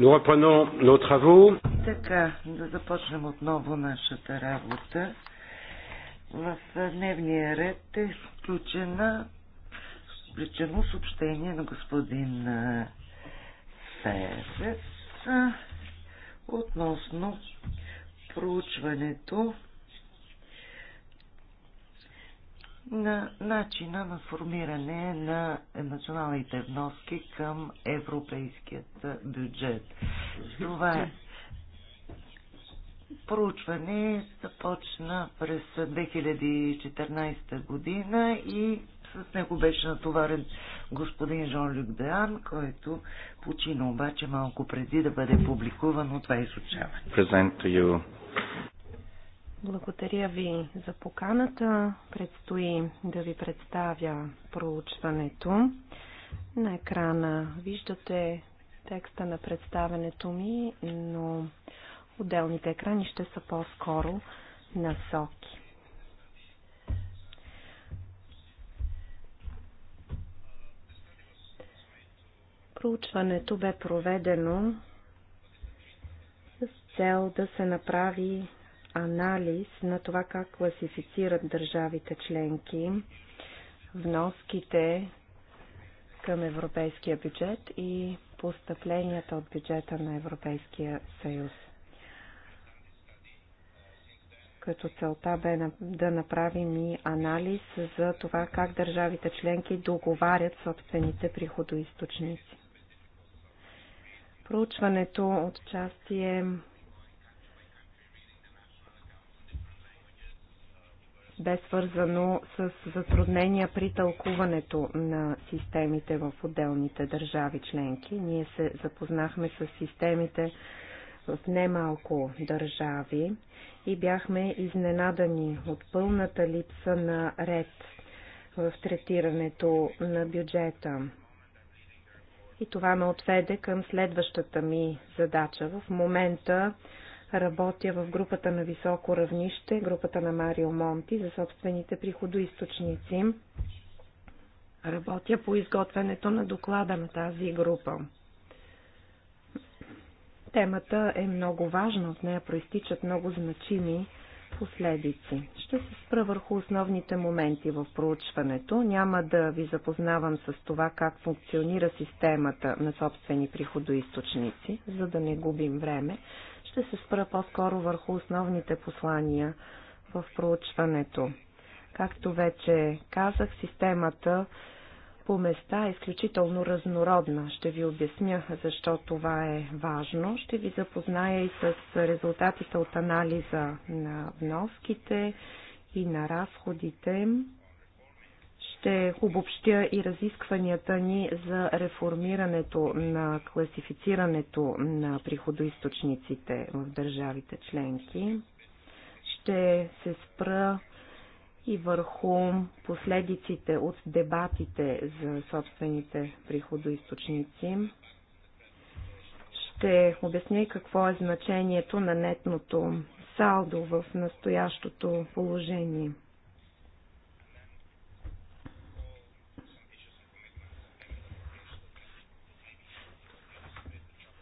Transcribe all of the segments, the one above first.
Nous reprenons nos travaux. Така, да започнем отново нашата работа. В дневния ред е включена, включено съобщение на господин Ферес относно проучването на начина на формиране на националните вноски към европейският бюджет. Това е проучване започна през 2014 година и с него беше натоварен господин Жон-Люк Деан, който почина обаче малко преди да бъде публикувано това изучаване. Благодаря ви за поканата. Предстои да ви представя проучването. На екрана виждате текста на представенето ми, но отделните екрани ще са по-скоро насоки. Проучването бе проведено с цел да се направи анализ на това как класифицират държавите членки вноските към европейския бюджет и постъпленията от бюджета на Европейския съюз. Като целта бе да направим и анализ за това как държавите членки договарят собствените приходоисточници. Проучването от части е бе свързано с затруднения при тълкуването на системите в отделните държави членки. Ние се запознахме с системите в немалко държави и бяхме изненадани от пълната липса на ред в третирането на бюджета. И това ме отведе към следващата ми задача. В момента Работя в групата на високо равнище, групата на Марио Монти за собствените приходоисточници. Работя по изготвянето на доклада на тази група. Темата е много важна, от нея проистичат много значими последици. Ще се спра върху основните моменти в проучването. Няма да ви запознавам с това как функционира системата на собствени приходоисточници, за да не губим време. Ще се спра по-скоро върху основните послания в проучването. Както вече казах, системата по места е изключително разнородна. Ще ви обясня защо това е важно. Ще ви запозная и с резултатите от анализа на вноските и на разходите. Ще обобщя и разискванията ни за реформирането на класифицирането на приходоисточниците в държавите членки. Ще се спра и върху последиците от дебатите за собствените приходоисточници. Ще обясня и какво е значението на нетното салдо в настоящото положение –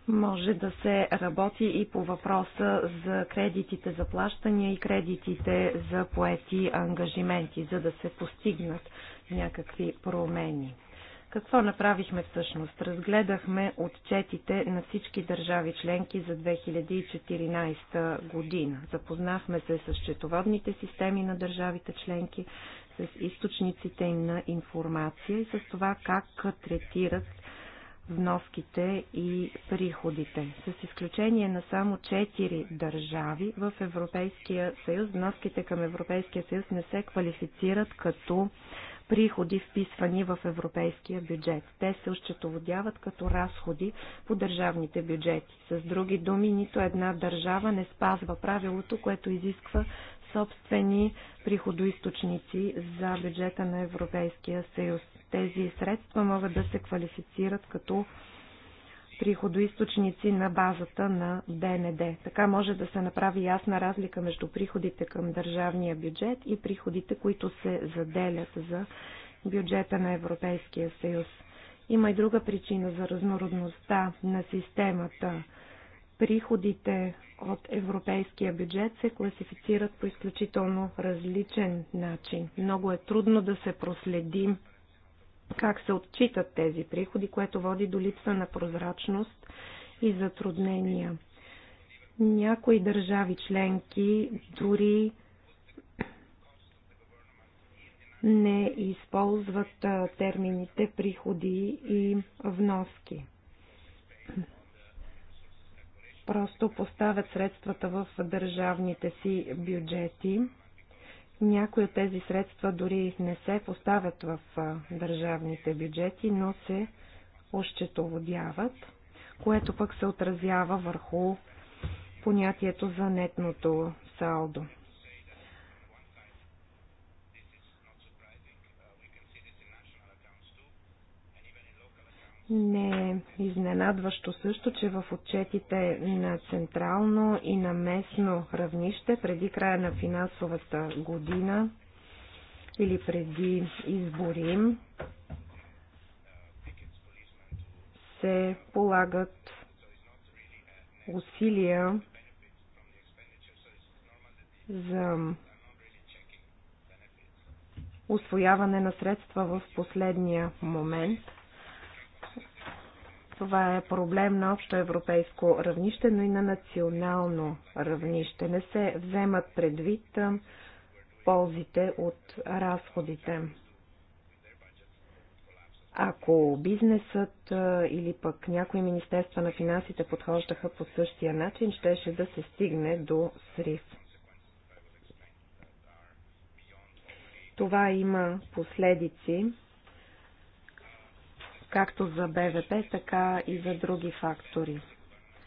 Може да се работи и по въпроса за кредитите за плащания и кредитите за поети ангажименти, за да се постигнат някакви промени. Какво направихме всъщност? Разгледахме отчетите на всички държави членки за 2014 година. Запознахме се с счетоводните системи на държавите членки, с източниците им на информация и с това как третират вноските и приходите. С изключение на само 4 държави в Европейския съюз, вноските към Европейския съюз не се квалифицират като приходи вписвани в европейския бюджет. Те се ощетоводяват като разходи по държавните бюджети. С други думи, нито една държава не спазва правилото, което изисква собствени приходоисточници за бюджета на Европейския съюз. Тези средства могат да се квалифицират като приходоисточници на базата на БНД. Така може да се направи ясна разлика между приходите към държавния бюджет и приходите, които се заделят за бюджета на Европейския съюз. Има и друга причина за разнородността на системата – приходите от европейския бюджет се класифицират по изключително различен начин. Много е трудно да се проследи как се отчитат тези приходи, което води до липса на прозрачност и затруднения. Някои държави членки дори не използват термините приходи и вноски просто поставят средствата в държавните си бюджети. Някои от тези средства дори не се поставят в държавните бюджети, но се ощетоводяват, което пък се отразява върху понятието за нетното салдо. Не е изненадващо също, че в отчетите на централно и на местно равнище преди края на финансовата година или преди избори се полагат усилия за освояване на средства в последния момент – това е проблем на общо европейско равнище, но и на национално равнище. Не се вземат предвид ползите от разходите. Ако бизнесът или пък някои министерства на финансите подхождаха по същия начин, щеше да се стигне до срив. Това има последици, както за БВП, така и за други фактори.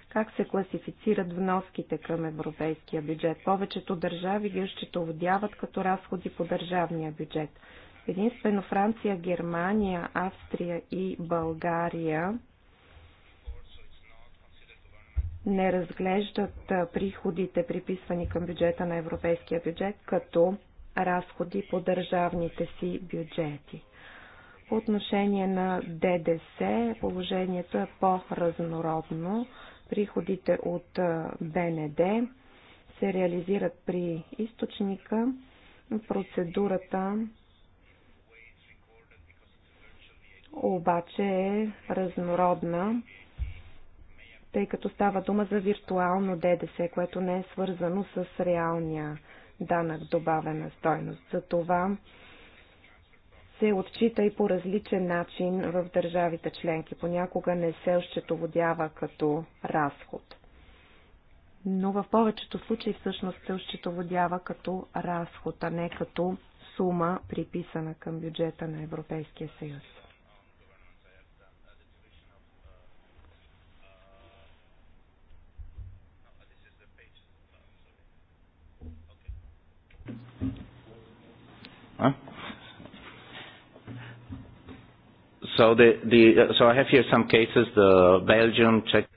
Как се класифицират вноските към европейския бюджет? Повечето държави ги счетоводяват като разходи по държавния бюджет. Единствено Франция, Германия, Австрия и България не разглеждат приходите, приписвани към бюджета на европейския бюджет, като разходи по държавните си бюджети. По отношение на ДДС положението е по-разнородно. Приходите от БНД се реализират при източника. Процедурата обаче е разнородна, тъй като става дума за виртуално ДДС, което не е свързано с реалния данък добавена стойност. За това се отчита и по различен начин в държавите членки. Понякога не се ощетоводява като разход. Но в повечето случаи всъщност се ощетоводява като разход, а не като сума, приписана към бюджета на Европейския съюз. А? So, the, the, so I have here some cases, the Belgium, Czech...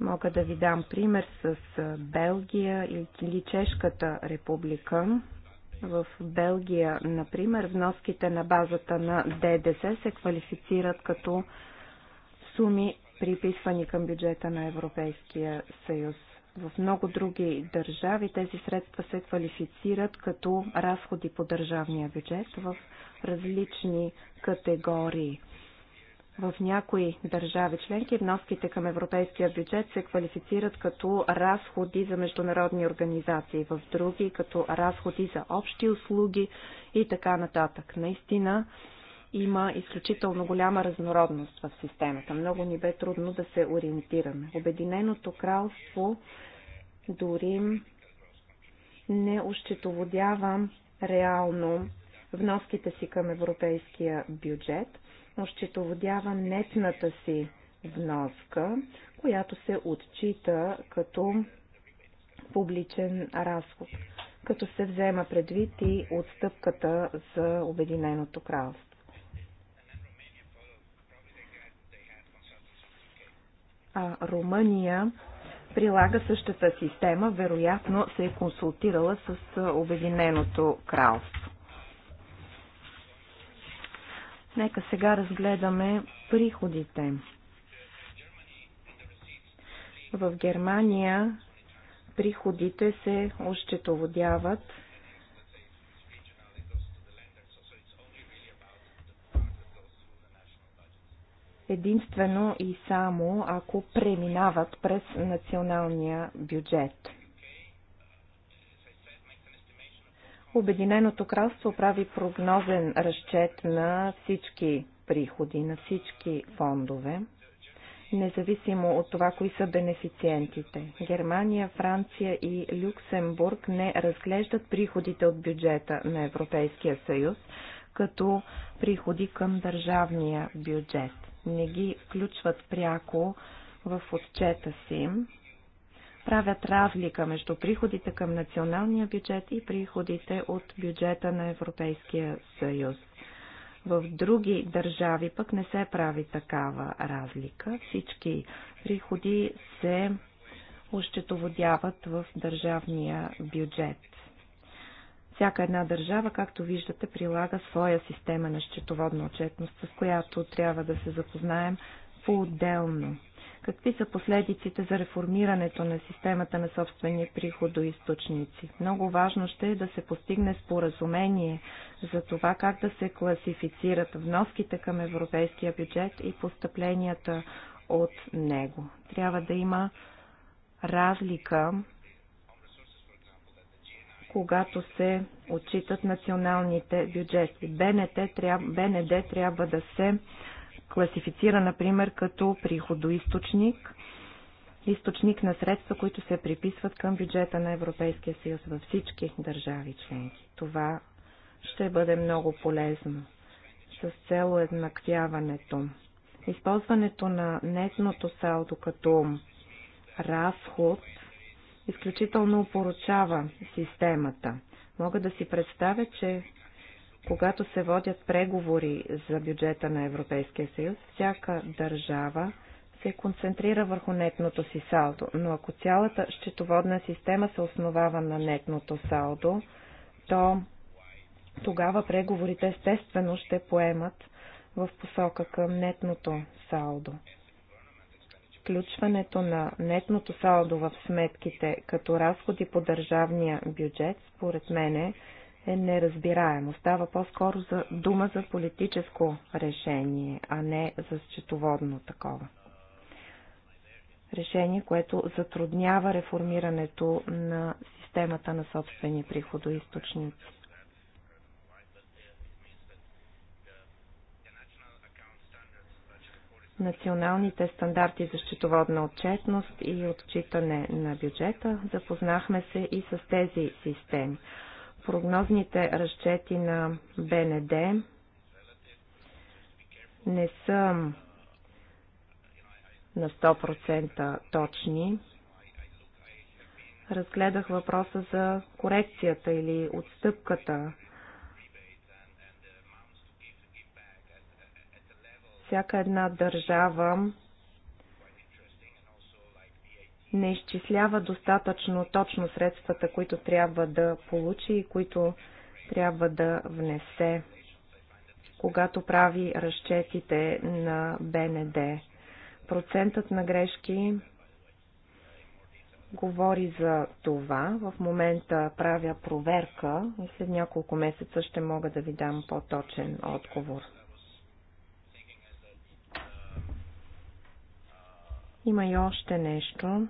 Мога да ви дам пример с Белгия или Чешката република. В Белгия, например, вноските на базата на ДДС се квалифицират като суми приписвани към бюджета на Европейския съюз. В много други държави тези средства се квалифицират като разходи по държавния бюджет в различни категории. В някои държави членки вноските към европейския бюджет се квалифицират като разходи за международни организации, в други като разходи за общи услуги и така нататък. Наистина, има изключително голяма разнородност в системата. Много ни бе трудно да се ориентираме. Обединеното кралство дори не ощетоводява реално вноските си към европейския бюджет, ощетоводява нетната си вноска, която се отчита като публичен разход, като се взема предвид и отстъпката за Обединеното кралство. а, Румъния прилага същата система, вероятно се е консултирала с Обединеното кралство. Нека сега разгледаме приходите. В Германия приходите се ощетоводяват единствено и само ако преминават през националния бюджет. Обединеното кралство прави прогнозен разчет на всички приходи, на всички фондове, независимо от това, кои са бенефициентите. Германия, Франция и Люксембург не разглеждат приходите от бюджета на Европейския съюз като приходи към държавния бюджет не ги включват пряко в отчета си. Правят разлика между приходите към националния бюджет и приходите от бюджета на Европейския съюз. В други държави пък не се прави такава разлика. Всички приходи се ощетоводяват в държавния бюджет. Всяка една държава, както виждате, прилага своя система на счетоводна отчетност, с която трябва да се запознаем по-отделно. Какви са последиците за реформирането на системата на собствени приходоисточници? Много важно ще е да се постигне споразумение за това как да се класифицират вноските към европейския бюджет и постъпленията от него. Трябва да има разлика когато се отчитат националните бюджети. БНТ трябва, БНД трябва да се класифицира, например, като приходоисточник, източник на средства, които се приписват към бюджета на Европейския съюз във всички държави членки. Това ще бъде много полезно с цел еднаквяването. Използването на нетното салдо като разход – изключително опоручава системата. Мога да си представя, че когато се водят преговори за бюджета на Европейския съюз, всяка държава се концентрира върху нетното си салдо, но ако цялата счетоводна система се основава на нетното салдо, то тогава преговорите естествено ще поемат в посока към нетното салдо включването на нетното салдо в сметките като разходи по държавния бюджет, според мене, е неразбираемо. Става по-скоро за дума за политическо решение, а не за счетоводно такова. Решение, което затруднява реформирането на системата на собствени приходоисточници. националните стандарти за счетоводна отчетност и отчитане на бюджета. Запознахме се и с тези системи. Прогнозните разчети на БНД не са на 100% точни. Разгледах въпроса за корекцията или отстъпката всяка една държава не изчислява достатъчно точно средствата, които трябва да получи и които трябва да внесе, когато прави разчетите на БНД. Процентът на грешки говори за това. В момента правя проверка и след няколко месеца ще мога да ви дам по-точен отговор. Има и още нещо.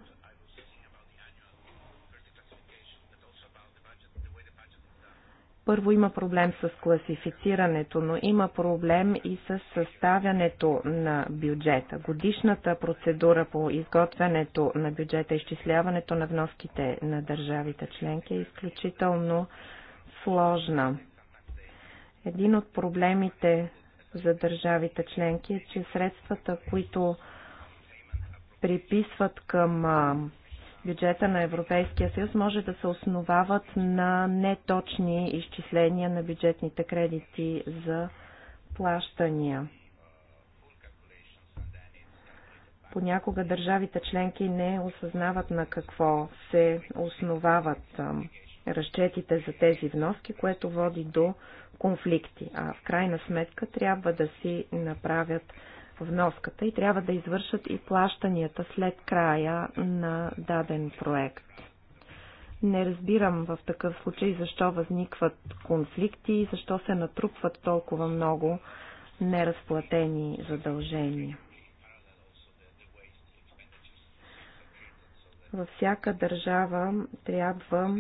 Първо има проблем с класифицирането, но има проблем и с съставянето на бюджета. Годишната процедура по изготвянето на бюджета, изчисляването на вноските на държавите членки е изключително сложна. Един от проблемите за държавите членки е, че средствата, които приписват към бюджета на Европейския съюз може да се основават на неточни изчисления на бюджетните кредити за плащания. Понякога държавите членки не осъзнават на какво се основават разчетите за тези вноски, което води до конфликти. А в крайна сметка трябва да си направят вноската и трябва да извършат и плащанията след края на даден проект. Не разбирам в такъв случай защо възникват конфликти и защо се натрупват толкова много неразплатени задължения. Във всяка държава трябва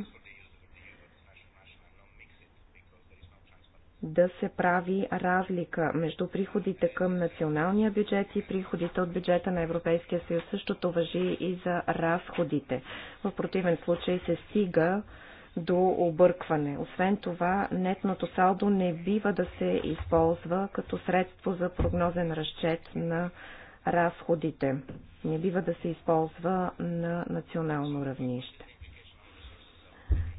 да се прави разлика между приходите към националния бюджет и приходите от бюджета на Европейския съюз. Същото въжи и за разходите. В противен случай се стига до объркване. Освен това, нетното салдо не бива да се използва като средство за прогнозен разчет на разходите. Не бива да се използва на национално равнище.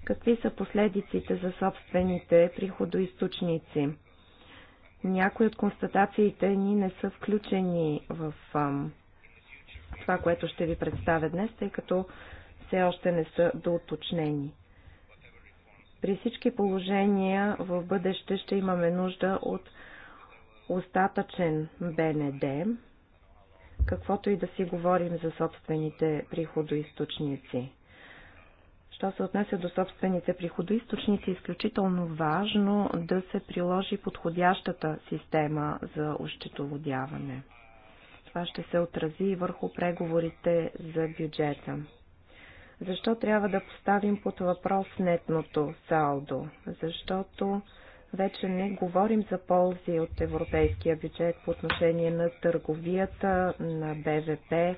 Какви са последиците за собствените приходоисточници? Някои от констатациите ни не са включени в това, което ще ви представя днес, тъй като все още не са доуточнени. При всички положения в бъдеще ще имаме нужда от остатъчен БНД, каквото и да си говорим за собствените приходоисточници. Що се отнася до собствените приходоисточници, е изключително важно да се приложи подходящата система за ощетоводяване. Това ще се отрази и върху преговорите за бюджета. Защо трябва да поставим под въпрос нетното салдо? Защото вече не говорим за ползи от европейския бюджет по отношение на търговията, на БВП,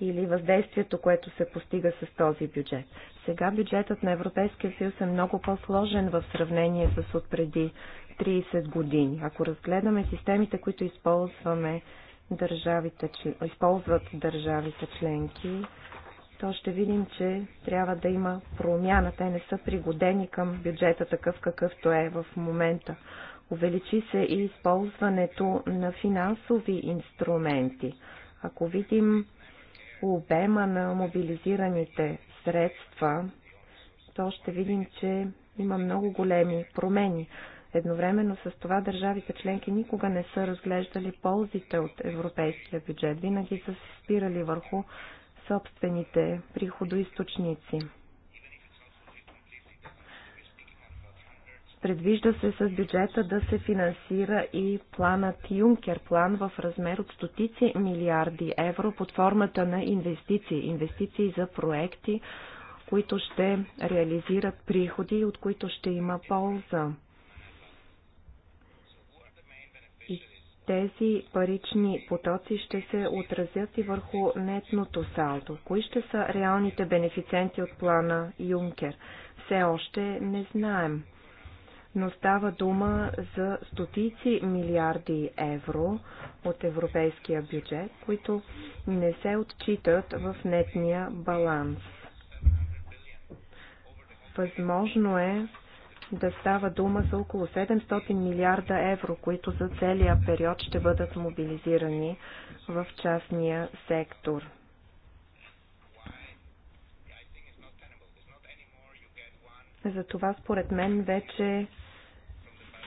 или въздействието, което се постига с този бюджет. Сега бюджетът на Европейския съюз е много по-сложен в сравнение с отпреди 30 години. Ако разгледаме системите, които използваме държавите, използват държавите членки, то ще видим, че трябва да има промяна. Те не са пригодени към бюджета такъв какъвто е в момента. Увеличи се и използването на финансови инструменти. Ако видим обема на мобилизираните средства, то ще видим, че има много големи промени. Едновременно с това държавите членки никога не са разглеждали ползите от европейския бюджет, винаги са се спирали върху собствените приходоисточници. Предвижда се с бюджета да се финансира и планът Юнкер план в размер от стотици милиарди евро под формата на инвестиции. Инвестиции за проекти, които ще реализират приходи, от които ще има полза. И тези парични потоци ще се отразят и върху нетното салдо. Кои ще са реалните бенефициенти от плана Юнкер? Все още не знаем но става дума за стотици милиарди евро от европейския бюджет, които не се отчитат в нетния баланс. Възможно е да става дума за около 700 милиарда евро, които за целия период ще бъдат мобилизирани в частния сектор. Затова според мен вече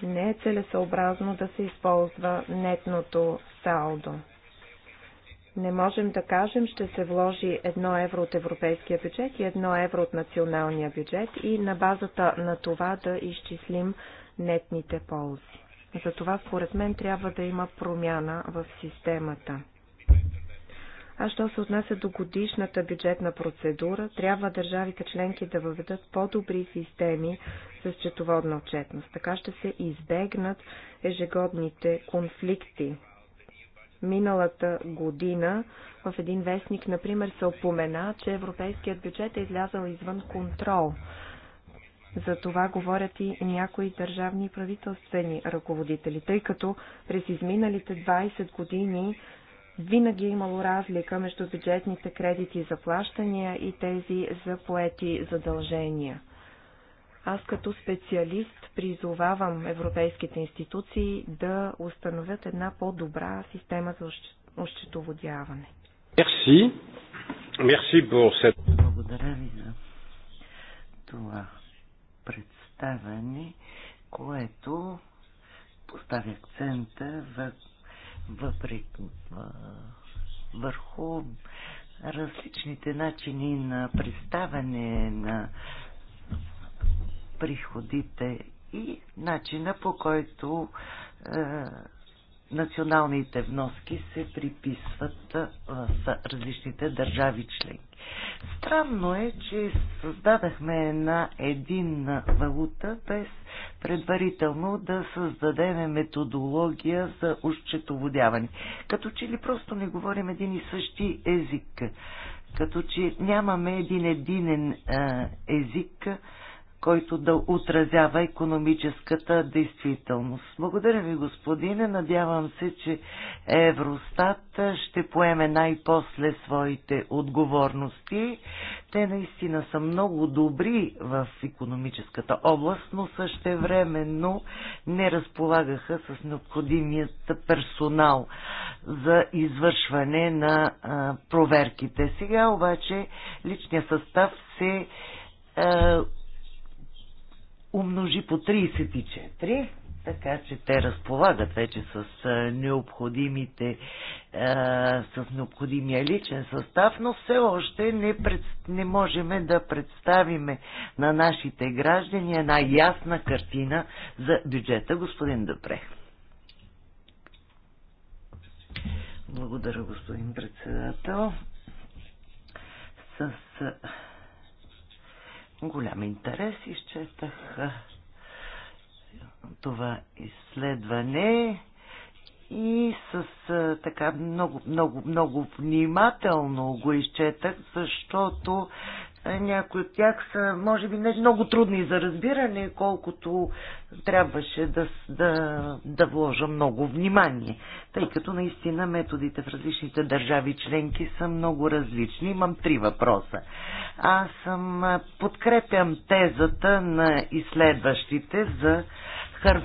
не е целесообразно да се използва нетното салдо. Не можем да кажем, ще се вложи едно евро от европейския бюджет и едно евро от националния бюджет и на базата на това да изчислим нетните ползи. Затова според мен трябва да има промяна в системата. А що се отнася до годишната бюджетна процедура, трябва държавите членки да въведат по-добри системи с четоводна отчетност. Така ще се избегнат ежегодните конфликти. Миналата година в един вестник, например, се опомена, че европейският бюджет е излязъл извън контрол. За това говорят и някои държавни правителствени ръководители, тъй като през изминалите 20 години винаги е имало разлика между бюджетните кредити за плащания и тези за поети задължения. Аз като специалист призовавам европейските институции да установят една по-добра система за ощетоводяване. Мерси. Мерси Благодаря ви за това представяне, което поставя акцента върху въпреки върху различните начини на представяне на приходите и начина по който е, националните вноски се приписват в различните държави членки. Странно е, че създадахме една единна валута без предварително да създадем методология за ущетоводяване. Като че ли просто не говорим един и същи език. Като че нямаме един единен език, който да отразява економическата действителност. Благодаря ви, господине. Надявам се, че Евростат ще поеме най-после своите отговорности. Те наистина са много добри в економическата област, но също същевременно не разполагаха с необходимият персонал за извършване на проверките. Сега обаче личният състав се умножи по 34, така че те разполагат вече с необходимите, с необходимия личен състав, но все още не, пред, не можем да представиме на нашите граждани една ясна картина за бюджета, господин Добре. Благодаря, господин председател. С голям интерес. Изчетах това изследване и с а, така много, много, много внимателно го изчетах, защото някои от тях са, може би, не много трудни за разбиране, колкото трябваше да, да, да вложа много внимание, тъй като наистина методите в различните държави членки са много различни. Имам три въпроса. Аз съм, подкрепям тезата на изследващите за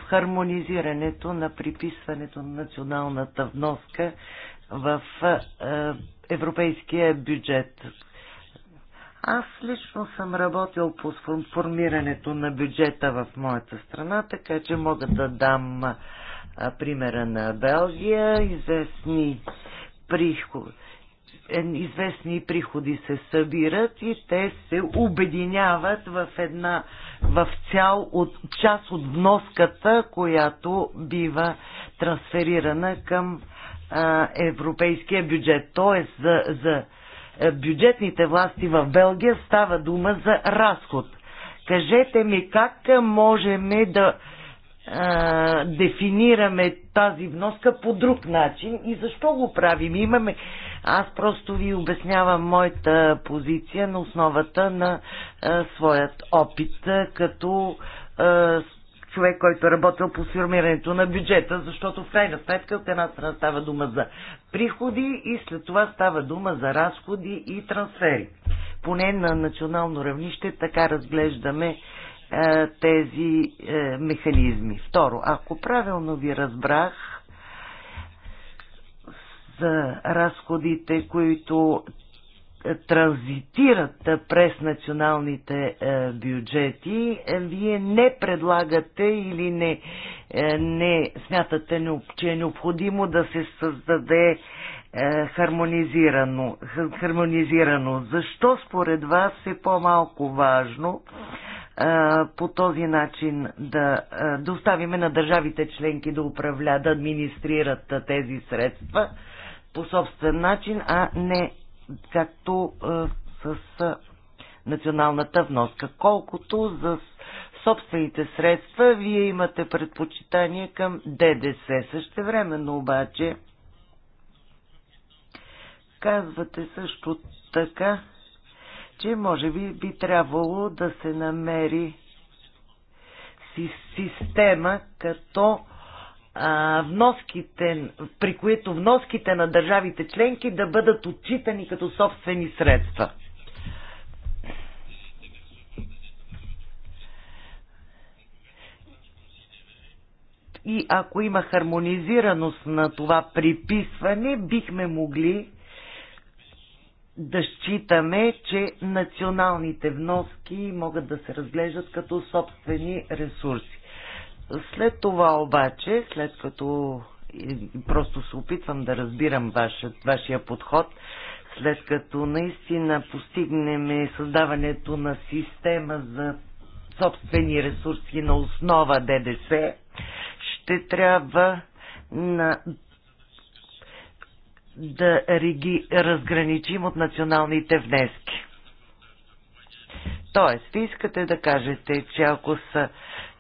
хармонизирането на приписването на националната вноска в Европейския бюджет. Аз лично съм работил по формирането на бюджета в моята страна, така че мога да дам примера на Белгия. Известни приходи, известни приходи се събират и те се обединяват в една, в цял от част от вноската, която бива трансферирана към а, европейския бюджет. Тоест за, за е, бюджетните власти в Белгия става дума за разход. Кажете ми как можем да а, е, дефинираме тази вноска по друг начин и защо го правим? Имаме. Аз просто ви обяснявам моята позиция на основата на а, е, своят опит а, като а, човек, който е работил по сформирането на бюджета, защото в крайна сметка от една страна става дума за приходи и след това става дума за разходи и трансфери. Поне на национално равнище така разглеждаме е, тези е, механизми. Второ, ако правилно ви разбрах, за разходите, които транзитират през националните е, бюджети, е, вие не предлагате или не, е, не смятате, че е необходимо да се създаде хармонизирано, хармонизирано. Защо според вас е по-малко важно по този начин да, да на държавите членки да управляват, да администрират тези средства по собствен начин, а не както е, с е, националната вноска. Колкото за собствените средства, вие имате предпочитание към ДДС. също времено, обаче казвате също така, че може би би трябвало да се намери си система като а, вноските, при които вноските на държавите членки да бъдат отчитани като собствени средства. И ако има хармонизираност на това приписване, бихме могли да считаме, че националните вноски могат да се разглеждат като собствени ресурси. След това обаче, след като просто се опитвам да разбирам вашия, вашия подход, след като наистина постигнем е създаването на система за собствени ресурси на основа ДДС, ще трябва на да ги разграничим от националните внески. Тоест, ви искате да кажете, че ако са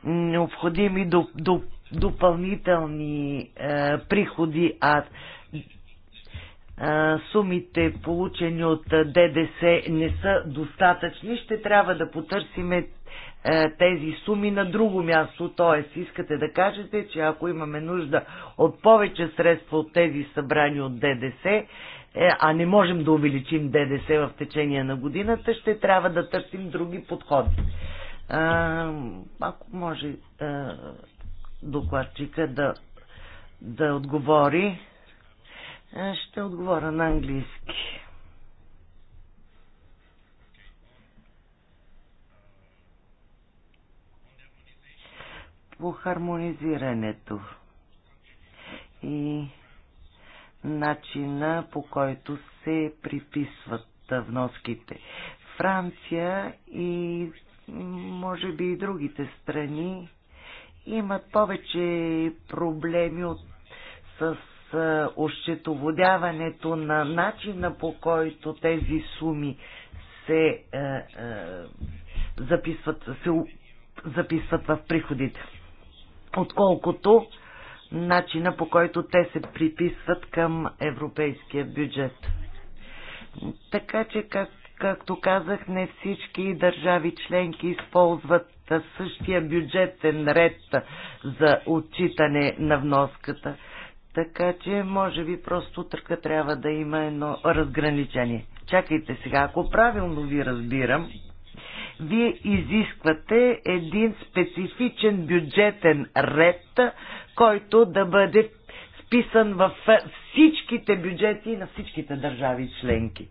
необходими допълнителни е, приходи, а е, сумите получени от ДДС не са достатъчни, ще трябва да потърсиме е, тези суми на друго място. т.е. искате да кажете, че ако имаме нужда от повече средства от тези събрани от ДДС, а не можем да увеличим ДДС в течение на годината, ще трябва да търсим други подходи. Ако може докладчика да, да отговори, ще отговоря на английски. по хармонизирането и начина по който се приписват вноските. Франция и може би и другите страни имат повече проблеми от, с а, ощетоводяването на начина по който тези суми се а, а, записват, се записват в приходите, отколкото начина по който те се приписват към европейския бюджет. Така че, как, Както казах, не всички държави членки използват същия бюджетен ред за отчитане на вноската. Така че, може би, просто утрека трябва да има едно разграничение. Чакайте сега, ако правилно ви разбирам, вие изисквате един специфичен бюджетен ред, който да бъде вписан в всичките бюджети на всичките държави членки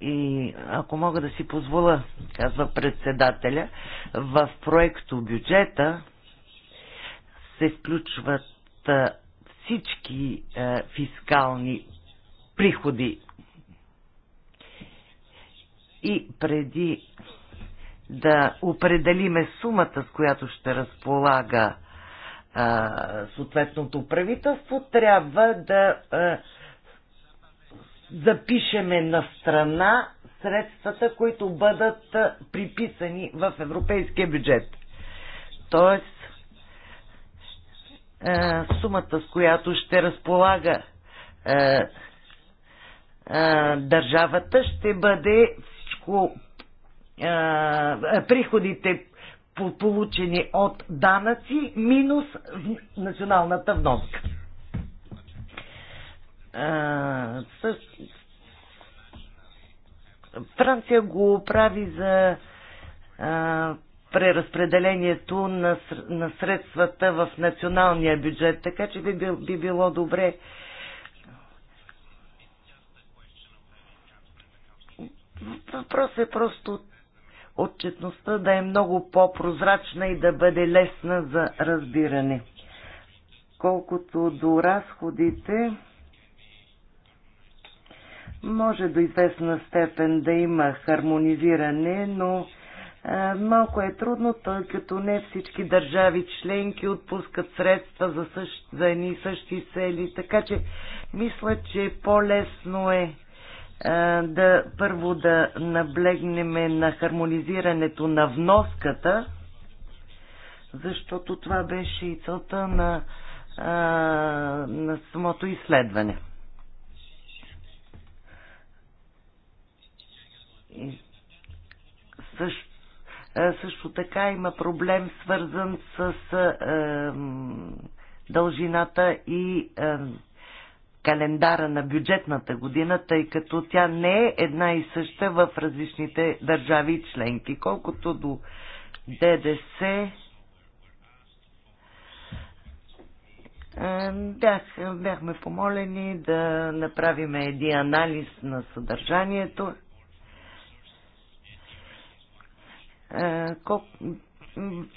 и ако мога да си позволя, казва председателя, в проекто бюджета се включват всички фискални приходи. И преди да определиме сумата, с която ще разполага а, съответното правителство, трябва да а, запишеме на страна средствата, които бъдат приписани в европейския бюджет. Тоест, е, сумата, с която ще разполага е, е, държавата, ще бъде всичко приходите получени от данъци минус националната вноска а, с... Франция го прави за а, преразпределението на, на средствата в националния бюджет, така че би, би било добре Въпросът е просто отчетността да е много по-прозрачна и да бъде лесна за разбиране. Колкото до разходите, може до известна степен да има хармонизиране, но а, малко е трудно, тъй като не всички държави членки отпускат средства за, същ, за едни и същи цели. Така че мисля, че по-лесно е а, да първо да наблегнем на хармонизирането на вноската, защото това беше и целта на, а, на самото изследване. Също, е, също така има проблем свързан с е, дължината и е, календара на бюджетната година, тъй като тя не е една и съща в различните държави и членки. Колкото до ДДС, е, бях, бяхме помолени да направим един анализ на съдържанието Е,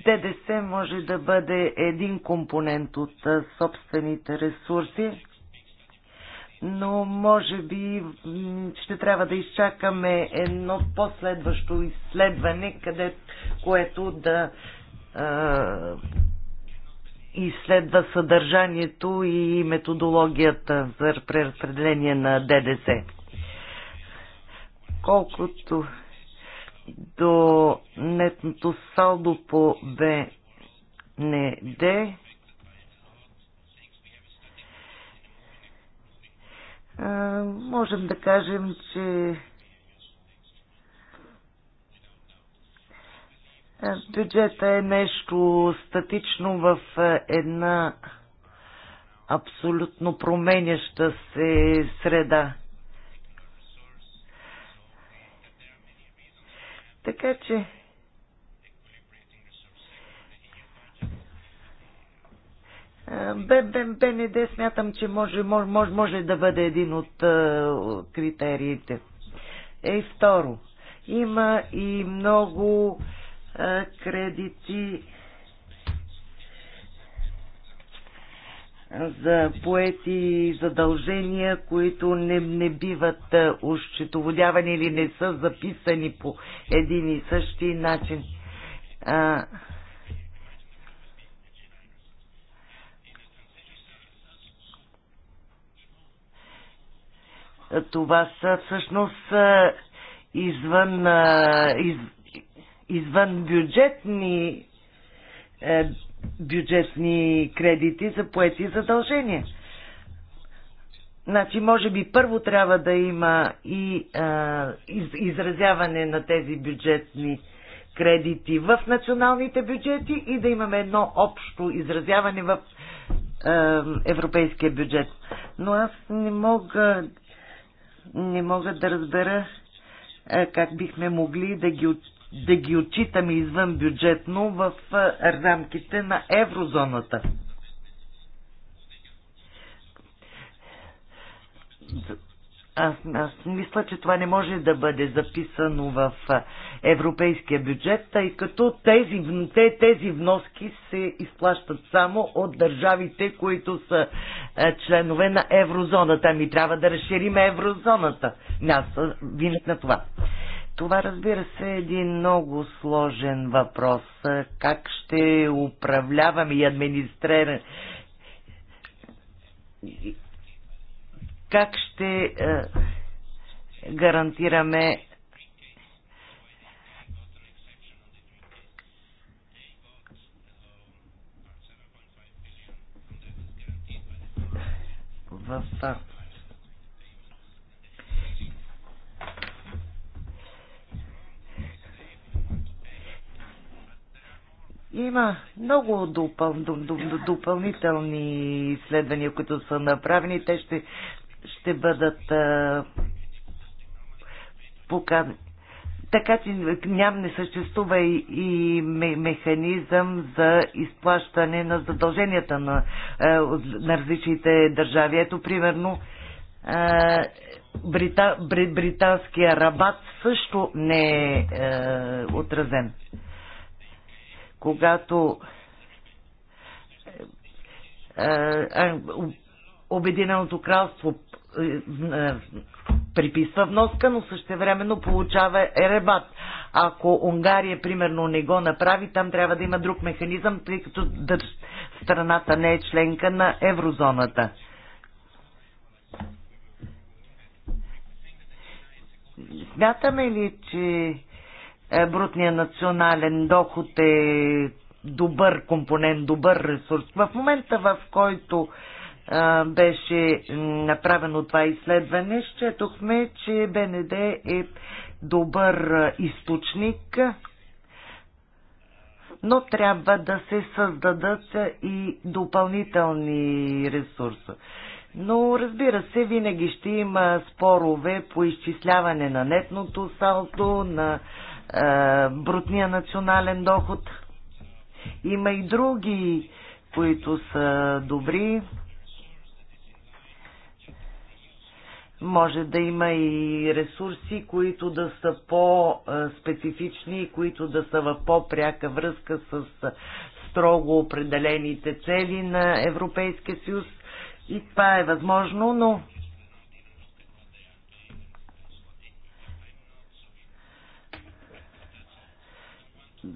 ДДС може да бъде един компонент от е, собствените ресурси, но може би ще трябва да изчакаме едно последващо изследване, къде, което да а, е, изследва съдържанието и методологията за преразпределение на ДДС. Колкото до нетното салдо по БНД. Можем да кажем, че бюджета е нещо статично в една абсолютно променяща се среда. Така че БНД смятам, че може, може, може да бъде един от а, критериите. Е, второ, има и много а, кредити за поети задължения, които не, не биват ощетоводявани или не са записани по един и същи начин. А, това са всъщност извън, извън бюджетни е, бюджетни кредити за поети задължения. Значи, може би първо трябва да има и а, из, изразяване на тези бюджетни кредити в националните бюджети и да имаме едно общо изразяване в а, европейския бюджет. Но аз не мога, не мога да разбера а, как бихме могли да ги да ги отчитаме извън бюджетно в рамките на еврозоната. Аз, аз мисля, че това не може да бъде записано в европейския бюджет, тъй като тези, тези вноски се изплащат само от държавите, които са членове на еврозоната. Ми трябва да разширим еврозоната. Аз винах на това. Това разбира се е един много сложен въпрос. Как ще управляваме и администрираме как ще е, гарантираме в Има много допъл, допълнителни изследвания, които са направени. Те ще, ще бъдат а, показани. Така че ням не съществува и, и механизъм за изплащане на задълженията на, на различните държави. Ето, примерно, брита, британския рабат също не е, е отразен когато е, е, Обединеното кралство е, приписва вноска, но същевременно получава ребат. Ако Унгария, примерно, не го направи, там трябва да има друг механизъм, тъй като страната не е членка на еврозоната. Смятаме ли, че е, брутния национален доход е добър компонент, добър ресурс. В момента, в който а, беше направено това изследване, счетохме, че БНД е добър източник, но трябва да се създадат и допълнителни ресурси. Но разбира се, винаги ще има спорове по изчисляване на нетното салто. на е, брутния национален доход. Има и други, които са добри. Може да има и ресурси, които да са по-специфични които да са в по-пряка връзка с строго определените цели на Европейския съюз. И това е възможно, но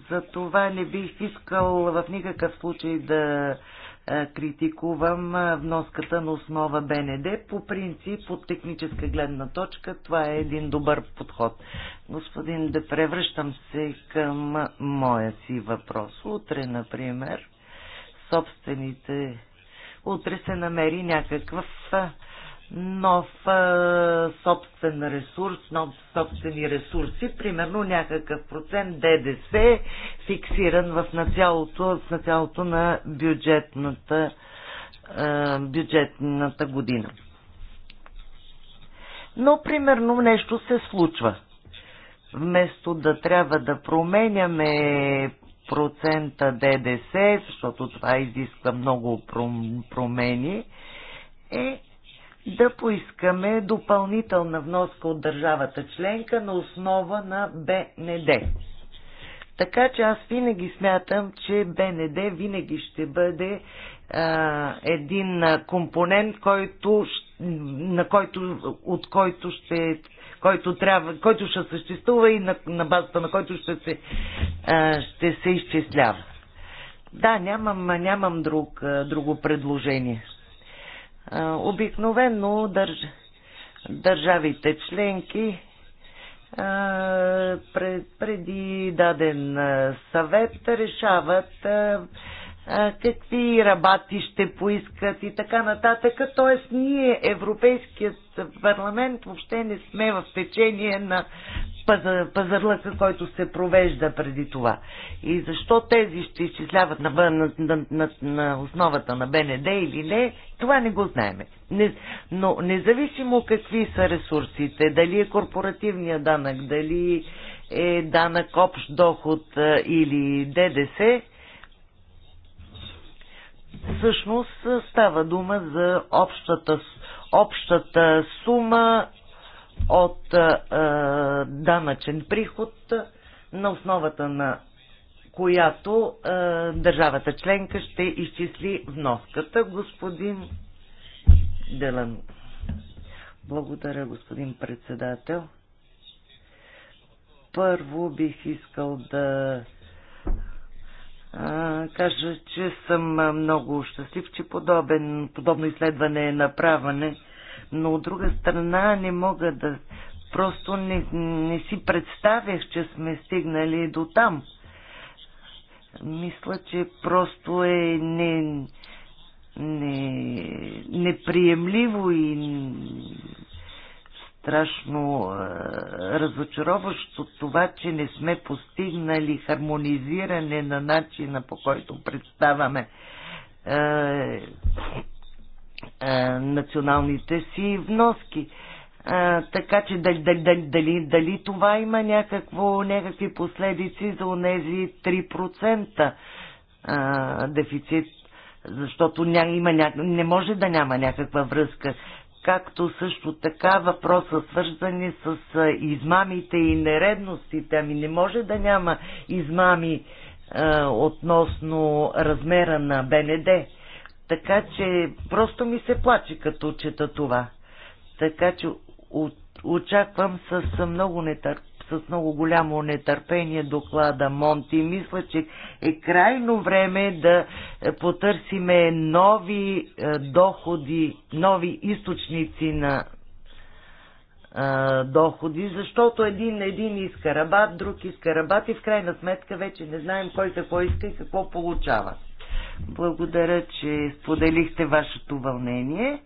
За това не бих искал в никакъв случай да критикувам вноската на основа БНД. По принцип, от техническа гледна точка, това е един добър подход. Господин да превръщам се към моя си въпрос. Утре, например, собствените... Утре се намери някакъв нов а, собствен ресурс, нов собствени ресурси, примерно някакъв процент ДДС, фиксиран в началото, в началото на бюджетната, а, бюджетната година. Но, примерно, нещо се случва. Вместо да трябва да променяме процента ДДС, защото това изисква много промени, е да поискаме допълнителна вноска от държавата членка на основа на БНД. Така че аз винаги смятам, че БНД винаги ще бъде а, един компонент, който, на който, от който ще който, трябва, който ще съществува и на, на базата на който ще се, а, ще се изчислява. Да, нямам, нямам друг, друго предложение. Обикновено държ... държавите членки преди даден съвет решават какви рабати ще поискат и така нататък. Тоест ние, Европейският парламент, въобще не сме в течение на пазарлъка, който се провежда преди това. И защо тези ще изчисляват на, на, на, на, на основата на БНД или не, това не го знаеме. Не, но независимо какви са ресурсите, дали е корпоративния данък, дали е данък общ доход или ДДС, Всъщност става дума за общата, общата сума от а, данъчен приход на основата на която а, държавата членка ще изчисли вноската. Господин Делан. Благодаря, господин председател. Първо бих искал да кажа, че съм много щастлив, че подобен, подобно изследване е направене, но от друга страна не мога да... Просто не, не си представях, че сме стигнали до там. Мисля, че просто е не, не, неприемливо и страшно е, разочароващо това, че не сме постигнали хармонизиране на начина по който представяме е, е, националните си вноски. А, така че дали, дали, дали, дали това има някакво, някакви последици за онези 3% а, дефицит, защото ня, има ня, не може да няма някаква връзка както също така въпроса свързани с измамите и нередностите. Ами не може да няма измами а, относно размера на БНД. Така че просто ми се плаче като чета това. Така че очаквам с много нетърпение с много голямо нетърпение доклада Монти. Мисля, че е крайно време да е, потърсиме нови е, доходи, нови източници на е, доходи, защото един, един иска рабат, друг иска рабат и в крайна сметка вече не знаем кой какво иска и какво получава. Благодаря, че споделихте вашето вълнение.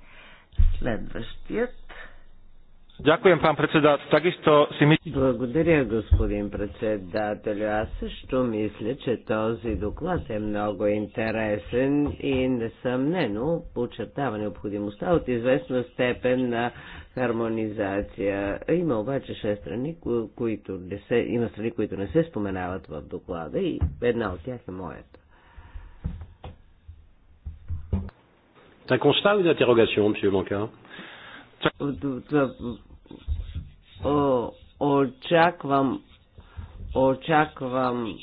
Следващият благодаря, господин председател. Аз също мисля, че този доклад е много интересен и несъмнено подчертава необходимостта от известна степен на хармонизация. Има обаче шест страни, които не се, има страни, които не се споменават в доклада и една от тях е моята. Un constat ou une interrogation, M. Blanca очаквам, очаквам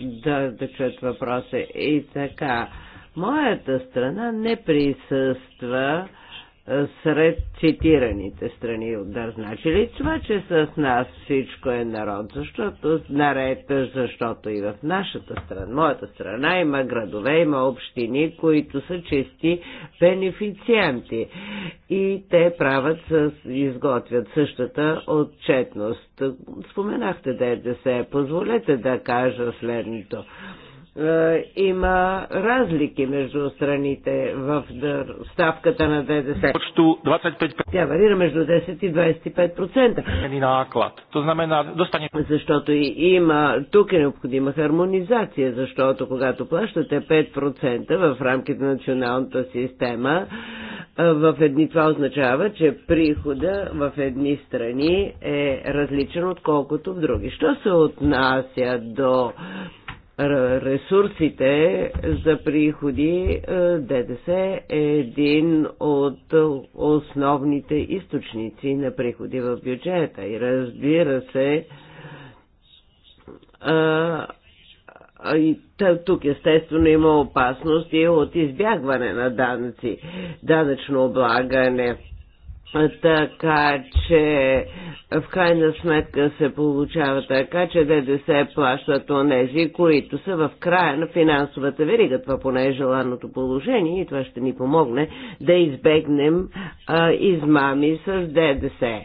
да, да чуят въпроса. И така, моята страна не присъства сред цитираните страни. Да значи ли това, че с нас всичко е народ? Защото, наред, защото и в нашата страна, моята страна, има градове, има общини, които са чисти бенефициенти. И те правят, с, изготвят същата отчетност. Споменахте ДДС. Позволете да кажа следното. Е, има разлики между страните в ставката на ДДС. Тя варира между 10 и 25%. Защото и има, тук е необходима хармонизация, защото когато плащате 5% в рамките на националната система, е, в едни това означава, че прихода в едни страни е различен отколкото в други. Що се отнася до ресурсите за приходи, е, ДДС е един от основните източници на приходи в бюджета. И разбира се, а, е, е, и тук естествено има опасност и от избягване на данъци, данъчно облагане така че в крайна сметка се получава така, че ДДС плащат онези, които са в края на финансовата верига. Това поне е желаното положение и това ще ни помогне да избегнем а, измами с ДДС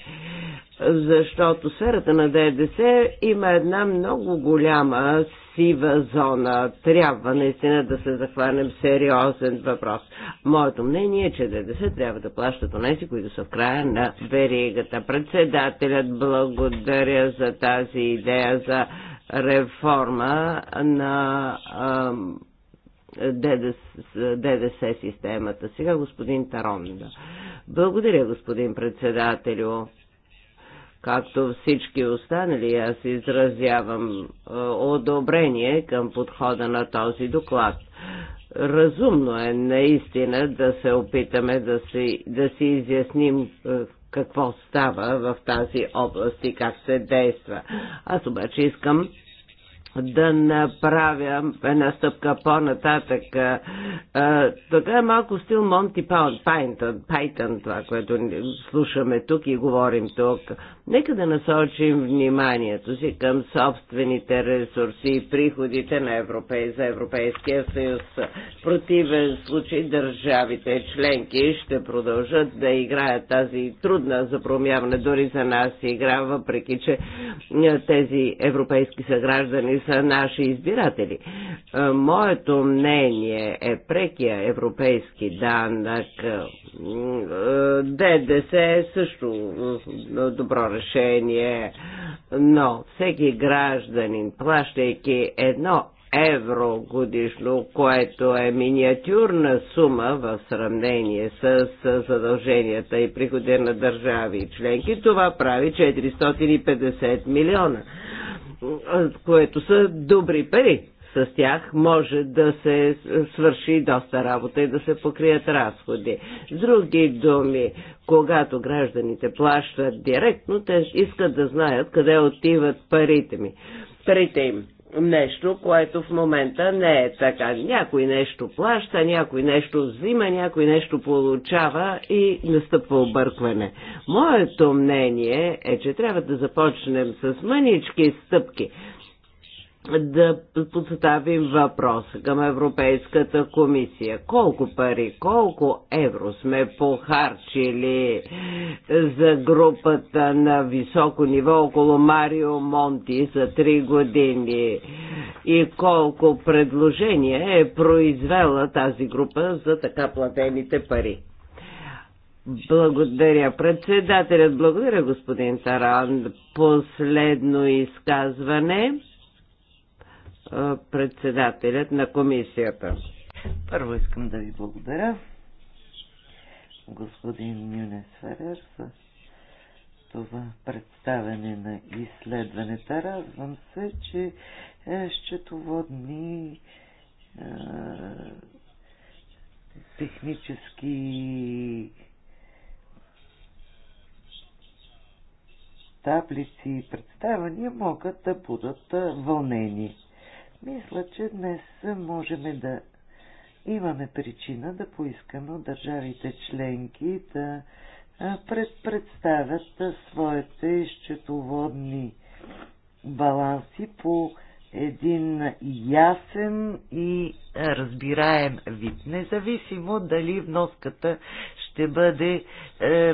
защото сферата на ДДС има една много голяма сива зона. Трябва наистина да се захванем сериозен въпрос. Моето мнение е, че ДДС трябва да плащат онези, които са в края на веригата. Председателят благодаря за тази идея за реформа на ам, ДДС, ДДС системата. Сега господин Тарон. Благодаря, господин председателю Както всички останали, аз изразявам е, одобрение към подхода на този доклад. Разумно е наистина да се опитаме да си, да си изясним е, какво става в тази област и как се действа. Аз обаче искам да направя една стъпка по-нататък. Е, така е малко стил Монти Пайтън, това, което слушаме тук и говорим тук. Нека да насочим вниманието си към собствените ресурси и приходите на Европей, за Европейския съюз. В противен случай държавите членки ще продължат да играят тази трудна за промяване, дори за нас игра, въпреки че тези европейски съграждани са наши избиратели. Е, моето мнение е прекия европейски данък. Е, е, ДДС е също добро решение нарушение. Но всеки гражданин, плащайки едно евро годишно, което е миниатюрна сума в сравнение с задълженията и приходи на държави и членки, това прави 450 милиона, което са добри пари с тях може да се свърши доста работа и да се покрият разходи. Други думи, когато гражданите плащат директно, те искат да знаят къде отиват парите ми. Парите им нещо, което в момента не е така. Някой нещо плаща, някой нещо взима, някой нещо получава и настъпва объркване. Моето мнение е, че трябва да започнем с мънички стъпки да поставим въпроса към Европейската комисия. Колко пари, колко евро сме похарчили за групата на високо ниво около Марио Монти за три години и колко предложения е произвела тази група за така платените пари. Благодаря, председателят. Благодаря, господин Таран. Последно изказване председателят на комисията. Първо искам да ви благодаря, господин Нюнес Ферер, за това представяне на изследването. Радвам се, че е, счетоводни е, технически таблици и представяния могат да бъдат вълнени. Мисля, че днес можем да имаме причина да поискаме от държавите членки да предпредставят представят своите счетоводни баланси по един ясен и разбираем вид, независимо дали вноската ще бъде е,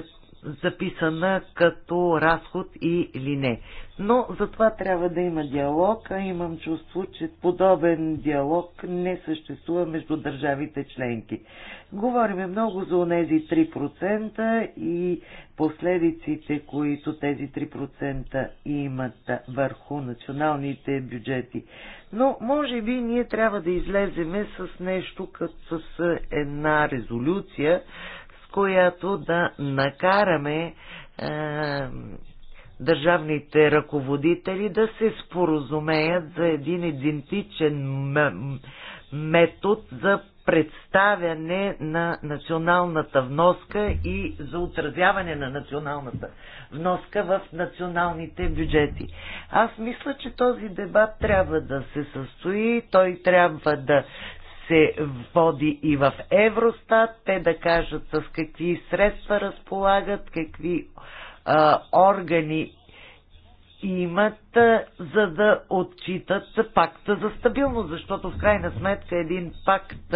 записана като разход или не. Но за това трябва да има диалог, а имам чувство, че подобен диалог не съществува между държавите членки. Говориме много за онези 3% и последиците, които тези 3% имат върху националните бюджети. Но може би ние трябва да излеземе с нещо като с една резолюция, която да накараме е, държавните ръководители да се споразумеят за един идентичен метод за представяне на националната вноска и за отразяване на националната вноска в националните бюджети. Аз мисля, че този дебат трябва да се състои, той трябва да се води и в Евростат, те да кажат с какви средства разполагат, какви а, органи имат, за да отчитат пакта за стабилност, защото в крайна сметка един пакт,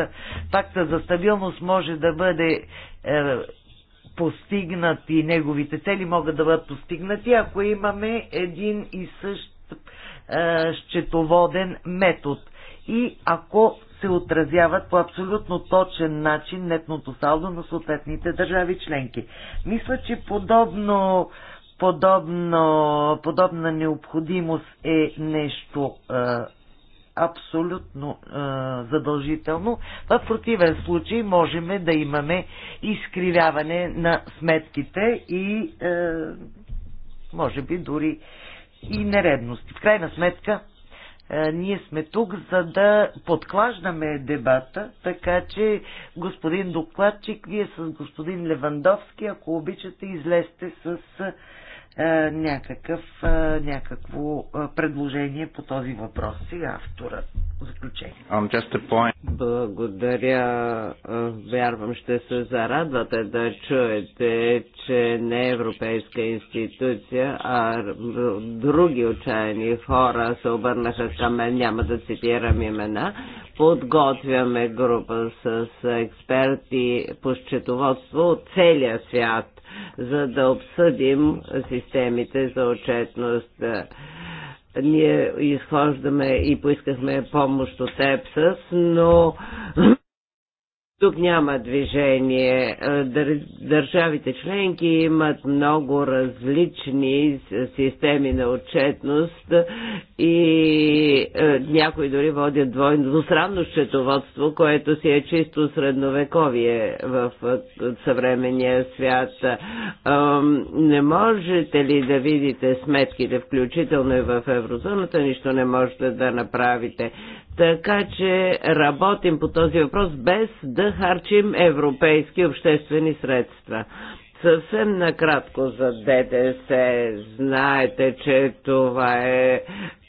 пакта за стабилност може да бъде е, постигнат и неговите цели могат да бъдат постигнати, ако имаме един и същ е, счетоводен метод. И ако се отразяват по абсолютно точен начин нетното салдо на съответните държави членки. Мисля, че подобно, подобно, подобна необходимост е нещо е, абсолютно е, задължително. В противен случай можем да имаме изкривяване на сметките и е, може би дори и нередности. В крайна сметка е, ние сме тук, за да подклаждаме дебата, така че господин докладчик, вие с господин Левандовски, ако обичате, излезте с е, някакъв, е, някакво е, предложение по този въпрос. Сега автора заключение. Um, Благодаря. Вярвам, ще се зарадвате да чуете, че не европейска институция, а други отчаяни хора се обърнаха към мен, няма да цитирам имена. Подготвяме група с експерти по счетоводство от целия свят за да обсъдим системите за отчетност. Ние изхождаме и поискахме помощ от ЕПСАС, но тук няма движение. Е, държавите членки имат много различни системи на отчетност и е, някои дори водят двойно двустранно счетоводство, което си е чисто средновековие в е, съвременния свят. Не можете ли да видите сметките, включително и в еврозоната, нищо не можете да направите. Така че работим по този въпрос без да харчим европейски обществени средства. Съвсем накратко за ДДС. Знаете, че това е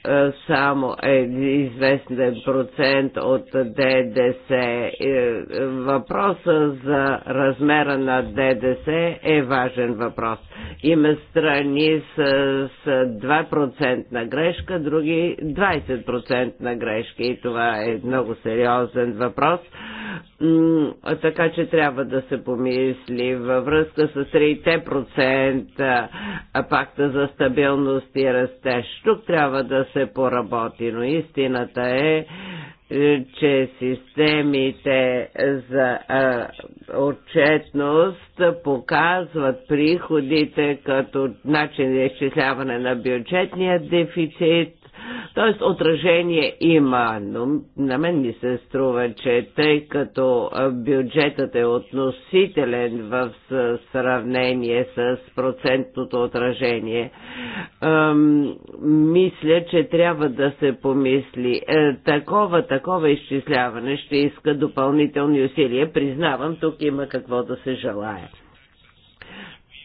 е, само известен процент от ДДС. Е, е, въпросът за размера на ДДС е важен въпрос. Има страни с 2% на грешка, други 20% на грешки и това е много сериозен въпрос. Така че трябва да се помисли във връзка с 3% пакта за стабилност и растеж. Тук трябва да се поработи, но истината е, е че системите за е, отчетност показват приходите като начин за изчисляване на бюджетния дефицит Тоест отражение има, но на мен ми се струва, че тъй като бюджетът е относителен в сравнение с процентното отражение, мисля, че трябва да се помисли. Е, такова, такова изчисляване ще иска допълнителни усилия. Признавам, тук има какво да се желая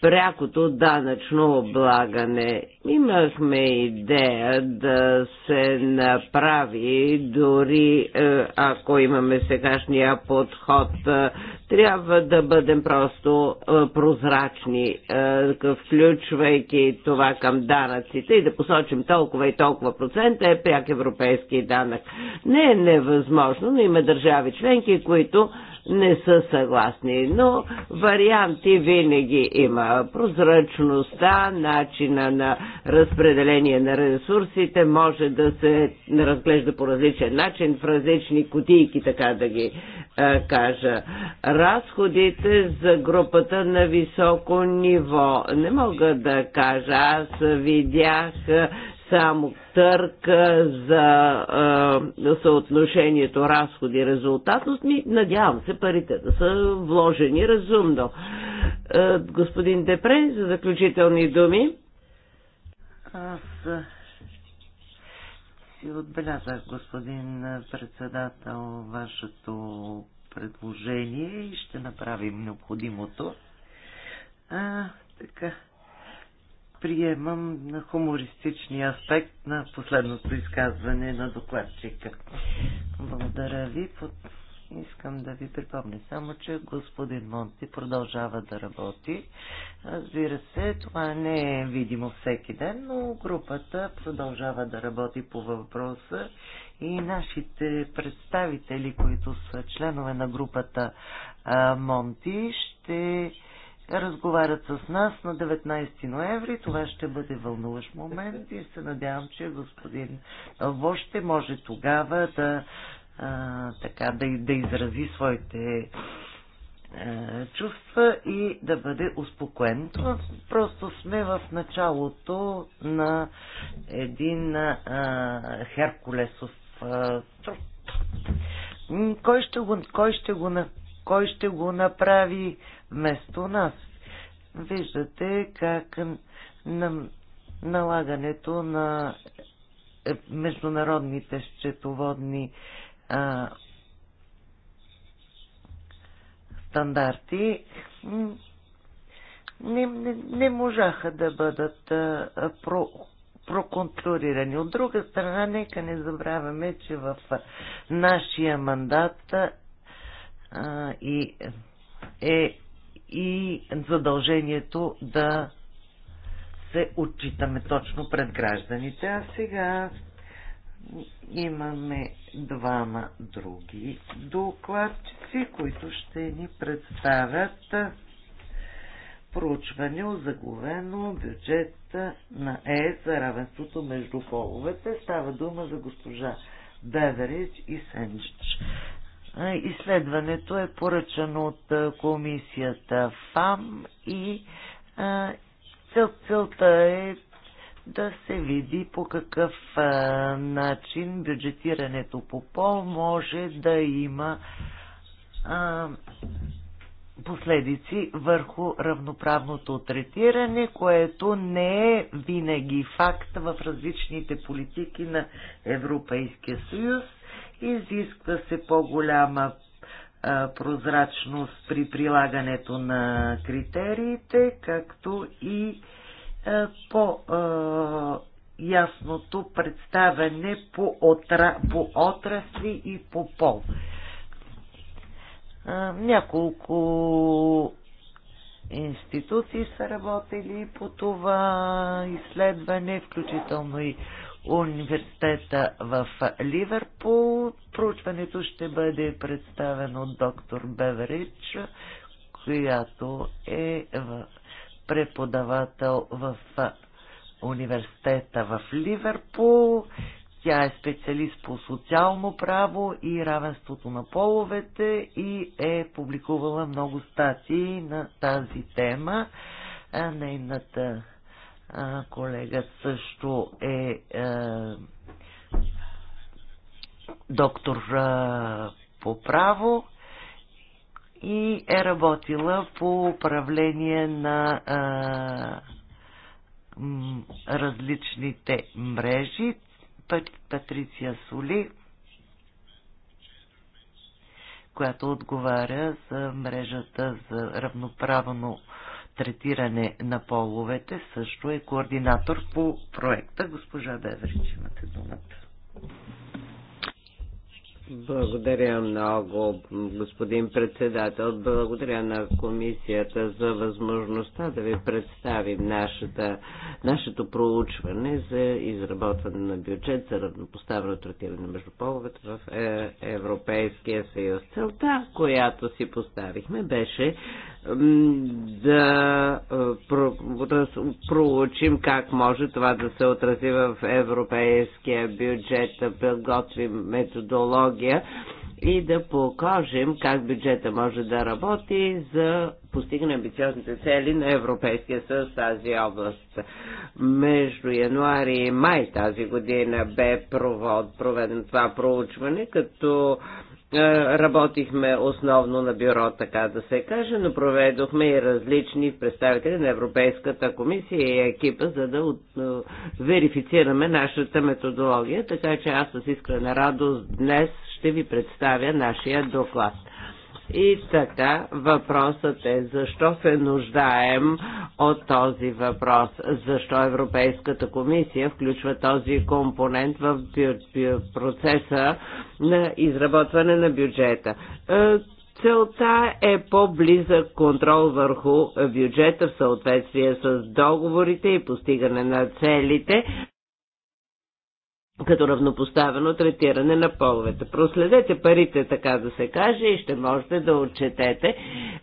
прякото данъчно облагане. Имахме идея да се направи, дори е, ако имаме сегашния подход, е, трябва да бъдем просто е, прозрачни, включвайки това към данъците и да посочим толкова и толкова процента е пряк европейски данък. Не е невъзможно, но има държави членки, които не са съгласни, но варианти винаги има. Прозрачността, начина на разпределение на ресурсите може да се разглежда по различен начин в различни кутийки, така да ги а, кажа. Разходите за групата на високо ниво. Не мога да кажа. Аз видях само търка за а, съотношението разходи-резултатност, ми надявам се парите да са вложени разумно. А, господин Депре, за заключителни думи. Аз си отбелязах, господин председател, вашето предложение и ще направим необходимото. А, така приемам на хумористичния аспект на последното изказване на докладчика. Благодаря ви. Искам да ви припомня само, че господин Монти продължава да работи. Разбира се, това не е видимо всеки ден, но групата продължава да работи по въпроса и нашите представители, които са членове на групата Монти, ще разговарят с нас на 19 ноември. Това ще бъде вълнуващ момент и се надявам, че господин Алво ще може тогава да, а, така, да, да изрази своите чувства и да бъде успокоен. Това просто сме в началото на един а, Херкулесов а, труп. Кой ще го, кой ще го кой ще го направи вместо нас. Виждате как на налагането на е, международните счетоводни а, стандарти не, не, не можаха да бъдат а, про, проконтролирани. От друга страна, нека не забравяме, че в нашия мандат и, е и задължението да се отчитаме точно пред гражданите. А сега имаме двама други докладчици, които ще ни представят проучване, озаглавено бюджета на Е за равенството между половете. Става дума за госпожа Беверич и Сенчич. Изследването е поръчано от комисията ФАМ и цел, целта е да се види по какъв начин бюджетирането по пол може да има последици върху равноправното третиране, което не е винаги факт в различните политики на Европейския съюз Изисква се по-голяма прозрачност при прилагането на критериите, както и по-ясното представяне по, отра, по отрасли и по пол. Няколко институции са работили по това изследване, включително и университета в Ливерпул. Проучването ще бъде представено от доктор Беверич, която е преподавател в университета в Ливерпул. Тя е специалист по социално право и равенството на половете и е публикувала много статии на тази тема. Нейната колега също е, е доктор е, по право и е работила по управление на различните мрежи. Патриция Соли, която отговаря за мрежата за равноправно третиране на половете също е координатор по проекта. Госпожа Беврич, имате думата. Благодаря много, господин председател. Благодаря на комисията за възможността да ви представим нашата, нашето проучване за изработване на бюджет за равнопоставено третиране между половете в е, Европейския съюз. Целта, която си поставихме, беше да проучим как може това да се отрази в европейския бюджет, да подготвим методология и да покажем как бюджета може да работи за постигане амбициозните цели на Европейския съюз в тази област. Между януари и май тази година бе провод, проведен това проучване, като е, работихме основно на бюро, така да се каже, но проведохме и различни представители на Европейската комисия и екипа, за да от, е, верифицираме нашата методология, така че аз с искрена радост днес ще ви представя нашия доклад. И така въпросът е защо се нуждаем от този въпрос? Защо Европейската комисия включва този компонент в процеса на изработване на бюджета? Е, целта е по-близък контрол върху бюджета в съответствие с договорите и постигане на целите, като равнопоставено третиране на половете. Проследете парите, така да се каже, и ще можете да отчетете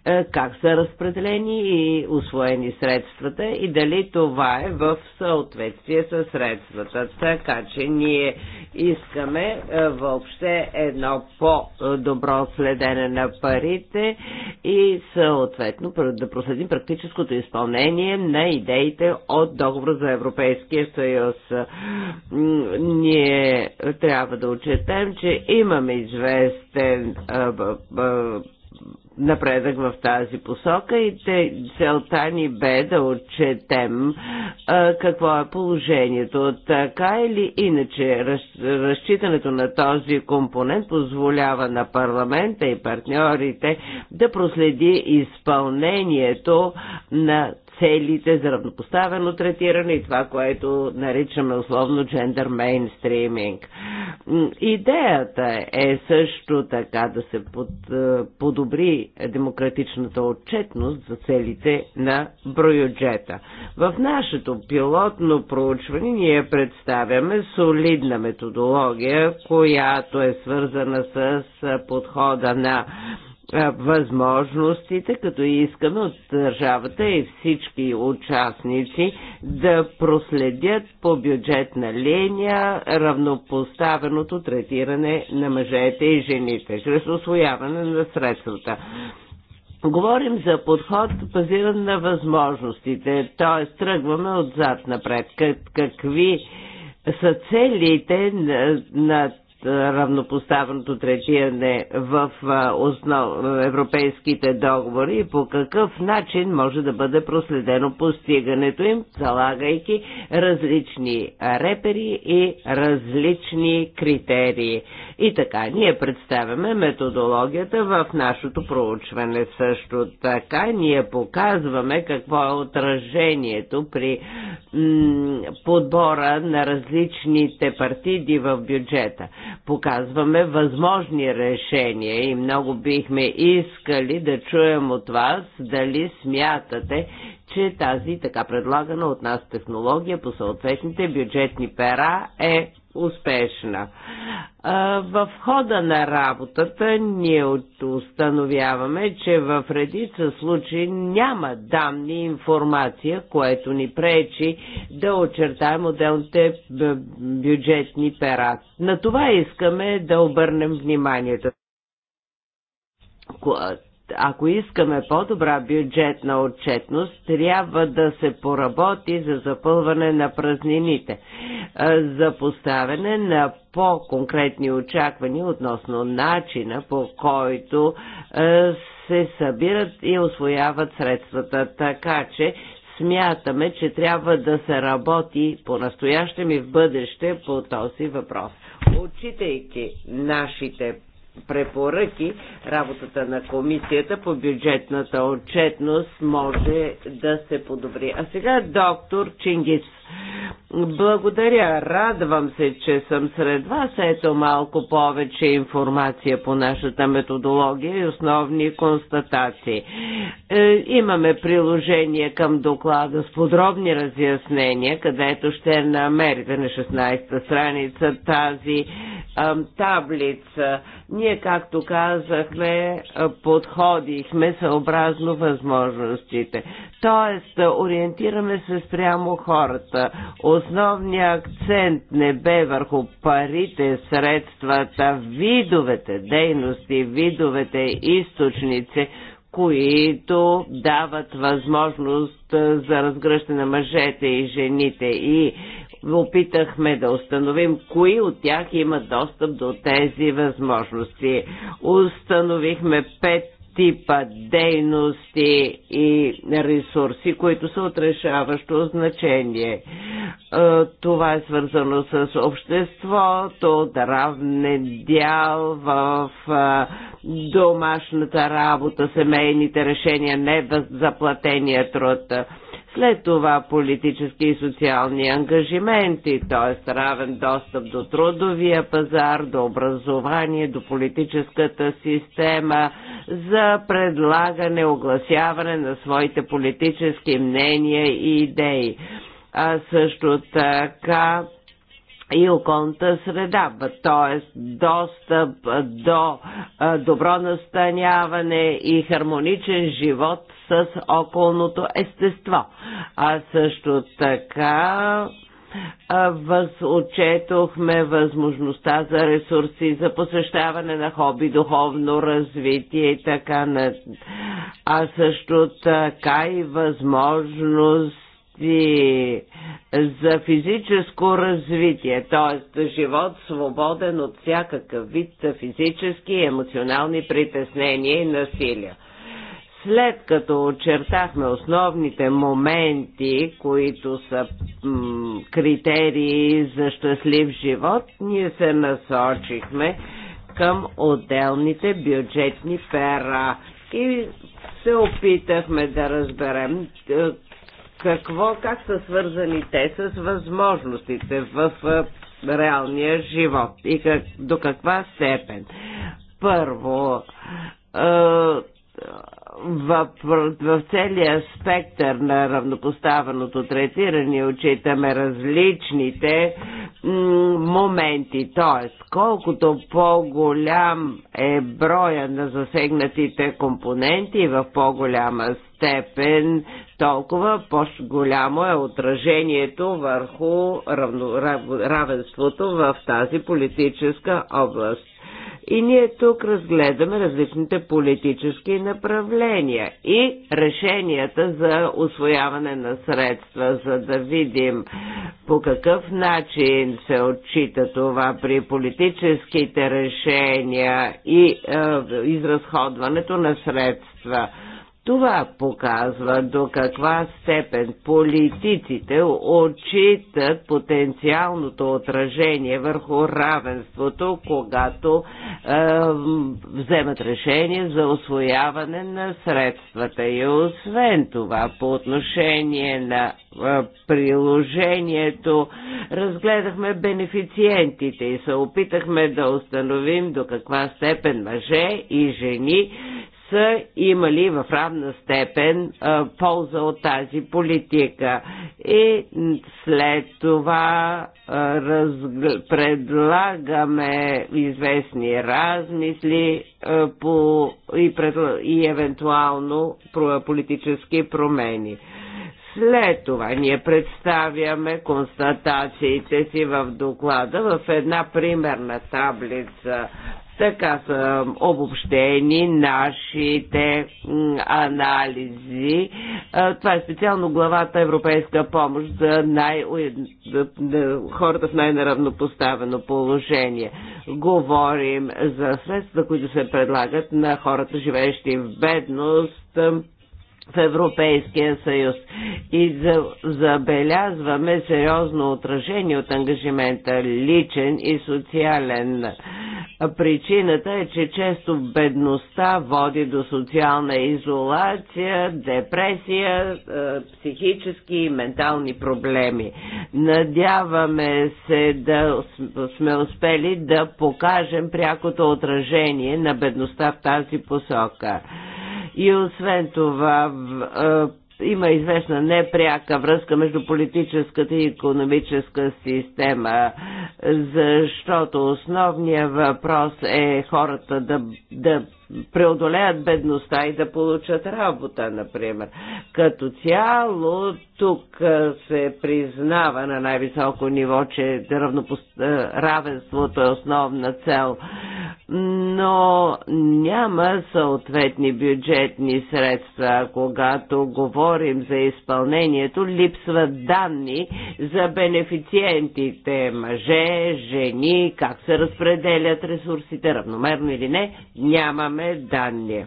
е, как са разпределени и освоени средствата и дали това е в съответствие с средствата. Така че ние искаме е, въобще едно по-добро следене на парите и съответно да проследим практическото изпълнение на идеите от договор за Европейския съюз ние трябва да отчетем, че имаме известен а, б, напредък в тази посока и те, целта ни бе да отчетем а, какво е положението. Така или иначе, раз, разчитането на този компонент позволява на парламента и партньорите да проследи изпълнението на целите за равнопоставено третиране и това, което наричаме условно джендър мейнстриминг. Идеята е също така да се под, е, подобри демократичната отчетност за целите на броюджета. В нашето пилотно проучване ние представяме солидна методология, която е свързана с подхода на възможностите, като искаме от държавата и всички участници да проследят по бюджетна линия равнопоставеното третиране на мъжете и жените, чрез освояване на средствата. Говорим за подход базиран на възможностите, т.е. тръгваме отзад напред. Какви са целите на, на равнопоставеното третиране в основ, европейските договори и по какъв начин може да бъде проследено постигането им, залагайки различни репери и различни критерии. И така, ние представяме методологията в нашото проучване. Също така, ние показваме какво е отражението при подбора на различните партиди в бюджета показваме възможни решения и много бихме искали да чуем от вас дали смятате, че тази така предлагана от нас технология по съответните бюджетни пера е успешна. В хода на работата ние установяваме, че в редица случаи няма данни информация, което ни пречи да очертаем отделните бюджетни пера. На това искаме да обърнем вниманието ако искаме по-добра бюджетна отчетност, трябва да се поработи за запълване на празнините, за поставяне на по-конкретни очаквания относно начина по който се събират и освояват средствата. Така че смятаме, че трябва да се работи по-настоящем и в бъдеще по този въпрос. Отчитайки нашите препоръки, работата на комисията по бюджетната отчетност може да се подобри. А сега доктор Чингис благодаря, радвам се, че съм сред вас. Ето малко повече информация по нашата методология и основни констатации. Е, имаме приложение към доклада с подробни разяснения, където ще намерите на 16-та страница тази таблица. Ние, както казахме, подходихме съобразно възможностите. Тоест, ориентираме се спрямо хората Основният акцент не бе върху парите, средствата, видовете дейности, видовете източници, които дават възможност за разгръщане на мъжете и жените и опитахме да установим кои от тях имат достъп до тези възможности. Установихме пет типа дейности и ресурси, които са отрешаващо значение. Е, това е свързано с обществото, равен дял в е, домашната работа, семейните решения, не заплатения труд след това политически и социални ангажименти, т.е. равен достъп до трудовия пазар, до образование, до политическата система, за предлагане, огласяване на своите политически мнения и идеи. А също така и околната среда, т.е. достъп до добро настаняване и хармоничен живот с околното естество. А също така възочетохме възможността за ресурси, за посещаване на хоби, духовно развитие и така на... А също така и възможност ти за физическо развитие, т.е. живот свободен от всякакъв вид физически и емоционални притеснения и насилия. След като очертахме основните моменти, които са критерии за щастлив живот, ние се насочихме към отделните бюджетни пера и се опитахме да разберем какво, как са свързани те с възможностите в реалния живот и как, до каква степен. Първо, в, в целия спектър на равнопоставеното третиране отчитаме различните моменти, т.е. колкото по-голям е броя на засегнатите компоненти в по-голяма степен толкова по-голямо е отражението върху равно, рав, равенството в тази политическа област. И ние тук разгледаме различните политически направления и решенията за освояване на средства, за да видим по какъв начин се отчита това при политическите решения и е, изразходването на средства. Това показва до каква степен политиците отчитат потенциалното отражение върху равенството, когато е, вземат решение за освояване на средствата. И освен това, по отношение на е, приложението, разгледахме бенефициентите и се опитахме да установим до каква степен мъже и жени са имали в равна степен а, полза от тази политика. И след това а, разгл... предлагаме известни размисли а, по... и, пред... и евентуално политически промени. След това ние представяме констатациите си в доклада в една примерна таблица така са обобщени нашите анализи. Това е специално главата Европейска помощ за най- хората в най-неравнопоставено положение. Говорим за средства, които се предлагат на хората, живеещи в бедност, в Европейския съюз и за, забелязваме сериозно отражение от ангажимента личен и социален. Причината е, че често бедността води до социална изолация, депресия, е, психически и ментални проблеми. Надяваме се да сме успели да покажем прякото отражение на бедността в тази посока. И освен това, има известна непряка връзка между политическата и економическа система, защото основният въпрос е хората да, да преодолеят бедността и да получат работа, например. Като цяло тук се признава на най-високо ниво, че равенството е основна цел, но няма съответни бюджетни средства. Когато говорим за изпълнението, липсват данни за бенефициентите, мъже, жени, как се разпределят ресурсите, равномерно или не, нямаме имаме данни.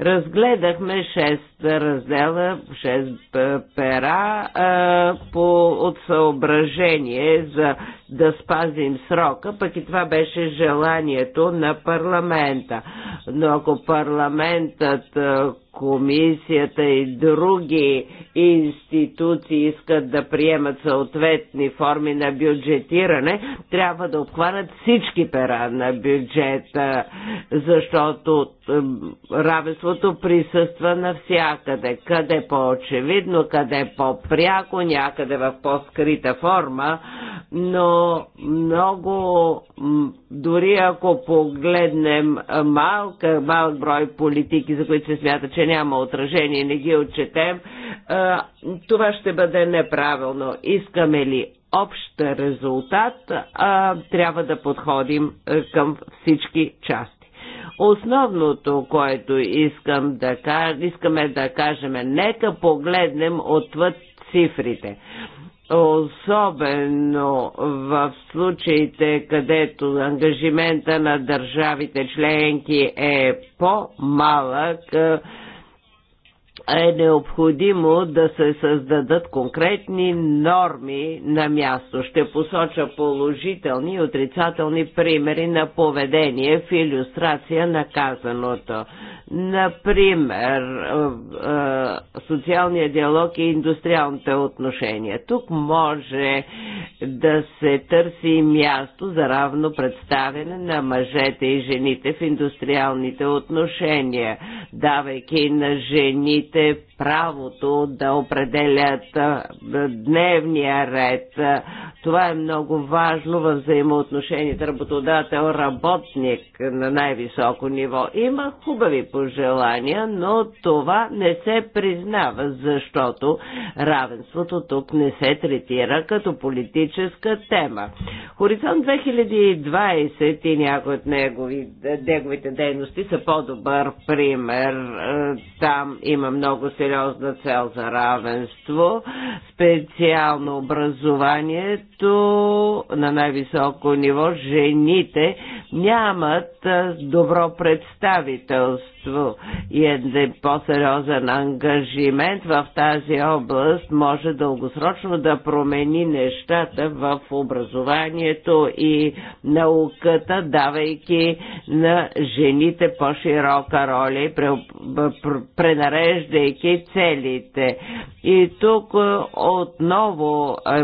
Разгледахме 6 раздела, 6 пера по, от съображение за да спазим срока, пък и това беше желанието на парламента. Но ако парламентът комисията и други институции искат да приемат съответни форми на бюджетиране, трябва да обхванат всички пера на бюджета, защото равенството присъства навсякъде. Къде по-очевидно, къде по-пряко, някъде в по-скрита форма, но много, дори ако погледнем малка, малък брой политики, за които се смята, че няма отражение, не ги отчетем, това ще бъде неправилно. Искаме ли общ резултат, а, трябва да подходим към всички части. Основното, което искам да, искаме да кажем, нека погледнем отвъд цифрите особено в случаите, където ангажимента на държавите членки е по-малък, е необходимо да се създадат конкретни норми на място. Ще посоча положителни и отрицателни примери на поведение в иллюстрация на казаното. Например, е, социалния диалог и индустриалните отношения. Тук може да се търси място за равно представяне на мъжете и жените в индустриалните отношения, давайки на жените имате правото да определят дневния ред. Това е много важно в взаимоотношенията работодател-работник на най-високо ниво. Има хубави пожелания, но това не се признава, защото равенството тук не се третира като политическа тема. Хоризонт 2020 и някои от негови, неговите дейности са по-добър пример. Е, там има много много сериозна цел за равенство, специално образованието на най-високо ниво, жените нямат добро представителство качество и един по-сериозен ангажимент в тази област може дългосрочно да промени нещата в образованието и науката, давайки на жените по-широка роля и пренареждайки целите. И тук е, отново е,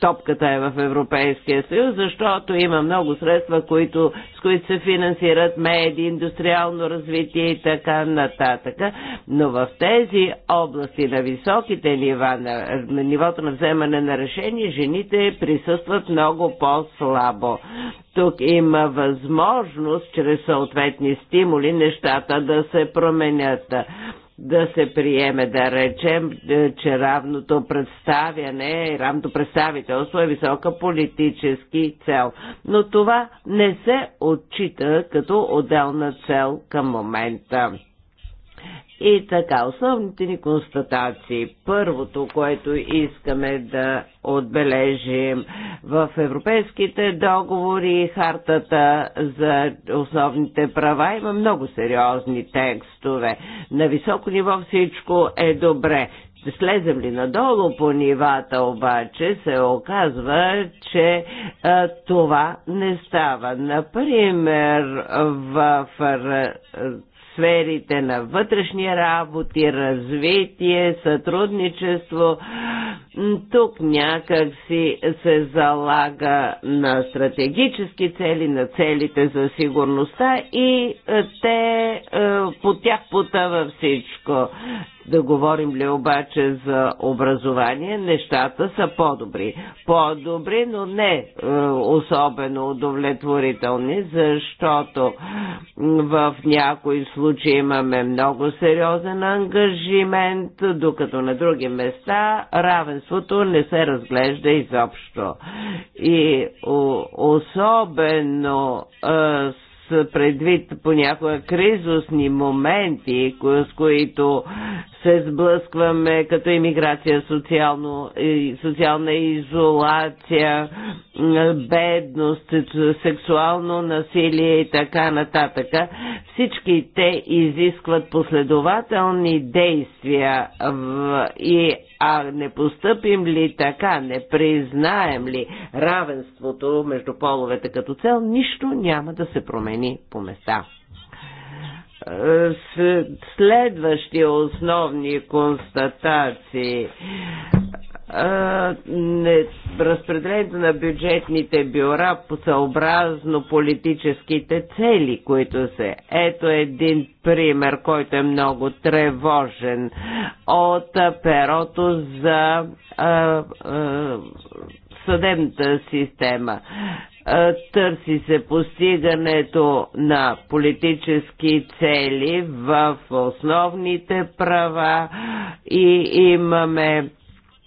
топката е в Европейския съюз, защото има много средства, които, с които се финансират медии, индустриално развитие така нататък. Но в тези области на високите нива, на, на нивото на вземане на решение, жените присъстват много по-слабо. Тук има възможност чрез съответни стимули нещата да се променят да се приеме, да речем, е, че равното представяне, равното представителство е висока политически цел. Но това не се отчита като отделна цел към момента. И така, основните ни констатации. Първото, което искаме да отбележим в европейските договори и хартата за основните права има много сериозни текстове. На високо ниво всичко е добре. Слезем ли надолу по нивата обаче, се оказва, че а, това не става. Например, в, в сферите на вътрешни работи, развитие, сътрудничество. Тук някак си се залага на стратегически цели, на целите за сигурността и е, те е, по тях потъва всичко. Да говорим ли обаче за образование, нещата са по-добри. По-добри, но не е, особено удовлетворителни, защото в някои случаи имаме много сериозен ангажимент, докато на други места равенството не се разглежда изобщо. И особено е, предвид понякога кризисни моменти, с които се сблъскваме като иммиграция, социално, социална изолация, бедност, сексуално насилие и така нататък. Всички те изискват последователни действия и а не постъпим ли така, не признаем ли равенството между половете като цел, нищо няма да се промени по места е, следващи основни констатации не, разпределението на бюджетните бюра по съобразно политическите цели, които се. Ето един пример, който е много тревожен от перото за а, а, съдебната система. Търси се постигането на политически цели в основните права и имаме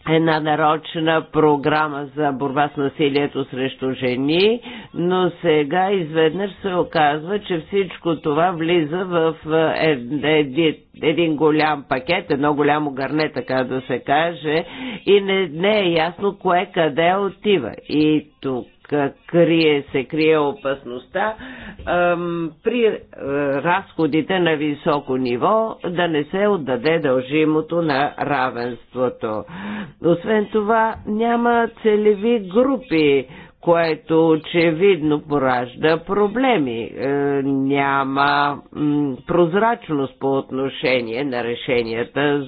една нарочна програма за борба с насилието срещу жени, но сега изведнъж се оказва, че всичко това влиза в е, е, е, един голям пакет, едно голямо гарне, така да се каже, и не, не е ясно кое къде отива. И тук крие, се крие опасността при разходите на високо ниво да не се отдаде дължимото на равенството. Освен това, няма целеви групи, което очевидно поражда проблеми. Е, няма прозрачност по отношение на решенията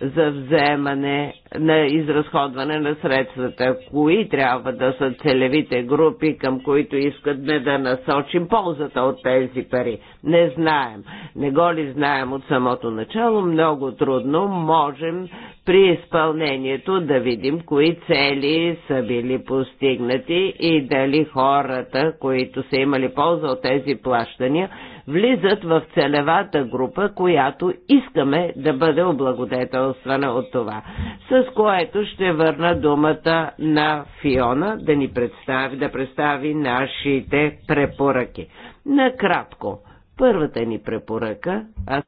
за вземане на изразходване на средствата, кои трябва да са целевите групи, към които искаме да насочим ползата от тези пари. Не знаем. Не го ли знаем от самото начало, много трудно можем при изпълнението да видим кои цели са били постигнати и дали хората, които са имали полза от тези плащания, влизат в целевата група, която искаме да бъде облагодетелствана от това. С което ще върна думата на Фиона да ни представи, да представи нашите препоръки. Накратко, първата ни препоръка, аз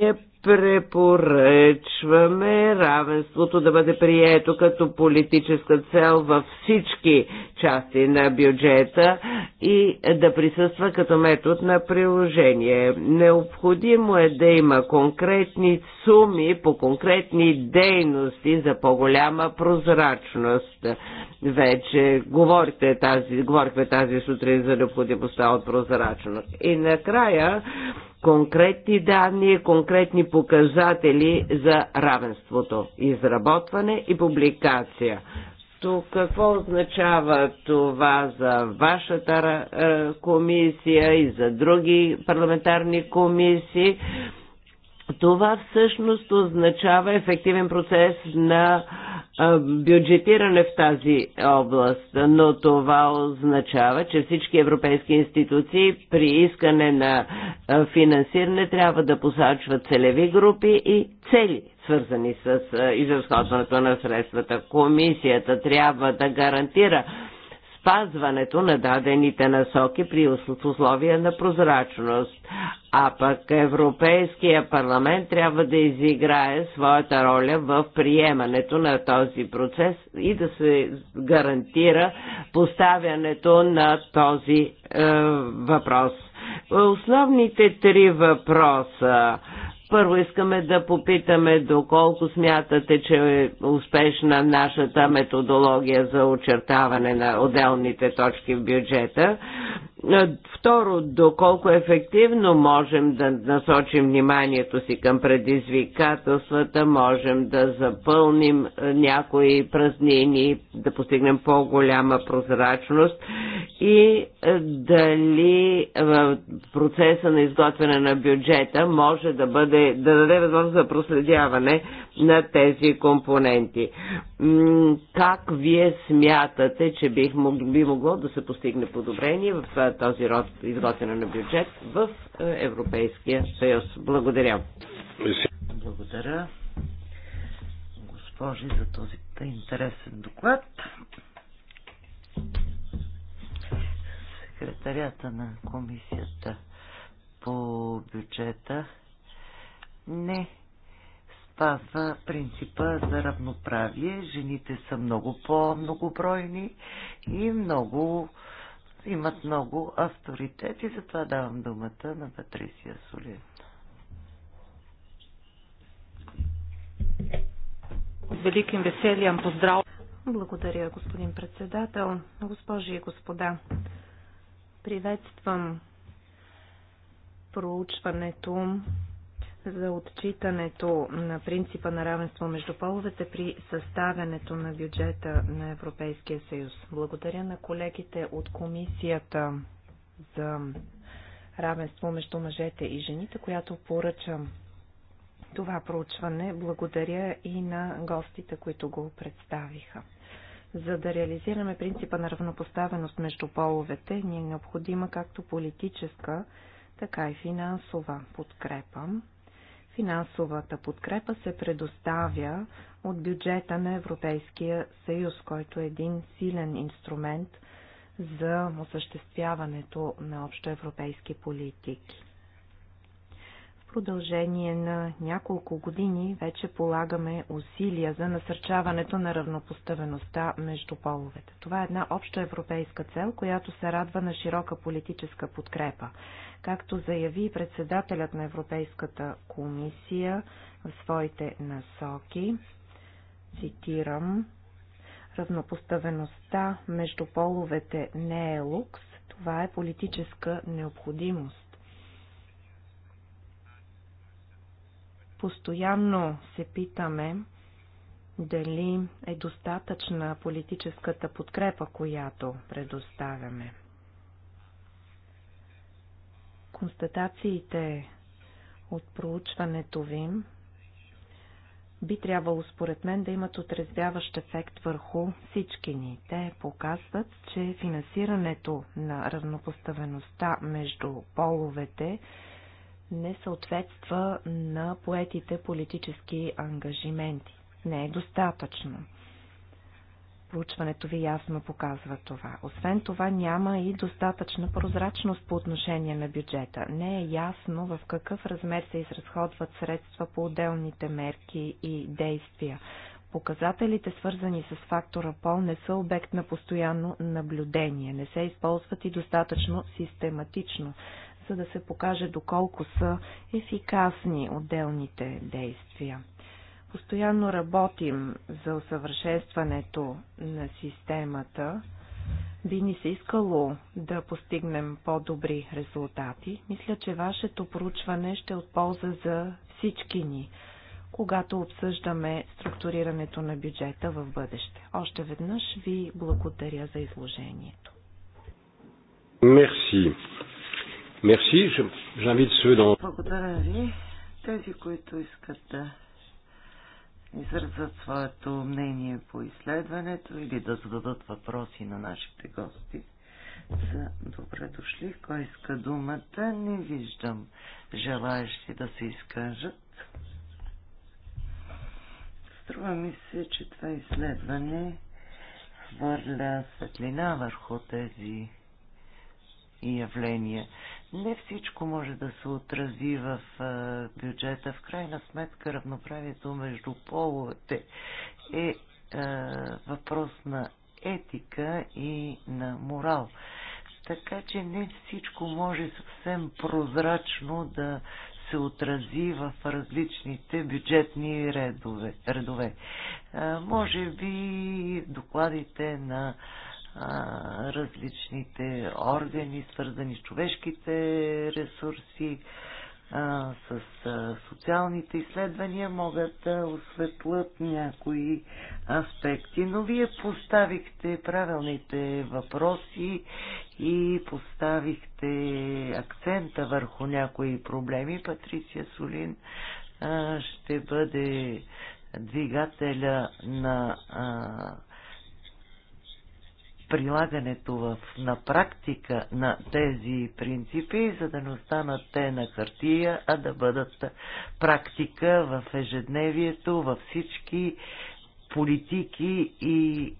Ние препоръчваме равенството да бъде прието като политическа цел във всички части на бюджета и да присъства като метод на приложение. Необходимо е да има конкретни суми по конкретни дейности за по-голяма прозрачност. Вече говорихме тази, говорихме тази сутрин за необходимостта от прозрачност. И накрая конкретни данни, конкретни показатели за равенството, изработване и публикация. То какво означава това за вашата е, комисия и за други парламентарни комисии? Това всъщност означава ефективен процес на бюджетиране в тази област, но това означава, че всички европейски институции при искане на финансиране трябва да посачват целеви групи и цели свързани с изразходването на средствата. Комисията трябва да гарантира спазването на дадените насоки при условия на прозрачност. А пък Европейския парламент трябва да изиграе своята роля в приемането на този процес и да се гарантира поставянето на този е, въпрос. Основните три въпроса първо искаме да попитаме доколко смятате, че е успешна нашата методология за очертаване на отделните точки в бюджета. Второ, доколко ефективно можем да насочим вниманието си към предизвикателствата, можем да запълним някои празнини, да постигнем по-голяма прозрачност и дали процеса на изготвяне на бюджета може да бъде даде, да даде възможност за проследяване на тези компоненти. Как вие смятате, че бих мог, би могло да се постигне подобрение в този род изготвяне на бюджет в Европейския съюз? Благодаря. Благодаря, госпожи, за този интересен доклад. секретарята на комисията по бюджета не спазва принципа за равноправие. Жените са много по-многобройни и много имат много авторитет и затова давам думата на Патрисия Солин. великим веселием поздрав! Благодаря, господин председател. Госпожи и господа, приветствам проучването за отчитането на принципа на равенство между половете при съставянето на бюджета на Европейския съюз. Благодаря на колегите от комисията за равенство между мъжете и жените, която поръчам това проучване. Благодаря и на гостите, които го представиха. За да реализираме принципа на равнопоставеност между половете, ни е необходима както политическа, така и финансова подкрепа. Финансовата подкрепа се предоставя от бюджета на Европейския съюз, който е един силен инструмент за осъществяването на общоевропейски политики. В продължение на няколко години вече полагаме усилия за насърчаването на равнопоставеността между половете. Това е една обща европейска цел, която се радва на широка политическа подкрепа. Както заяви председателят на Европейската комисия в своите насоки, цитирам, равнопоставеността между половете не е лукс, това е политическа необходимост. Постоянно се питаме дали е достатъчна политическата подкрепа, която предоставяме. Констатациите от проучването ви би трябвало според мен да имат отрезвяващ ефект върху всички ни. Те показват, че финансирането на равнопоставеността между половете не съответства на поетите политически ангажименти. Не е достатъчно. Проучването ви ясно показва това. Освен това няма и достатъчна прозрачност по отношение на бюджета. Не е ясно в какъв размер се изразходват средства по отделните мерки и действия. Показателите, свързани с фактора пол, не са обект на постоянно наблюдение, не се използват и достатъчно систематично за да се покаже доколко са ефикасни отделните действия. Постоянно работим за усъвършенстването на системата. Би ни се искало да постигнем по-добри резултати. Мисля, че вашето проучване ще е от полза за всички ни, когато обсъждаме структурирането на бюджета в бъдеще. Още веднъж ви благодаря за изложението. Мерси. Мерси, J'invite се dans... Благодаря ви. Тези, които искат да изразят своето мнение по изследването или да зададат въпроси на нашите гости, са добре дошли. Кой иска думата? Не виждам желаящи да се изкажат. Струва ми се, че това изследване върля светлина върху тези явления. Не всичко може да се отрази в бюджета. В крайна сметка равноправието между половете е въпрос на етика и на морал. Така че не всичко може съвсем прозрачно да се отрази в различните бюджетни редове. редове. Може би докладите на различните органи, свързани с човешките ресурси, с социалните изследвания могат да осветлят някои аспекти. Но вие поставихте правилните въпроси и поставихте акцента върху някои проблеми. Патриция Солин ще бъде двигателя на а, прилагането в, на практика на тези принципи, за да не останат те на хартия, а да бъдат практика в ежедневието, във всички политики и е,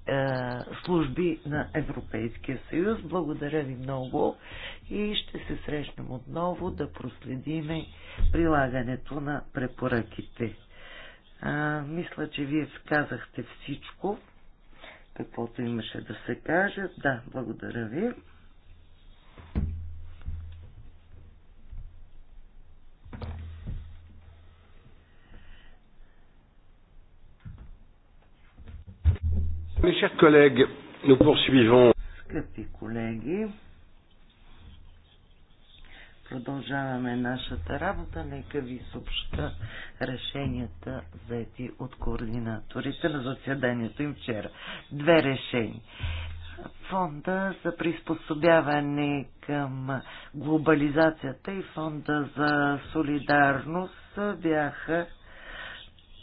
служби на Европейския съюз. Благодаря ви много и ще се срещнем отново да проследиме прилагането на препоръките. Е, мисля, че вие казахте всичко каквото имаше да се каже. Да, благодаря ви. Скъпи колеги, продължаваме нашата работа. Нека ви съобща решенията заети от координаторите на заседанието им вчера. Две решения. Фонда за приспособяване към глобализацията и фонда за солидарност бяха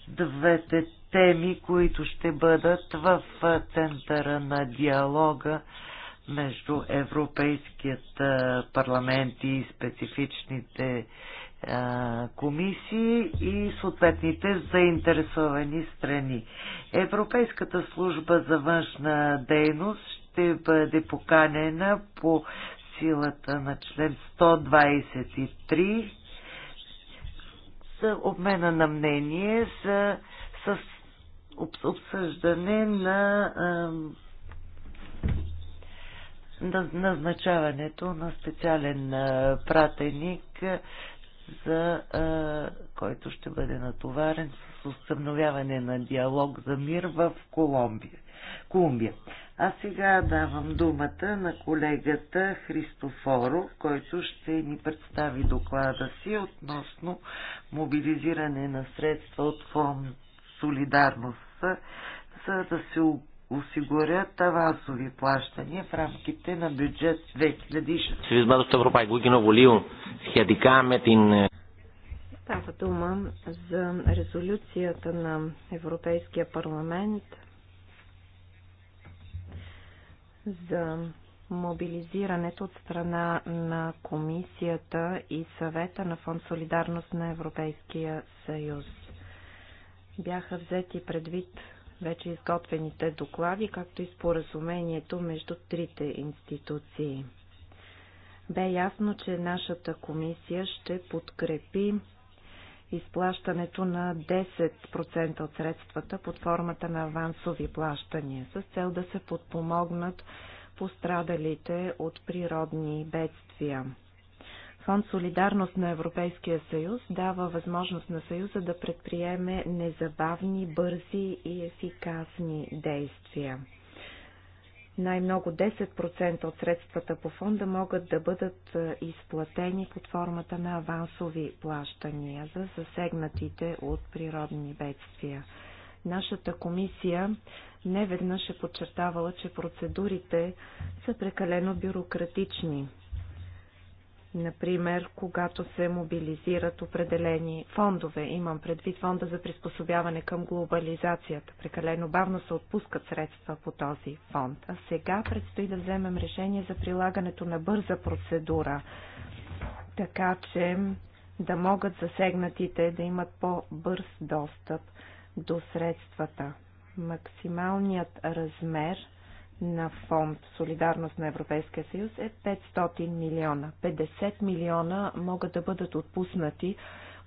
двете теми, които ще бъдат в центъра на диалога между Европейският парламент и специфичните комисии и съответните заинтересовани страни. Европейската служба за външна дейност ще бъде поканена по силата на член 123 за обмена на мнение за, с обсъждане на назначаването на специален пратеник, за, който ще бъде натоварен с установяване на диалог за мир в Колумбия. Колумбия. А сега давам думата на колегата Христофоров, който ще ни представи доклада си относно мобилизиране на средства от фонд Солидарност, за да се осигурят авансови плащания в рамките на бюджет 2006. Συμπίσματος του Ευρωπαϊκού Κοινοβουλίου σχετικά Става дума за резолюцията на Европейския парламент за мобилизирането от страна на комисията и съвета на Фонд Солидарност на Европейския съюз. Бяха взети предвид вече изготвените доклади, както и споразумението между трите институции. Бе ясно, че нашата комисия ще подкрепи изплащането на 10% от средствата под формата на авансови плащания, с цел да се подпомогнат пострадалите от природни бедствия. Фонд Солидарност на Европейския съюз дава възможност на Съюза да предприеме незабавни, бързи и ефикасни действия. Най-много 10% от средствата по фонда могат да бъдат изплатени под формата на авансови плащания за засегнатите от природни бедствия. Нашата комисия неведнъж е подчертавала, че процедурите са прекалено бюрократични Например, когато се мобилизират определени фондове. Имам предвид фонда за приспособяване към глобализацията. Прекалено бавно се отпускат средства по този фонд. А сега предстои да вземем решение за прилагането на бърза процедура. Така че да могат засегнатите да имат по-бърз достъп до средствата. Максималният размер на фонд Солидарност на Европейския съюз е 500 милиона. 50 милиона могат да бъдат отпуснати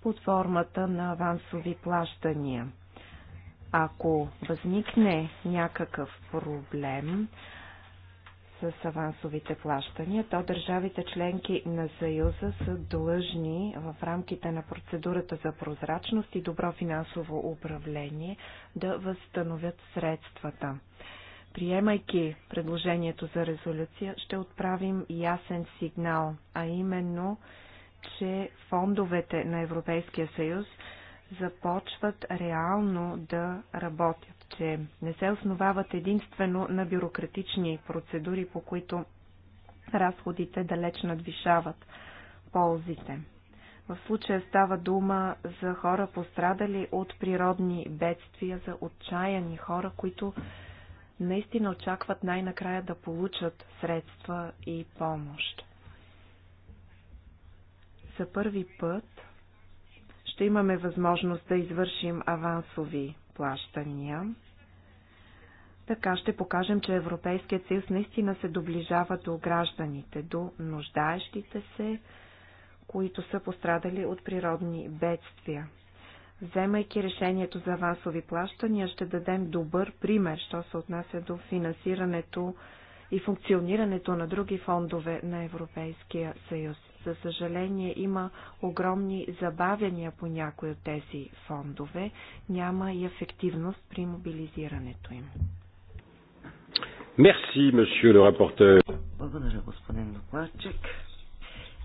под формата на авансови плащания. Ако възникне някакъв проблем с авансовите плащания, то държавите членки на Съюза са длъжни в рамките на процедурата за прозрачност и добро финансово управление да възстановят средствата. Приемайки предложението за резолюция, ще отправим ясен сигнал, а именно, че фондовете на Европейския съюз започват реално да работят, че не се основават единствено на бюрократични процедури, по които разходите далеч надвишават ползите. В случая става дума за хора пострадали от природни бедствия, за отчаяни хора, които наистина очакват най-накрая да получат средства и помощ. За първи път ще имаме възможност да извършим авансови плащания. Така ще покажем, че Европейският съюз наистина се доближава до гражданите, до нуждаещите се, които са пострадали от природни бедствия. Вземайки решението за авансови плащания, ще дадем добър пример, що се отнася до финансирането и функционирането на други фондове на Европейския съюз. За съжаление има огромни забавяния по някои от тези фондове, няма и ефективност при мобилизирането им. Мерси, месье ле рапортер. Благодаря, господин докладчик.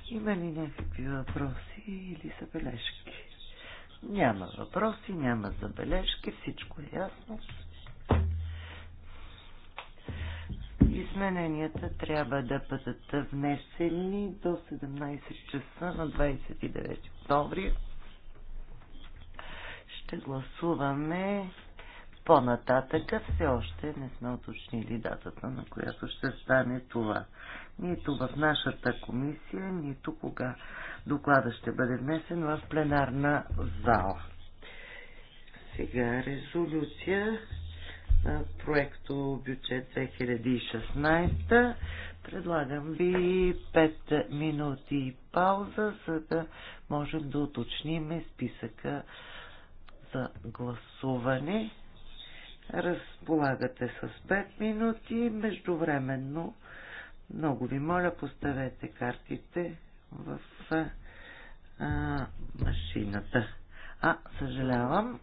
Има ли някакви въпроси или забележки? Няма въпроси, няма забележки, всичко е ясно. Измененията трябва да бъдат внесени до 17 часа на 29 октомври. Ще гласуваме по-нататъка. Все още не сме уточнили датата, на която ще стане това нито в нашата комисия, нито кога доклада ще бъде внесен в пленарна зала. Сега резолюция на проекто бюджет 2016. Предлагам ви 5 минути пауза, за да можем да уточним списъка за гласуване. Разполагате с 5 минути. Междувременно много ви моля, поставете картите в а, машината. А, съжалявам.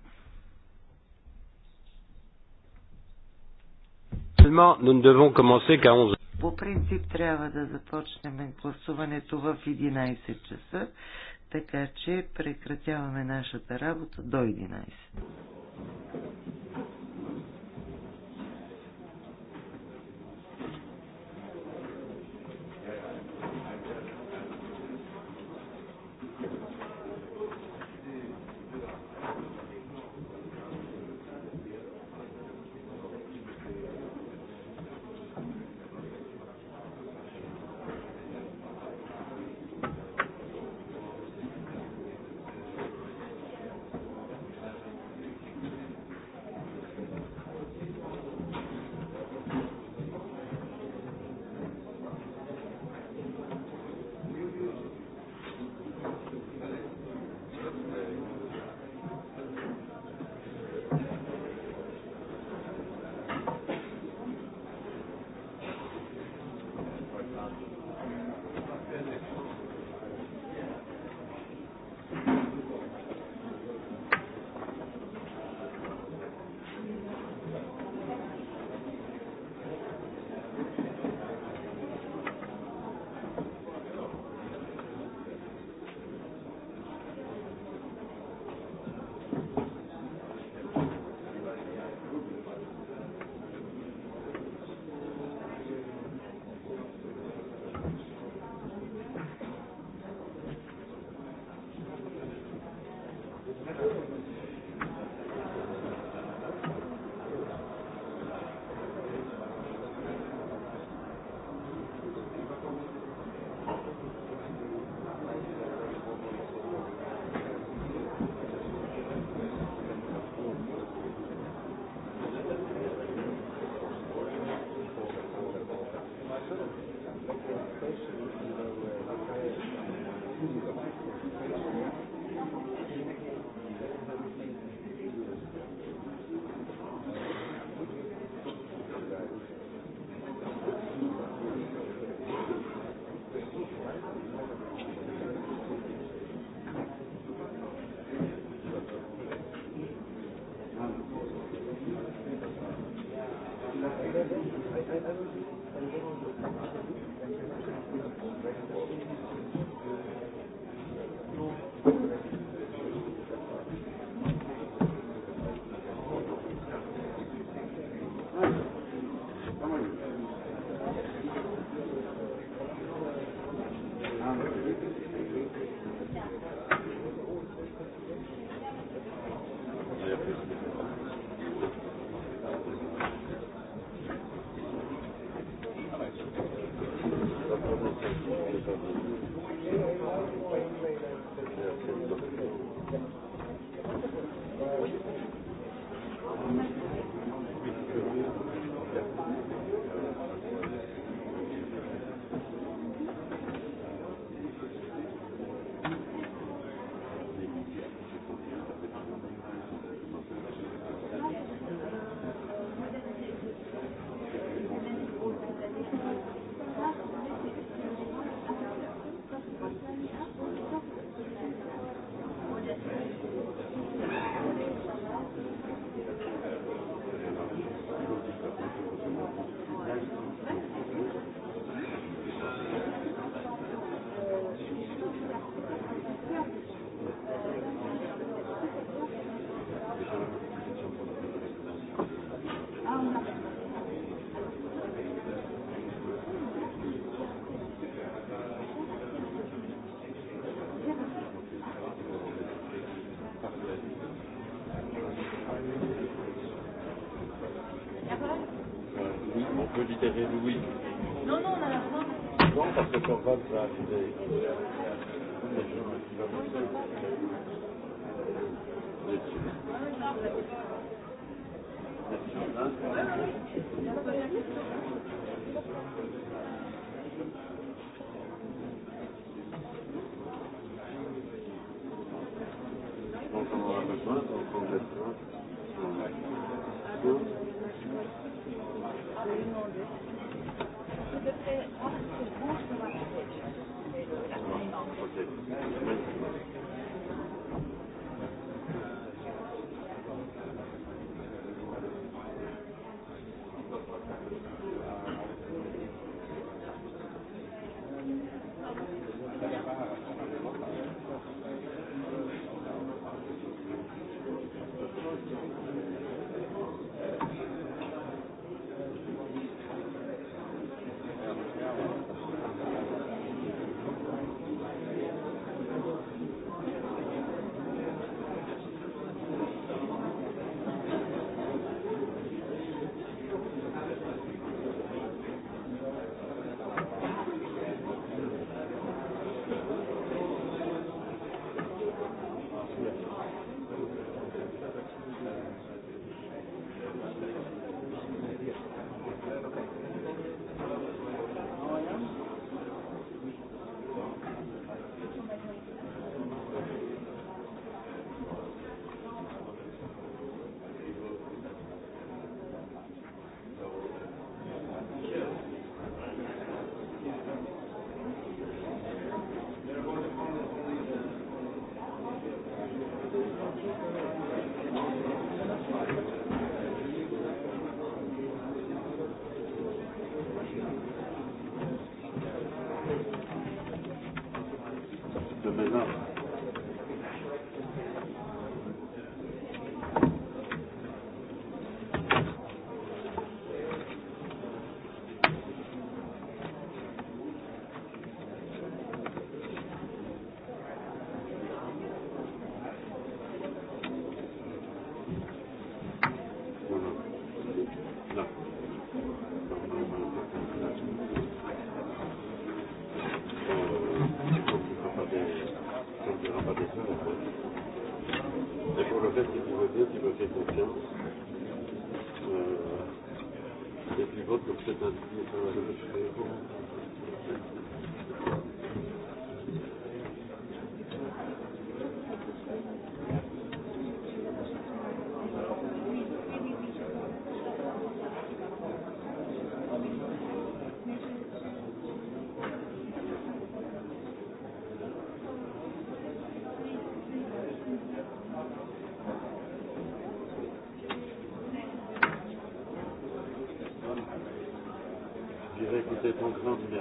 По принцип трябва да започнем гласуването в 11 часа, така че прекратяваме нашата работа до 11. contract.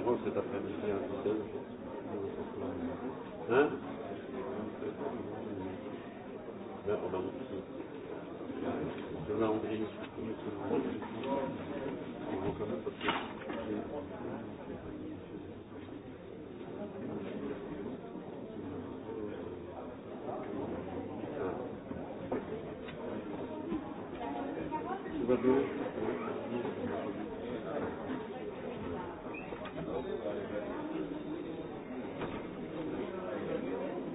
José Rússia da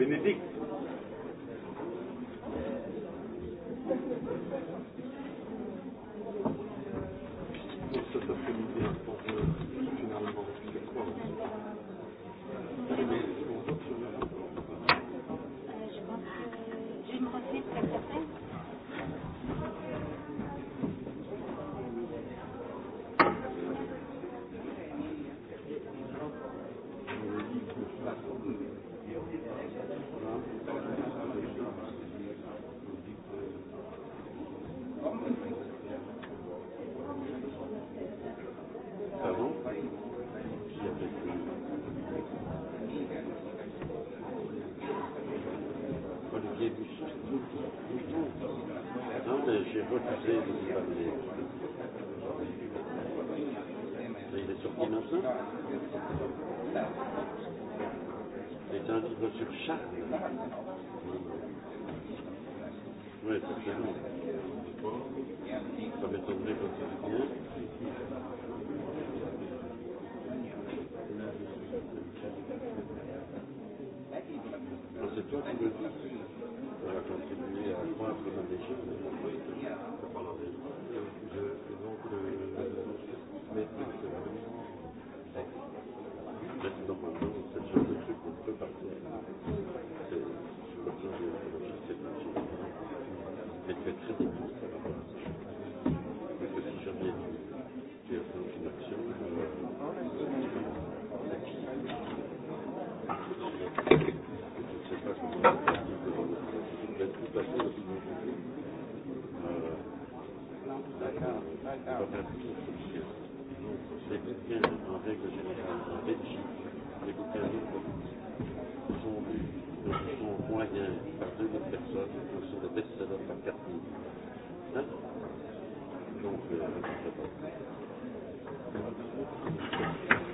Бенедикт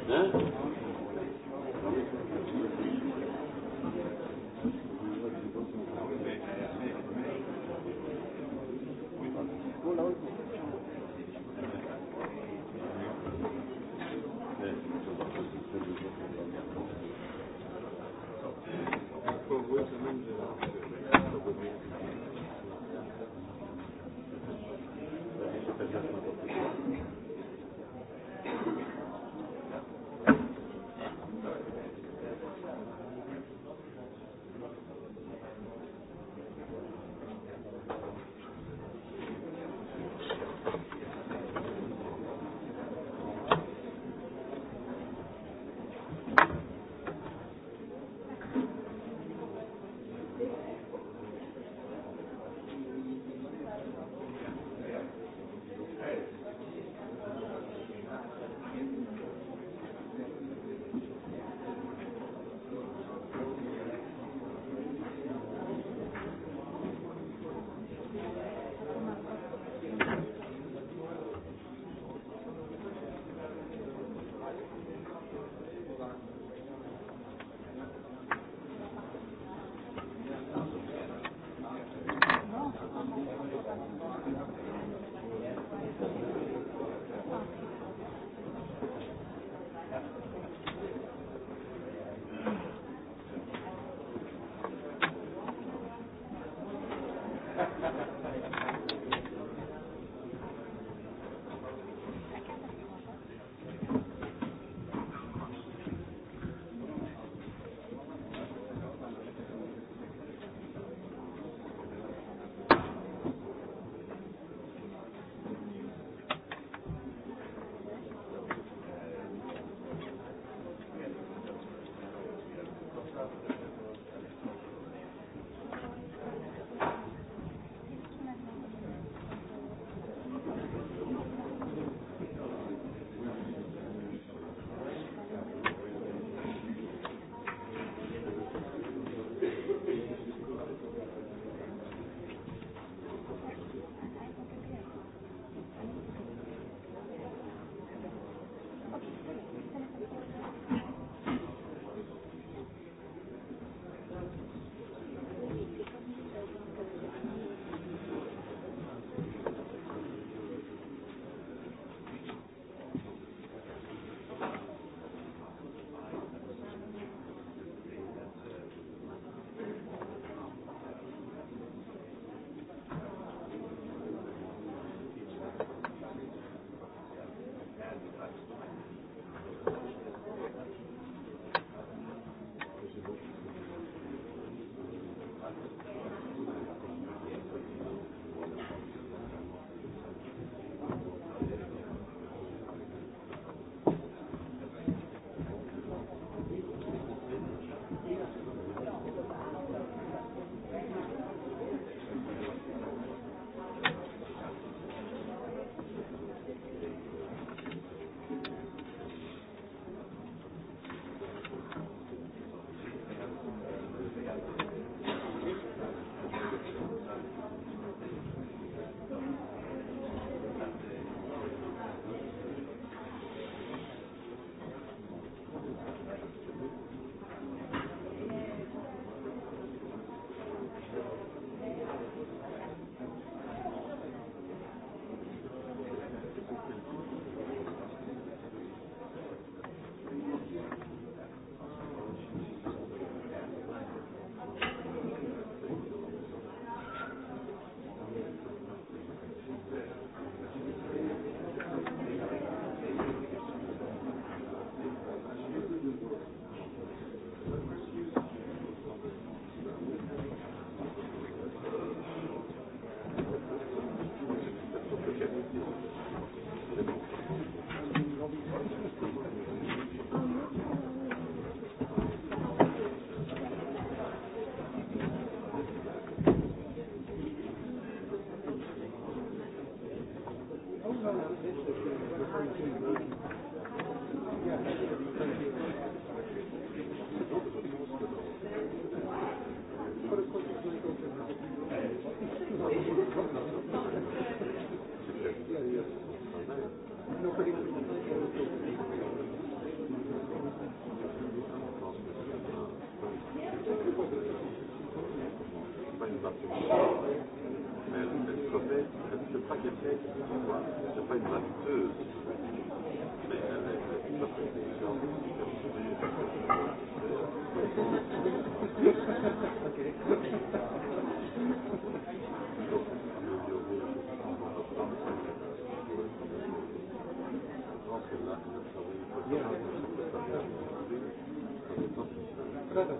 Hein Mais elle comète, c'est pas quelqu'un qui c'est pas une vaniteuse, mais elle est tout à fait intelligente, Gracias.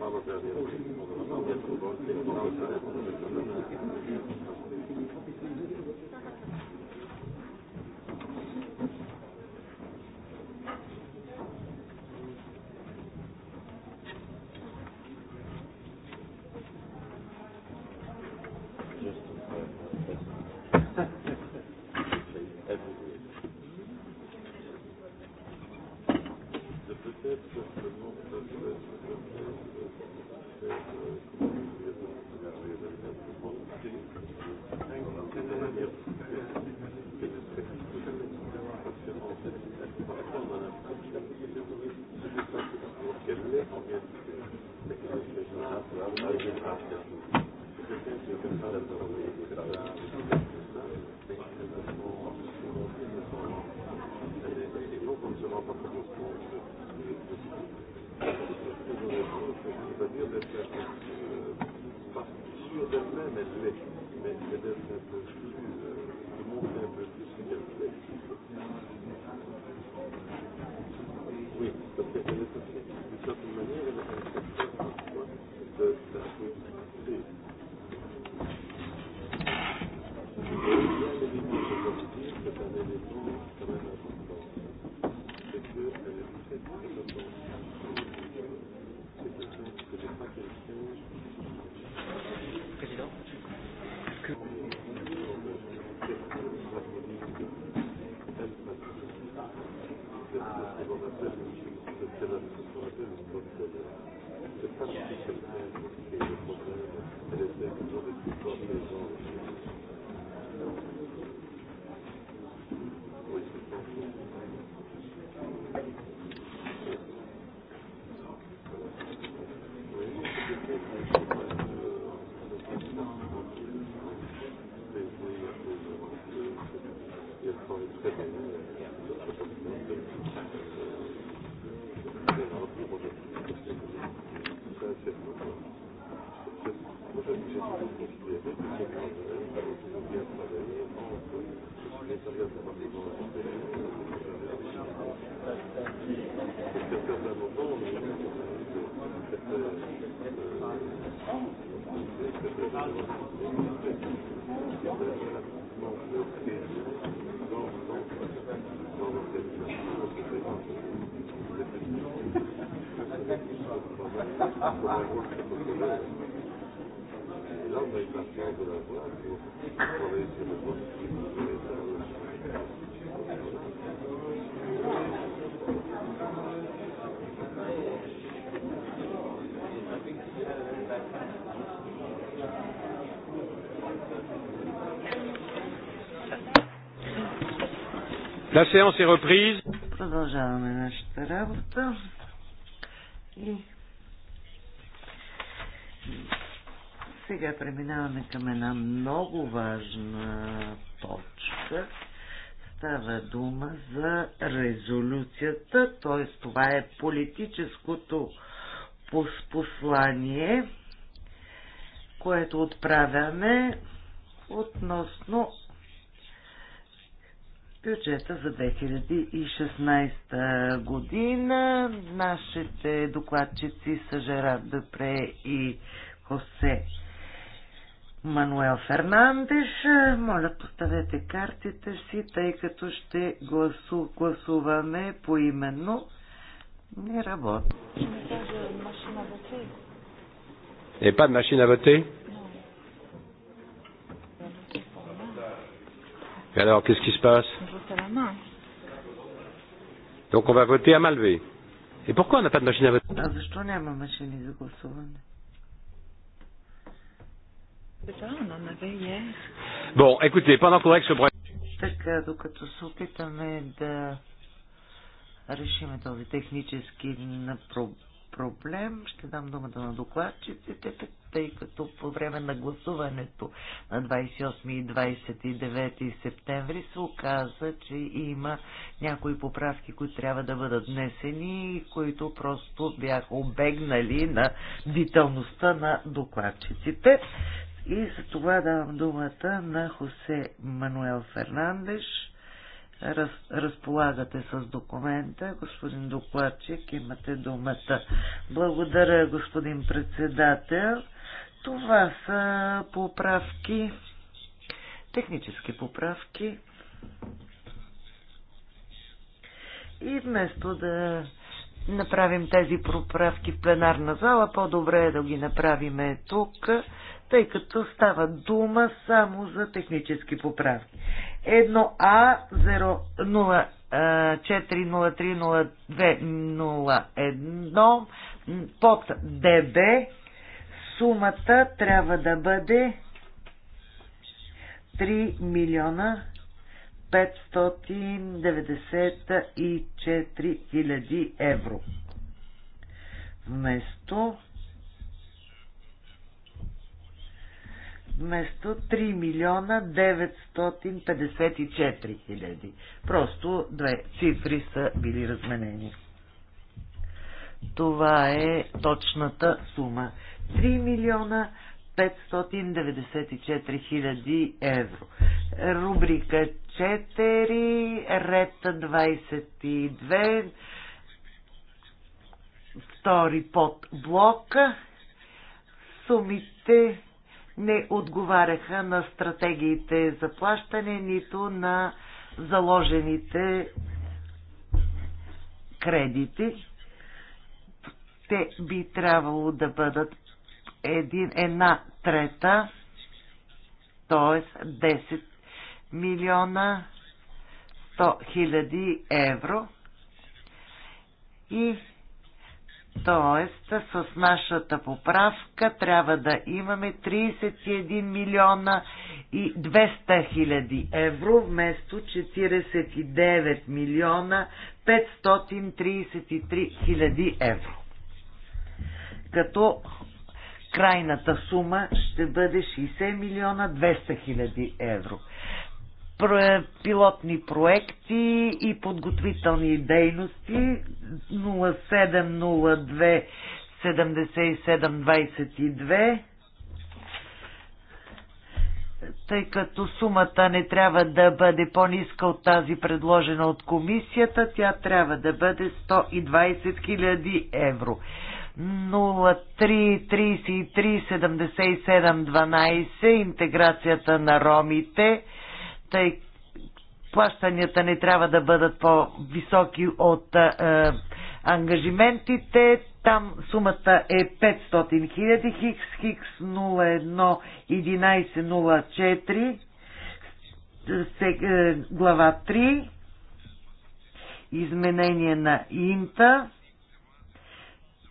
Malo da je La séance est reprise. Продължаваме нашата работа. И сега преминаваме към една много важна точка. Става дума за резолюцията, т.е. това е политическото послание, което отправяме относно бюджета за 2016 година. Нашите докладчици са Жерар Депре и Хосе Мануел Фернандеш. Моля, поставете картите си, тъй като ще гласу, гласуваме поименно. Не работи. Е, пад машина вътре? Et alors, qu'est-ce qui se passe Donc on va voter à main levée. Et pourquoi on n'a pas de machine à voter C'est ça, on en avait hier. Bon, écoutez, pendant qu'on règle ce problème... Така, докато се опитаме да решиме този технически проблем, проблем. Ще дам думата на докладчиците, тъй като по време на гласуването на 28 и 29 септември се оказа, че има някои поправки, които трябва да бъдат внесени и които просто бяха обегнали на дителността на докладчиците. И за това давам думата на Хосе Мануел Фернандеш, раз, разполагате с документа. Господин докладчик, имате думата. Благодаря, господин председател. Това са поправки, технически поправки. И вместо да направим тези поправки в пленарна зала, по-добре е да ги направим тук, тъй като става дума само за технически поправки. 1А 04030201 под ДБ сумата трябва да бъде 3 милиона 594 хиляди евро. Вместо вместо 3 милиона 954 хиляди. Просто две цифри са били разменени. Това е точната сума. 3 милиона 594 хиляди евро. Рубрика 4, ред 22, втори под блока. Сумите не отговаряха на стратегиите за плащане, нито на заложените кредити. Те би трябвало да бъдат един, една трета, т.е. 10 милиона 100 хиляди евро и Тоест, с нашата поправка трябва да имаме 31 милиона и 200 хиляди евро вместо 49 милиона 533 хиляди евро. Като крайната сума ще бъде 60 милиона 200 хиляди евро пилотни проекти и подготвителни дейности 0702 7722 тъй като сумата не трябва да бъде по-ниска от тази предложена от комисията, тя трябва да бъде 120 000 евро. 0333,77-12, интеграцията на ромите тъй плащанията не трябва да бъдат по-високи от е, ангажиментите. Там сумата е 500 000 Хикс, Хикс 1104. Е, глава 3 изменение на Инта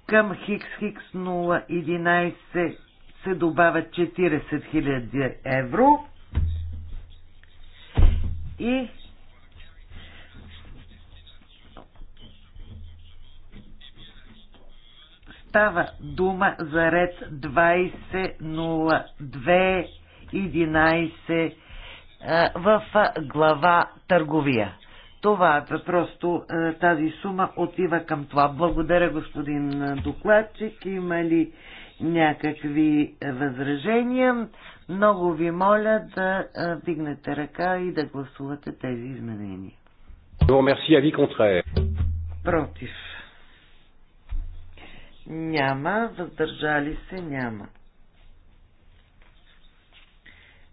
към Хикс Хикс 011 се добавят 40 000 евро и става дума за ред 20.02.11 в глава търговия. Това е просто тази сума отива към това. Благодаря, господин докладчик. Има ли някакви възражения? Много ви моля да вдигнете ръка и да гласувате тези изменения. Против. Няма. Въздържали се няма.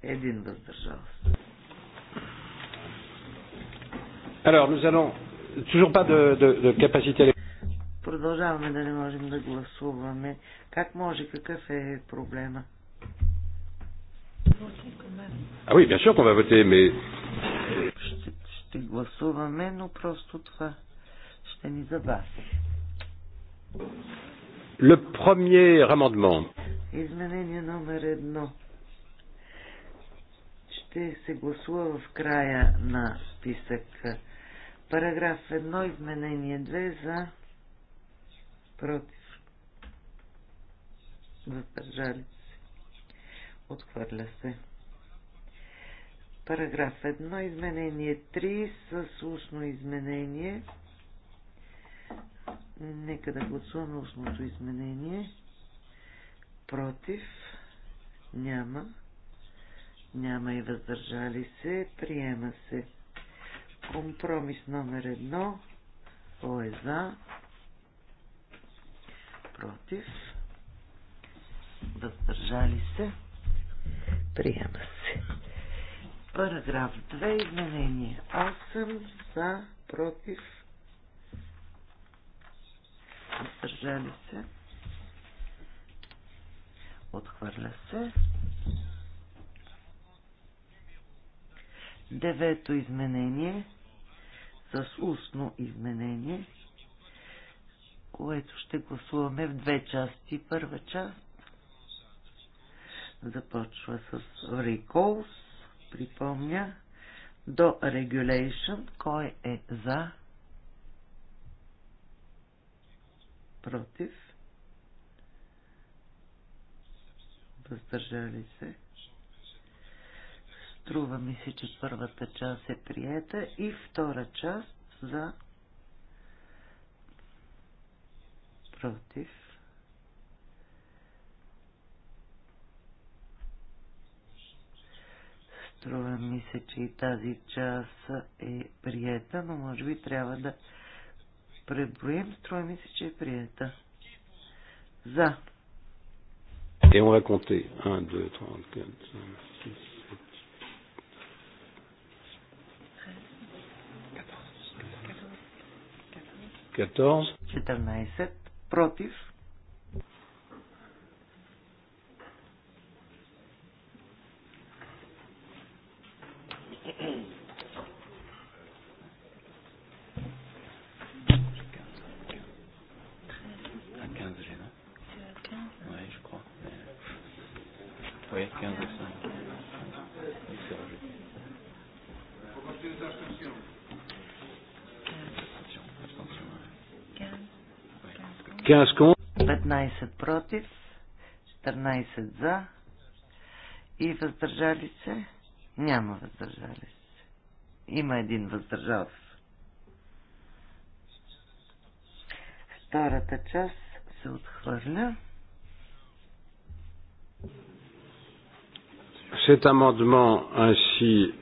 Един въздържал се. Alors, nous allons toujours pas de, de, de capacité. Продължаваме да не можем да гласуваме. Как може? Какъв е проблема? Ah oui, bien sûr qu'on va voter, mais... Ще, ще забави. Le premier amendement. Изменение номер едно. Ще се гласува в края на списък. Параграф 1, изменение 2 за против. Въздържали Отхвърля се. Параграф 1. Изменение 3 с устно изменение. Нека да гласуваме устното изменение. Против. Няма. Няма и въздържали се. Приема се. Компромис номер 1. Кой е за? Против. Въздържали се. Приема се. Параграф 2. Изменение Аз съм За, против. Въздържали се. Отхвърля се. Девето изменение с устно изменение, което ще гласуваме в две части. Първа част започва с recalls, припомня, до regulation, кой е за, против, въздържали се. Струва ми се, че първата част е приета и втора част за против Струва ми се, че и тази част е приета, но може би трябва да преброим. Струва ми се, че е приета. За. Et on va compter. 1, 2, 3, 4, 5, 6, 7. Против. 15 против, 14 за и въздържали се няма въздържали се. Има един въздържал се. Втората част се отхвърля. Cet amendement ainsi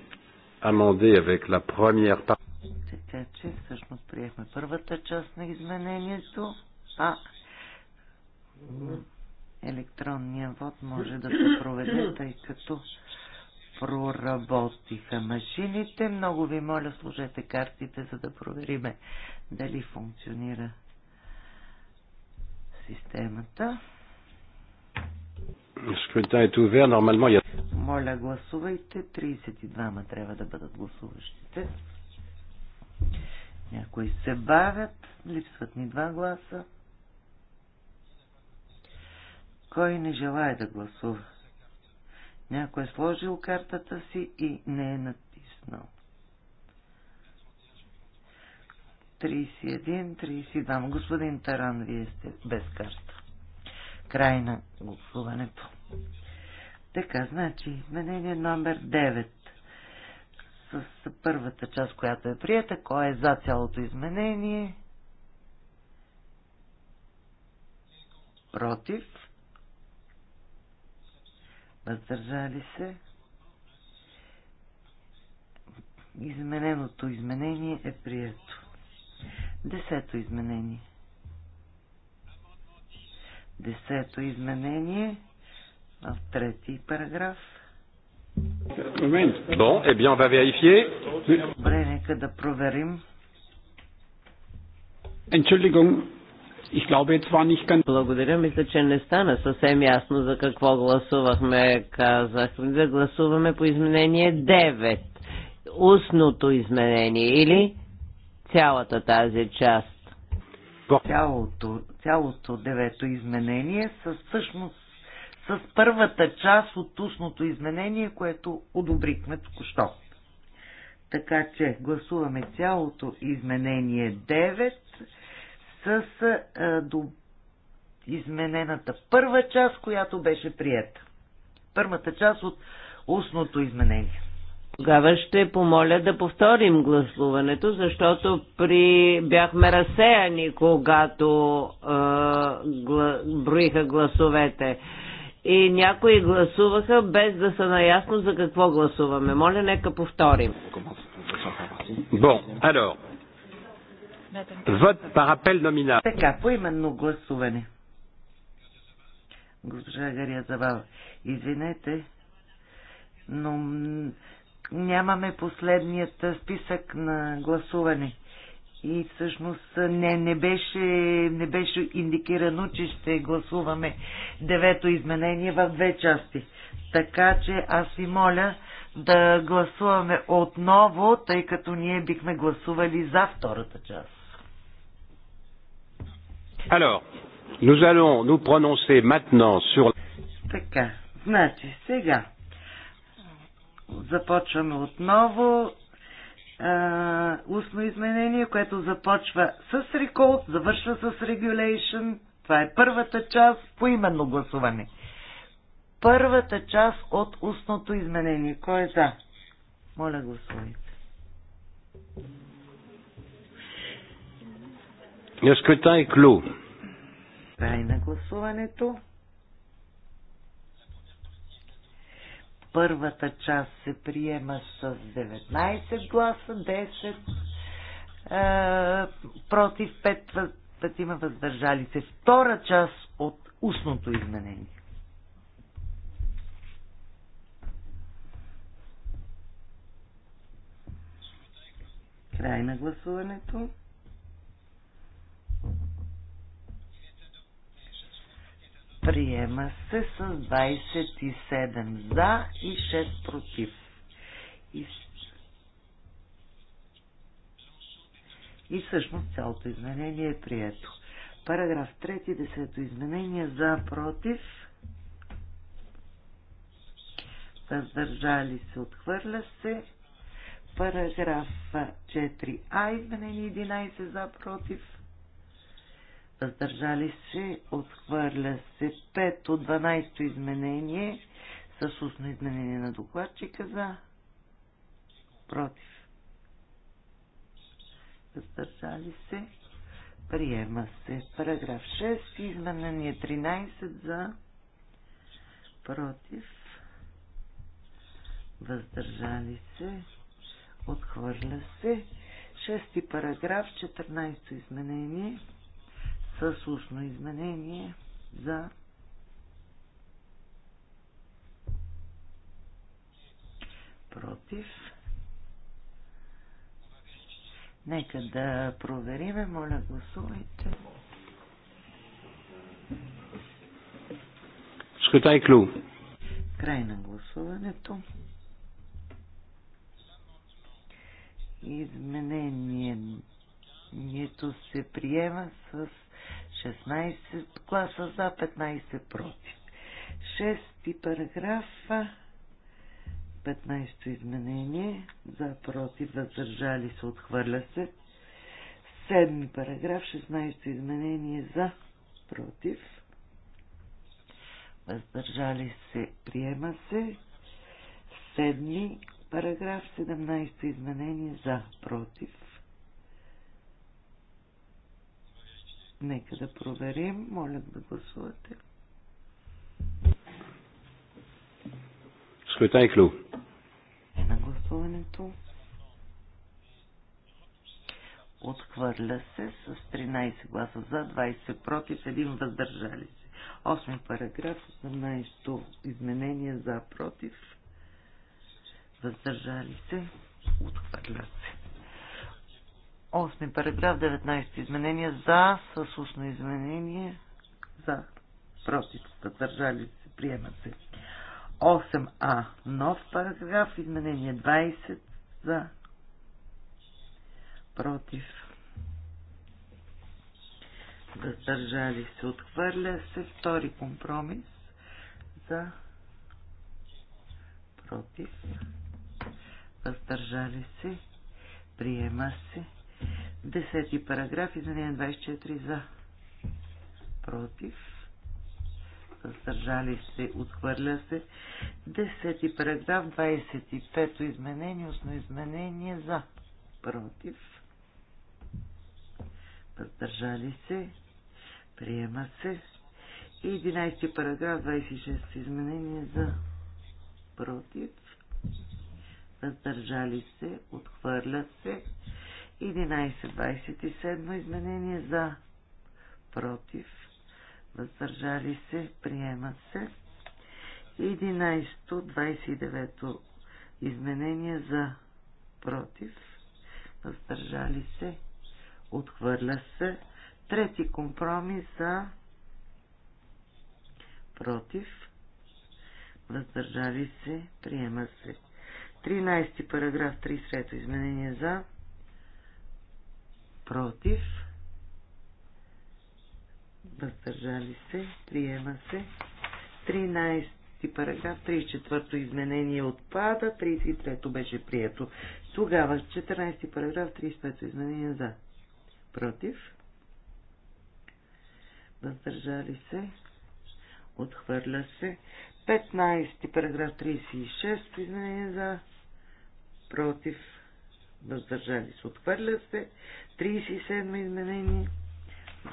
amendé avec la première partie. Така че всъщност приехме първата част на изменението, а електронния вод може да се проведе, тъй като проработиха машините. Много ви моля, служете картите, за да провериме дали функционира системата. е Моля, гласувайте. 32-ма трябва да бъдат гласуващите. Някои се бавят. Липсват ни два гласа. Кой не желая да гласува? Някой е сложил картата си и не е натиснал. 31-32. Господин Таран, вие сте без карта. Край на гласуването. Така, значи, изменение номер 9. С първата част, която е прията, кой е за цялото изменение? Против въздържали се. Измененото изменение е прието. Десето изменение. Десето изменение в трети параграф. Bon, eh bien, on va vérifier. Добре, нека да проверим. Entschuldigung, благодаря, мисля, че не стана съвсем ясно за какво гласувахме. Казахме да гласуваме по изменение 9. Устното изменение или цялата тази част? Цялото, цялото девето изменение с всъщност с първата част от устното изменение, което одобрихме току-що. Така че гласуваме цялото изменение 9 с а, е, до изменената първа част, която беше приета. Първата част от устното изменение. Тогава ще помоля да повторим гласуването, защото при... бяхме разсеяни, когато а, е, гла... броиха гласовете. И някои гласуваха без да са наясно за какво гласуваме. Моля, нека повторим. Bon, alors, Вод по апел номинал. Така, поименно гласуване. Госпожа Гария Забава, извинете, но нямаме последният списък на гласуване. И всъщност не, не, беше, не беше индикирано, че ще гласуваме девето изменение в две части. Така че аз ви моля да гласуваме отново, тъй като ние бихме гласували за втората част. Alors, nous allons nous prononcer maintenant sur... Така, значи сега започваме отново а, устно изменение, което започва с Recall, завършва с регулейшн. Това е първата част по именно гласуване. Първата част от устното изменение. Кой е за? Моля, гласувайте. Le scrutin est clos. Край на гласуването. Първата част се приема с 19 гласа, 10 е, против 5 пътима въздържали се. Втора част от устното изменение. Край на гласуването. Приема се с 27 за и 6 против. И, и всъщност цялото изменение е прието. Параграф 3, 10 изменение за против. Въздържали се, отхвърля се. Параграф 4а, изменение 11 за против въздържали се, отхвърля се. Пето, дванайсто изменение с устно изменение на докладчика за против. Въздържали се. Приема се. Параграф 6. Изменение 13 за против. Въздържали се. Отхвърля се. Шести параграф, 14 изменение с устно изменение за против. Нека да провериме. Моля, гласувайте. Скрутай клю. Край на гласуването. Изменението се приема с 16 класа за, 15 против. 6 параграф, 15 изменение, за, против, въздържали се, отхвърля се. 7 параграф, 16 изменение, за, против, въздържали се, приема се. 7 параграф, 17 изменение, за, против, Нека да проверим. Моля да гласувате. Скритай клю. Е на гласуването. Отхвърля се с 13 гласа за, 20 против, 1 въздържали се. 8 параграф, 18 изменение за, против, въздържали се, отхвърля се. 8 параграф 19 изменения за с устно изменение за против държали се приема се 8а нов параграф изменение 20 за против въздържали се отхвърля се втори компромис за против въздържали се приема се Десети параграф, изменение 24 за. Против. Съдържали се, отхвърля се. Десети параграф, 25 изменение, устно изменение за. Против. Въздържали се. Приема се. И 11 параграф, 26 изменение за. Против. Въздържали се. Отхвърля се. 11.27 изменение за против. Въздържали се. Приема се. 11.29 изменение за против. Въздържали се. Отхвърля се. Трети компромис за против. Въздържали се. Приема се. 13 параграф 3 срето изменение за против, въздържали се, приема се. 13 параграф, 34-то изменение отпада, 33-то беше прието. Тогава 14 параграф, 35-то изменение за. Против. Въздържали се. Отхвърля се. 15 параграф, 36-то изменение за. Против въздържали се, отхвърля се. 37 изменение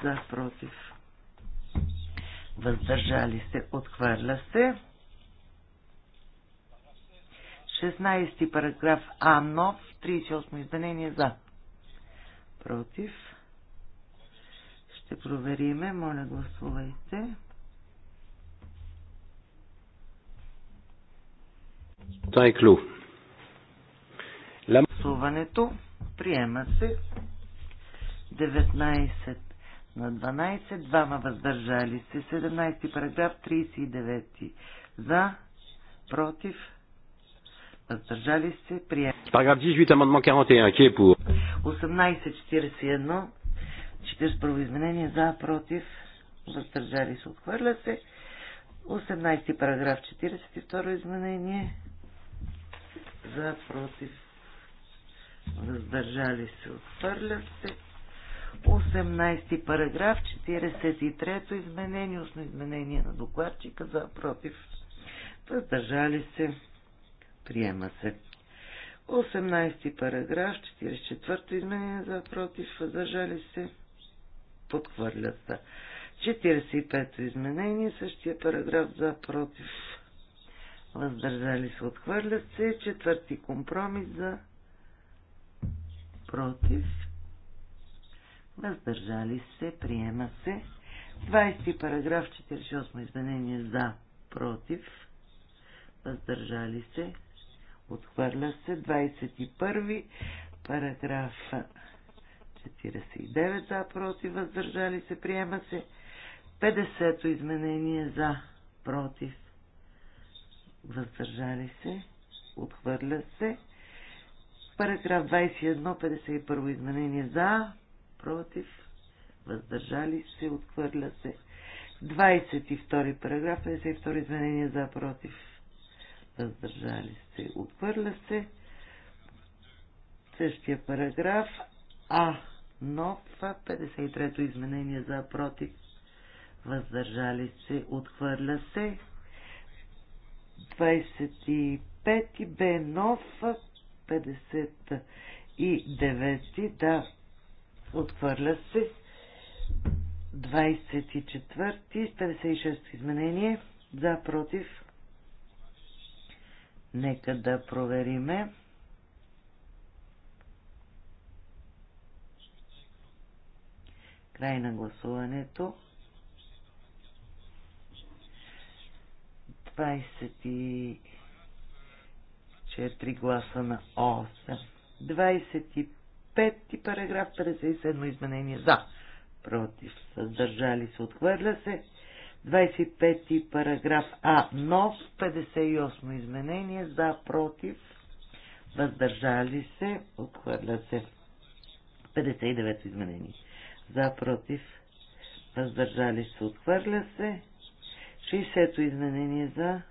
за, против, въздържали се, отхвърля се. 16 параграф А нов, 38 изменение за, против. Ще провериме, моля гласувайте. Тайклю. Е гласуването. Приема се 19 на 12, двама въздържали се. 17 параграф 39 за, против, въздържали се, приема. Параграф 18, амандмент 41, ки е по? 18.41, 41 изменение за, против, въздържали се, отхвърля се. 18 параграф 42 изменение за, против, въздържали се, отхвърля се. 18 параграф, 43-то изменение, устно изменение на докладчика за против. Въздържали се, приема се. 18 параграф, 44-то изменение за против, въздържали се, подхвърлят се. 45-то изменение, същия параграф за против, въздържали се, отхвърлят се. Четвърти компромис за против, въздържали се, приема се. 20 параграф 48 изменение за, против, въздържали се, отхвърля се. 21 параграф 49 за, против, въздържали се, приема се. 50-то изменение за, против, въздържали се, отхвърля се. Параграф 21, 51 изменение за, против, въздържали се, отхвърля се. 22 параграф, 52 изменение за, против, въздържали се, отхвърля се. Същия параграф А, нов, 53 изменение за, против, въздържали се, отхвърля се. 25 и Б, нов, 59 да отхвърля се 24 56 изменение за против нека да провериме край на гласуването 24 4 гласа на 8. 25 и параграф 57 изменение за. Против. Съдържали се. Отхвърля се. 25 параграф А. Нов. 58 изменение за. Против. Въздържали се. Отхвърля се. 59 изменение. За. Против. Въздържали се. Отхвърля се. 60 изменение за.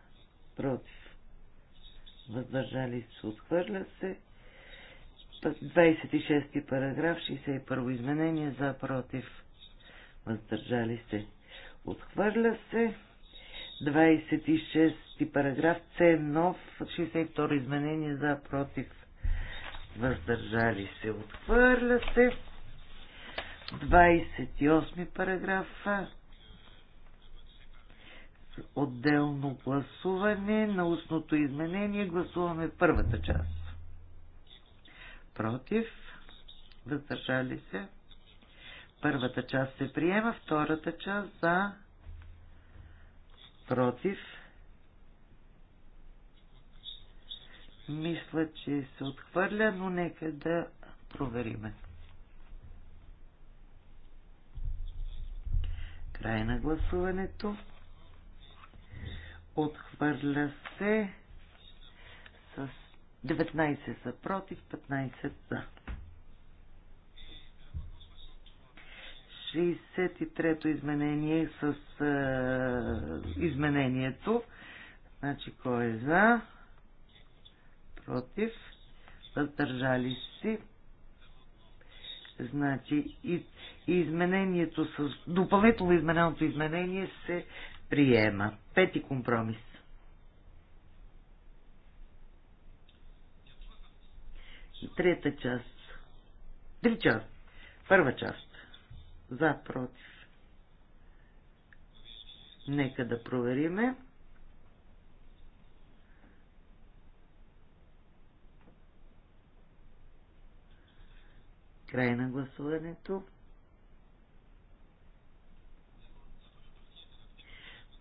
Против въздържали се, отхвърля се. 26 параграф, 61 изменение за против, въздържали се, отхвърля се. 26 параграф С нов, 62 изменение за против, въздържали се, отхвърля се. 28 параграф отделно гласуване на устното изменение. Гласуваме първата част. Против. Въздържали се. Първата част се приема, втората част за против. Мисля, че се отхвърля, но нека да провериме. Край на гласуването. Отхвърля се с 19 са против, 15 за. 63-то изменение с е, изменението. Значи кой е за? Против. Въздържали си. Значи и, и изменението с допълнително измененото изменение се приема. Пети компромис. Трета част. Три част. Първа част. За, против. Нека да провериме. Край на гласуването.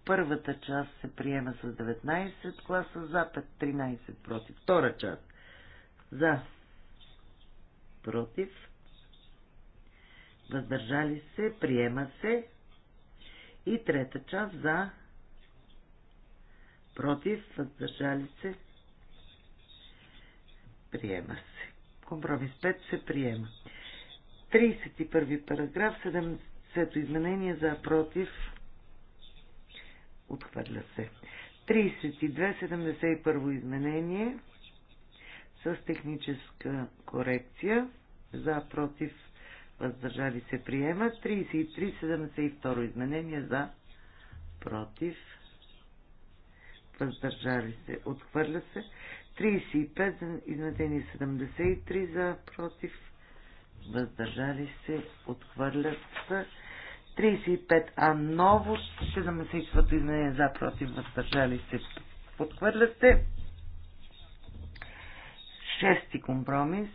Първата част се приема с 19 гласа за, 13 против. Втора част за, против, въздържали се, приема се. И трета част за, против, въздържали се, приема се. Компромис 5 се приема. 31 параграф, 70 изменение за, против, Отхвърля се. 32.71 изменение с техническа корекция. За, против, въздържали се приема. 33.72 изменение за, против, въздържали се. Отхвърля се. 35 изменение 73 за, против, въздържали се. Отхвърля се. 35А ново, 74-то изменение за, против, въздържали се, подхвърляте. Шести компромис.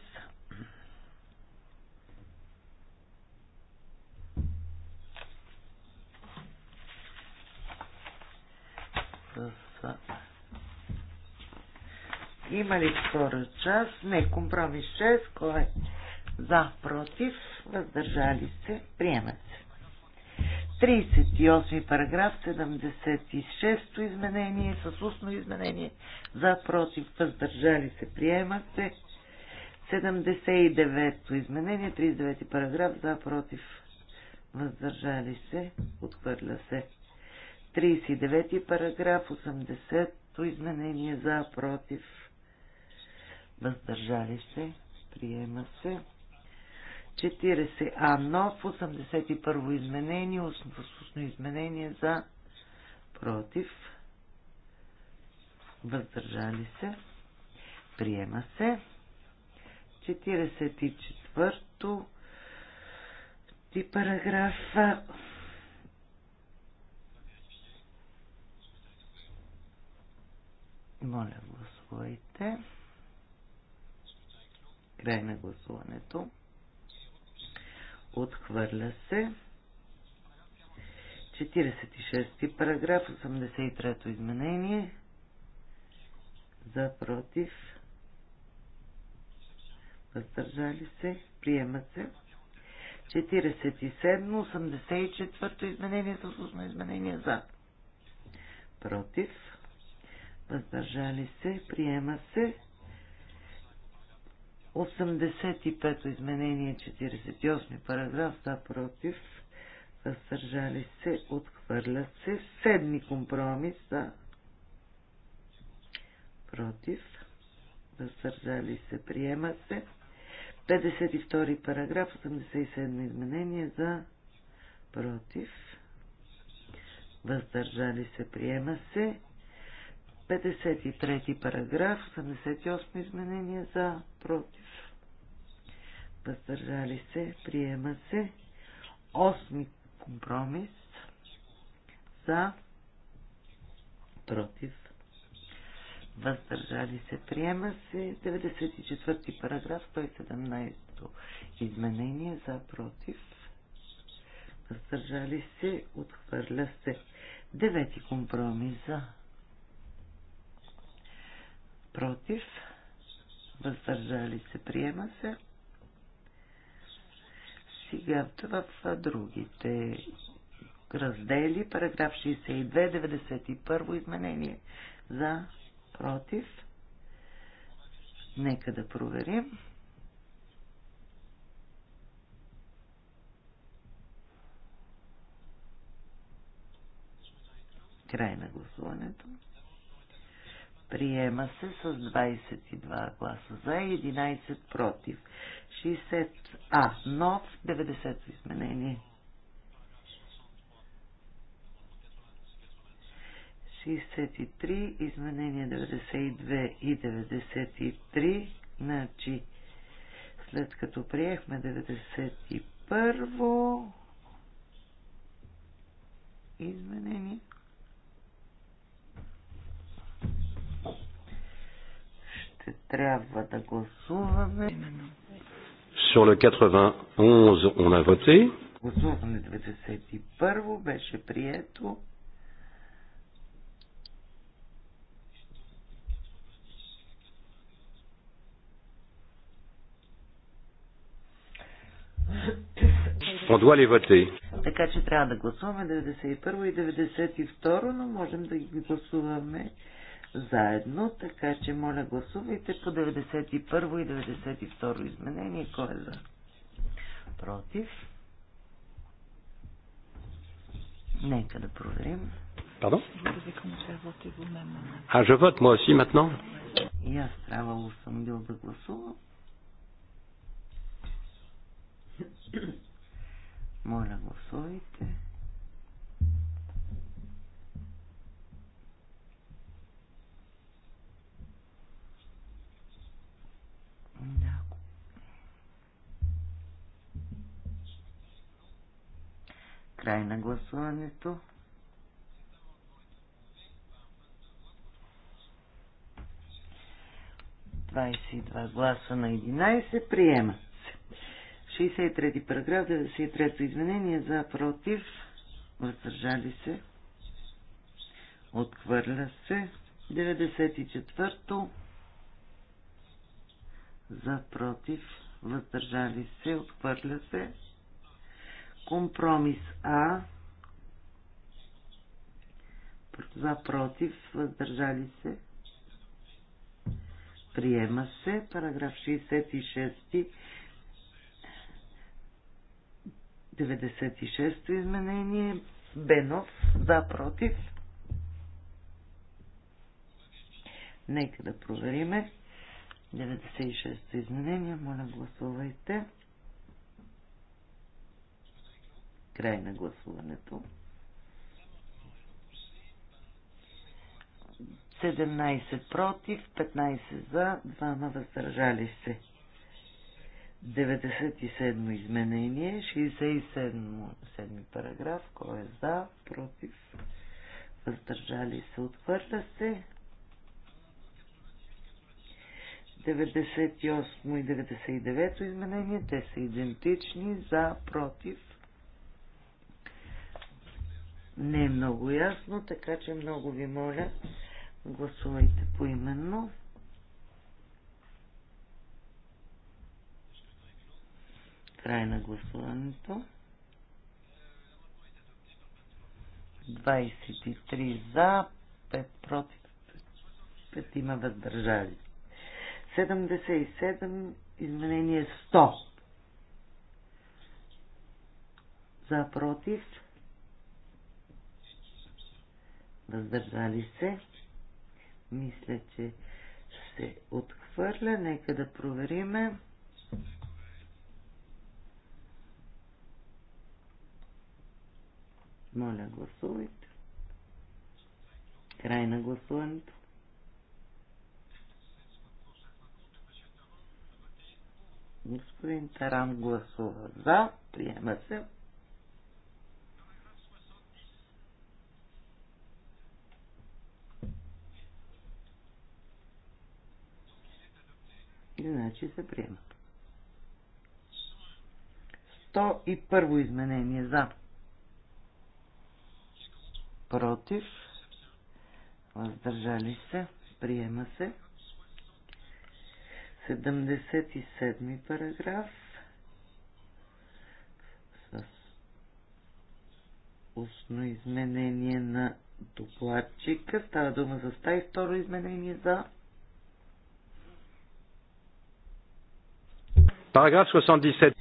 Има ли втора част? Не, компромис 6, кой е за, против, въздържали се, приема се. 38 параграф, 76-то изменение, с устно изменение, за, против, въздържали се, приема се. 79-то изменение, 39 параграф, за, против, въздържали се, отхвърля се. 39 параграф, 80-то изменение, за, против, въздържали се, приема се. 40А нов, 81-во изменение, устно изменение за против, въздържали се, приема се. 44-то ти параграф моля гласувайте край на гласуването Отхвърля се. 46 параграф, 83-то изменение. За против. Въздържали се. Приемат се. 47-84-то изменение съсусно изменение за. Против. Въздържали се. Приема се. 85-то изменение, 48 параграф, за против, въздържали се, отхвърля се. Седми компромис, за против, въздържали се, приема се. 52 параграф, 87 изменение, за против, въздържали се, приема се. 53 параграф, 88 изменения за, против, въздържали се, приема се. 8 компромис за, против, въздържали се, приема се. 94 параграф, 117 изменение за, против, въздържали се, отхвърля се. Девети компромис за против, въздържали се, приема се. Сега това в другите раздели, параграф 62, 91 изменение за, против. Нека да проверим. Край на гласуването. Приема се с 22 гласа за и 11 против. 60 А. Нов 90 изменение. 63, изменение 92 и 93, значи след като приехме 91 изменение, ще трябва да гласуваме. Sur le 91, on a voté. Гласуване 91 беше прието. On doit les voter. Така че трябва да гласуваме 91 и 92, но можем да ги гласуваме заедно, така че моля гласувайте по 91 и 92 изменение. Кой е за? Против? Нека да проверим. Pardon А, je vote moi aussi maintenant И аз трябвало съм бил да гласувам. Моля, гласувайте. Край на гласуването. Двадесет гласа на 11 приема се. 63 параграф, 93 то изменение за против, въздържали се, отхвърля се. 94 то за против, въздържали се, отхвърля се. Компромис А. За, против, въздържали се. Приема се. Параграф 66. 96-то изменение. Бенов. За, против. Нека да провериме. 96-то изменение. Моля, гласувайте. Край на гласуването. 17 против, 15 за, 2 въздържали се. 97 изменение, 67 седми параграф, кой е за, против, въздържали се, отвърля се. 98 и 99 изменение, те са идентични, за, против, не е много ясно, така че много ви моля, гласувайте поименно. Край на гласуването. 23 за, 5 против, 5 има въздържали. 77, изменение 100. За, против, въздържали се. Мисля, че се отхвърля. Нека да провериме. Моля, гласувайте. Край на гласуването. Господин Таран гласува за. Приема се. иначе се приема. 101 изменение за. Против. Въздържали се. Приема се. 77 параграф. С устно изменение на докладчика. Става дума за второ изменение за Параграф 77.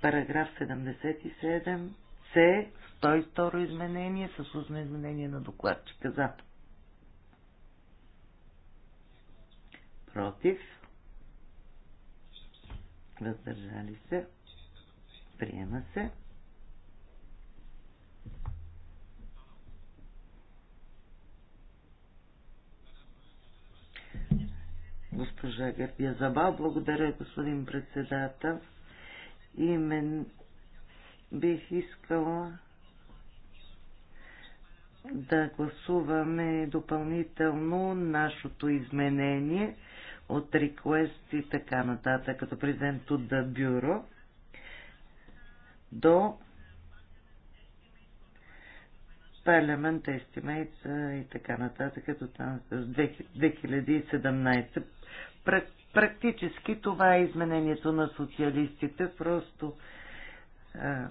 Параграф 77. С. 102 изменение с устно изменение на докладчика. За. Против. Въздържали се. Приема се. госпожа Гърбия Забал. Благодаря, господин председател. Имен бих искала да гласуваме допълнително нашето изменение от реквест и така нататък, като президент от да бюро до Parliament Estimates и така нататък, като там с 2017 практически това е изменението на социалистите, просто а,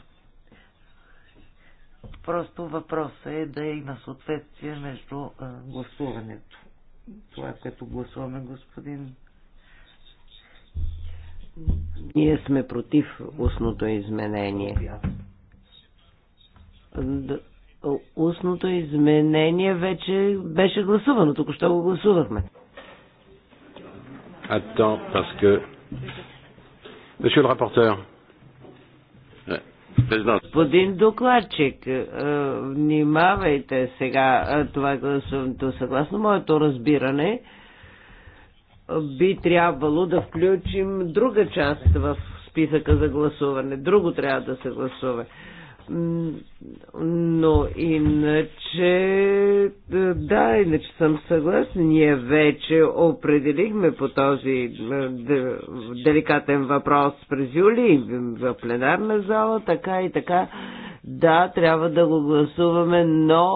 просто въпросът е да има съответствие между а, гласуването. Това, което гласуваме, господин. Ние сме против устното изменение. Устното изменение вече беше гласувано, току-що го гласувахме. Attends, parce que. Monsieur le rapporteur. Господин докладчик, е, внимавайте сега е, това е гласуването. Съгласно моето разбиране, би трябвало да включим друга част в списъка за гласуване. Друго трябва да се гласува но иначе, е, да, иначе съм съгласна. Ние вече определихме по този е, деликатен въпрос през юли в пленарна зала, така и така. Да, трябва да го гласуваме, но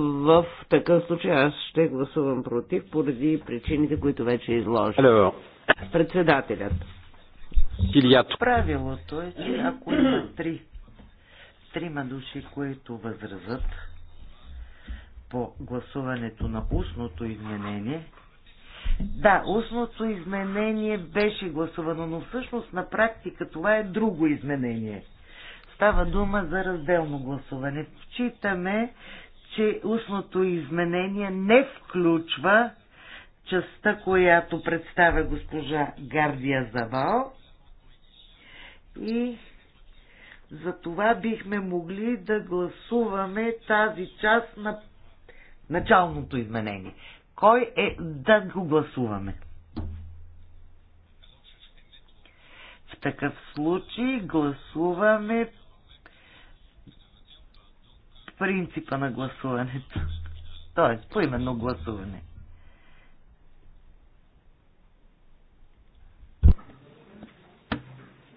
в такъв случай аз ще гласувам против поради причините, които вече изложих. Председателят. Правилото е, че ако има три трима души, които възразат по гласуването на устното изменение. Да, устното изменение беше гласувано, но всъщност на практика това е друго изменение. Става дума за разделно гласуване. Читаме, че устното изменение не включва частта, която представя госпожа Гардия Завал и за това бихме могли да гласуваме тази част на началното изменение. Кой е да го гласуваме? В такъв случай гласуваме принципа на гласуването. Тоест, поименно гласуване.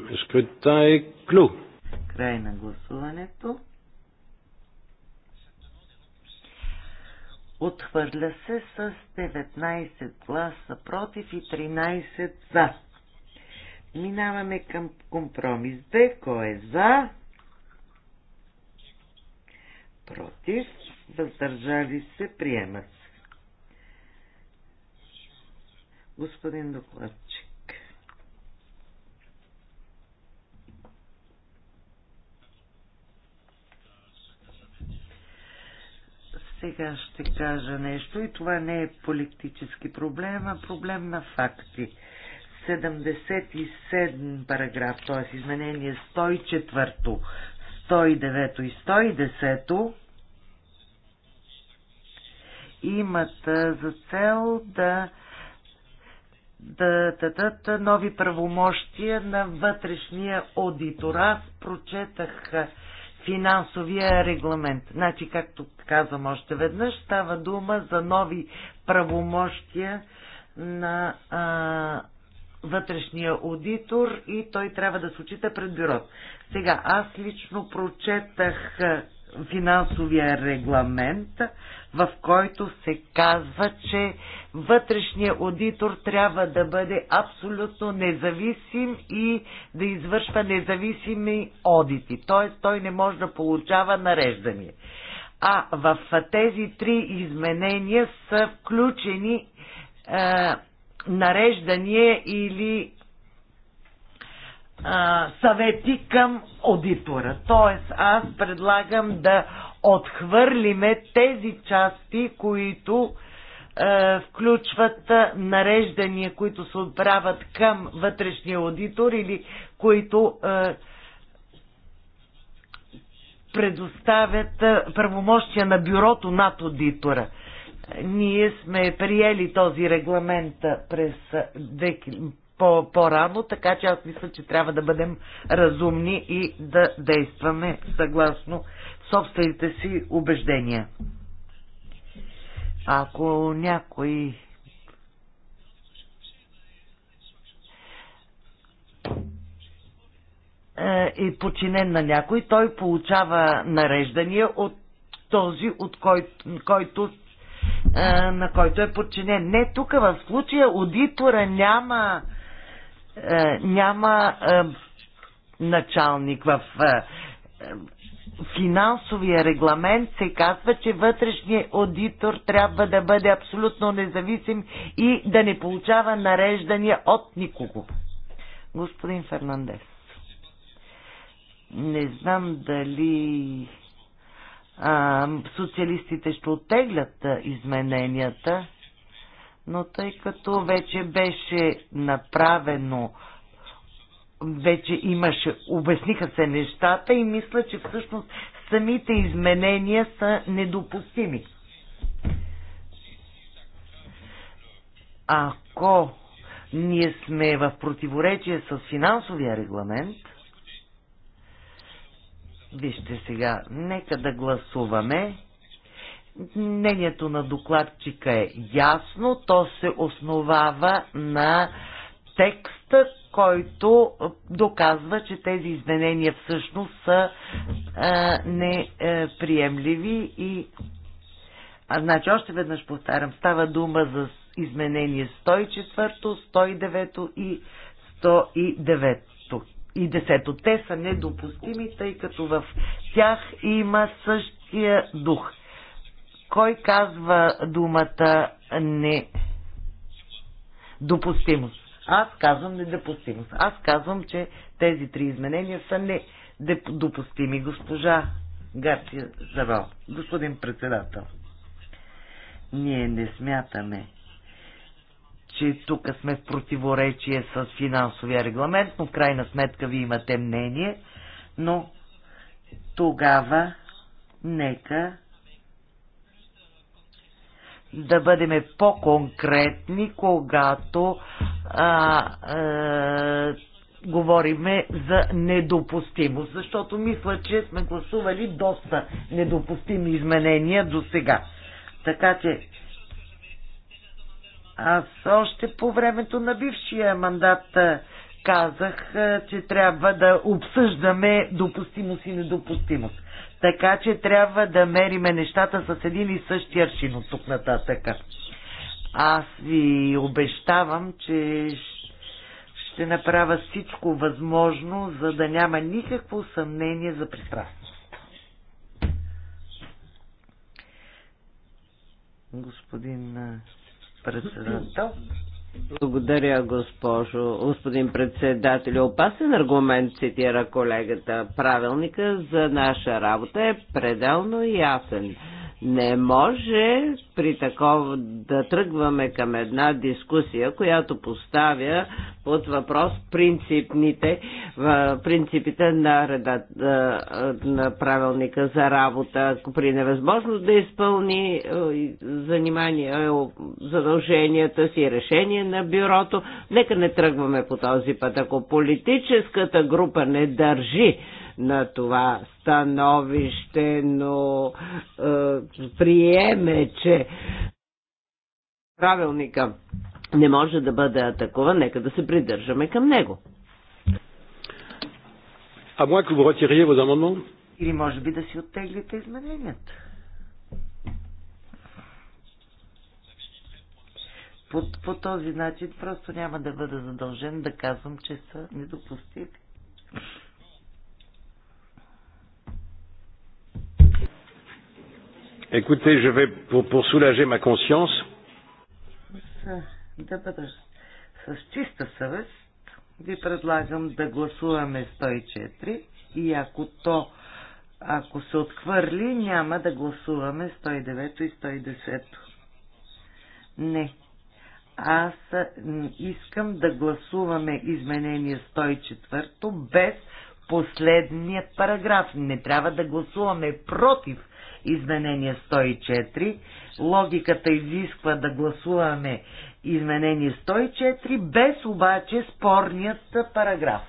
Le scrutin est clos. Край на гласуването. Отхвърля се с 19 гласа против и 13 за. Минаваме към компромис Б. Кой е за? Против. Въздържали се. Приема се. Господин доклад. Сега ще кажа нещо и това не е политически проблем, а проблем на факти. 77 параграф, т.е. изменение 104, 109 и 110 имат за цел да да дадат нови правомощия на вътрешния аудитор. Аз прочетах финансовия регламент. Значи, както казвам още веднъж, става дума за нови правомощия на а, вътрешния аудитор и той трябва да се очита пред бюрото. Сега, аз лично прочетах финансовия регламент, в който се казва, че вътрешният аудитор трябва да бъде абсолютно независим и да извършва независими одити. Т.е. той не може да получава нареждания. А в тези три изменения са включени е, нареждания или а, съвети към аудитора. Тоест, аз предлагам да отхвърлиме тези части, които а, включват нареждания, които се отправят към вътрешния аудитор или които а, предоставят правомощия на бюрото над аудитора. Ние сме приели този регламент през по-рано, по така че аз мисля, че трябва да бъдем разумни и да действаме съгласно собствените си убеждения. Ако някой е, е починен на някой, той получава нареждания от този, от който, който е, на който е подчинен. Не, тук в случая аудитора няма е, няма е, началник в е, финансовия регламент се казва, че вътрешният аудитор трябва да бъде абсолютно независим и да не получава нареждания от никого. Господин Фернандес, не знам дали а, социалистите ще оттеглят измененията но тъй като вече беше направено, вече имаше, обясниха се нещата и мисля, че всъщност самите изменения са недопустими. Ако ние сме в противоречие с финансовия регламент, вижте сега, нека да гласуваме Мнението на докладчика е ясно, то се основава на текста, който доказва, че тези изменения всъщност са а, неприемливи и а, значи още веднъж повтарям, става дума за изменение 104, 109 и 109 и 10. Те са недопустими, тъй като в тях има същия дух. Кой казва думата не допустимост? Аз казвам недопустимост. Аз казвам, че тези три изменения са недопустими. Госпожа Гарция Завал, господин председател, ние не смятаме, че тук сме в противоречие с финансовия регламент, но в крайна сметка ви имате мнение, но тогава нека да бъдем по-конкретни, когато а, а, говориме за недопустимост, защото мисля, че сме гласували доста недопустими изменения до сега. Така че аз още по времето на бившия мандат казах, че трябва да обсъждаме допустимост и недопустимост. Така че трябва да мериме нещата с един и същи аршин от тук нататък. Аз ви обещавам, че ще направя всичко възможно, за да няма никакво съмнение за пристрастност. Господин председател. Благодаря, госпожо. Господин председател, опасен аргумент, цитира колегата. Правилника за наша работа е пределно ясен. Не може при такова да тръгваме към една дискусия, която поставя под въпрос принципните, принципите на, реда, на правилника за работа. Ако при невъзможност да изпълни занимания, задълженията си, решение на бюрото, нека не тръгваме по този път. Ако политическата група не държи на това становище, но е, приеме, че правилника не може да бъде атакуван, нека да се придържаме към него. А moins que vous Или може би да си оттеглите измененията. По, по този начин просто няма да бъда задължен да казвам, че са недопустими. Écoutez, je vais, pour, pour soulager ma conscience, да бъда с чиста съвест, ви предлагам да гласуваме 104 и ако то ако се отхвърли, няма да гласуваме 109 и 110. Не. Аз искам да гласуваме изменение 104 без последния параграф. Не трябва да гласуваме против изменение 104. Логиката изисква да гласуваме изменение 104, без обаче спорният параграф.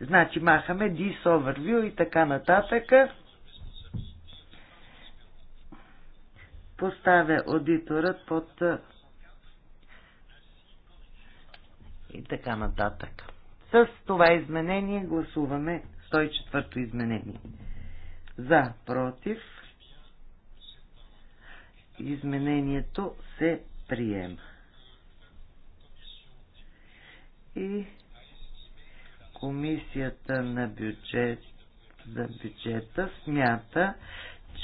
Значи махаме this overview и така нататък. Поставя аудиторът под и така нататък. С това изменение гласуваме 104-то изменение. За, против. Изменението се приема. И комисията на бюджет за бюджета смята,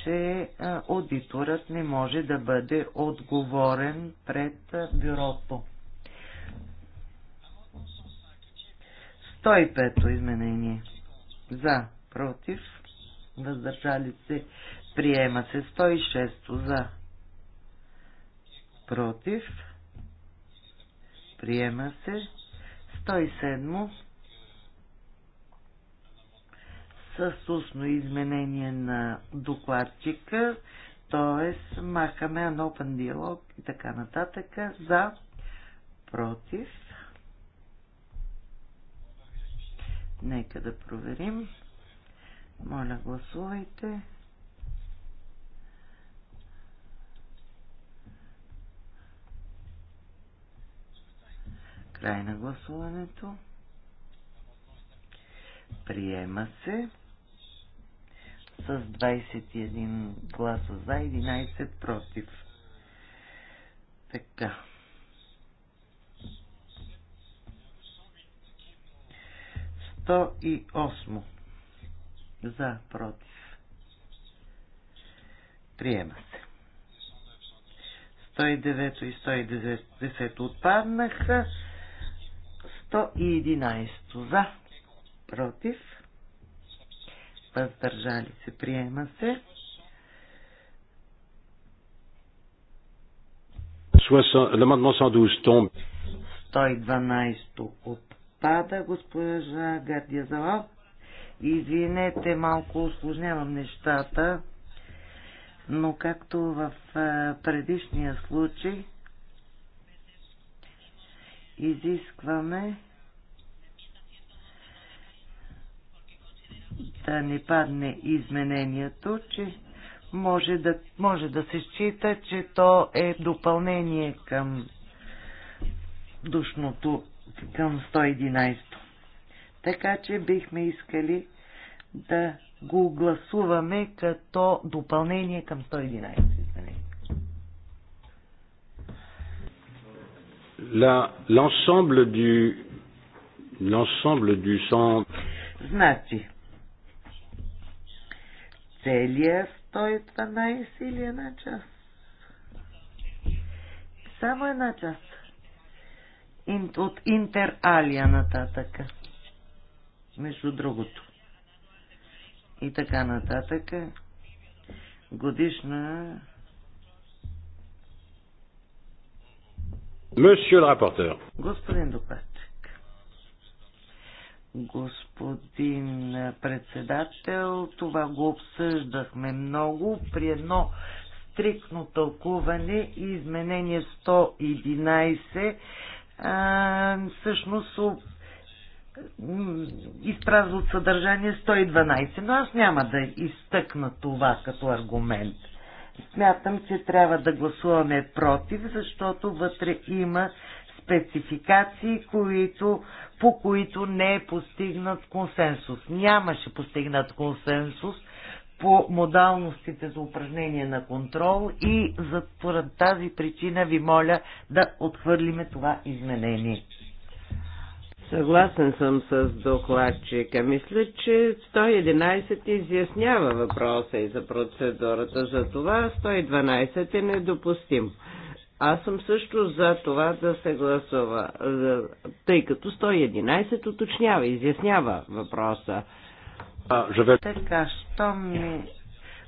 че аудиторът не може да бъде отговорен пред бюрото. 105-то изменение. За, против, въздържали се, приема се 106 за, против, приема се 107 с устно изменение на докладчика, т.е. махаме на open диалог и така нататък за против. Нека да проверим. Моля, гласувайте. Край на гласуването. Приема се с 21 гласа за, 11 против. Така. Сто и осмо. За, против. Приема се. 109 и 110 отпаднаха. 111 за, против. Въздържали се. Приема се. 112 отпада, госпожа Гардия Залав. Извинете, малко осложнявам нещата, но както в предишния случай, изискваме да не падне изменението, че може да, може да се счита, че то е допълнение към душното, към 111. Така че бихме искали да го гласуваме като допълнение към 111 изменение. L'ensemble du, l'ensemble du sang... Значи, целият 112 или една част? Само една част. От интералия нататък между другото. И така нататък. Годишна Monsieur le rapporteur. Господин докладчик. Господин председател, това го обсъждахме много при едно стриктно тълкуване и изменение 111 а, всъщност от съдържание 112, но аз няма да изтъкна това като аргумент. Смятам, че трябва да гласуваме против, защото вътре има спецификации, които, по които не е постигнат консенсус. Нямаше постигнат консенсус по модалностите за упражнение на контрол и за тази причина ви моля да отхвърлиме това изменение. Съгласен съм с докладчика. Мисля, че 111 изяснява въпроса и за процедурата. За това 112 е недопустим. Аз съм също за това да се гласува, тъй като 111 уточнява, изяснява въпроса. А, живе... Така, що ми...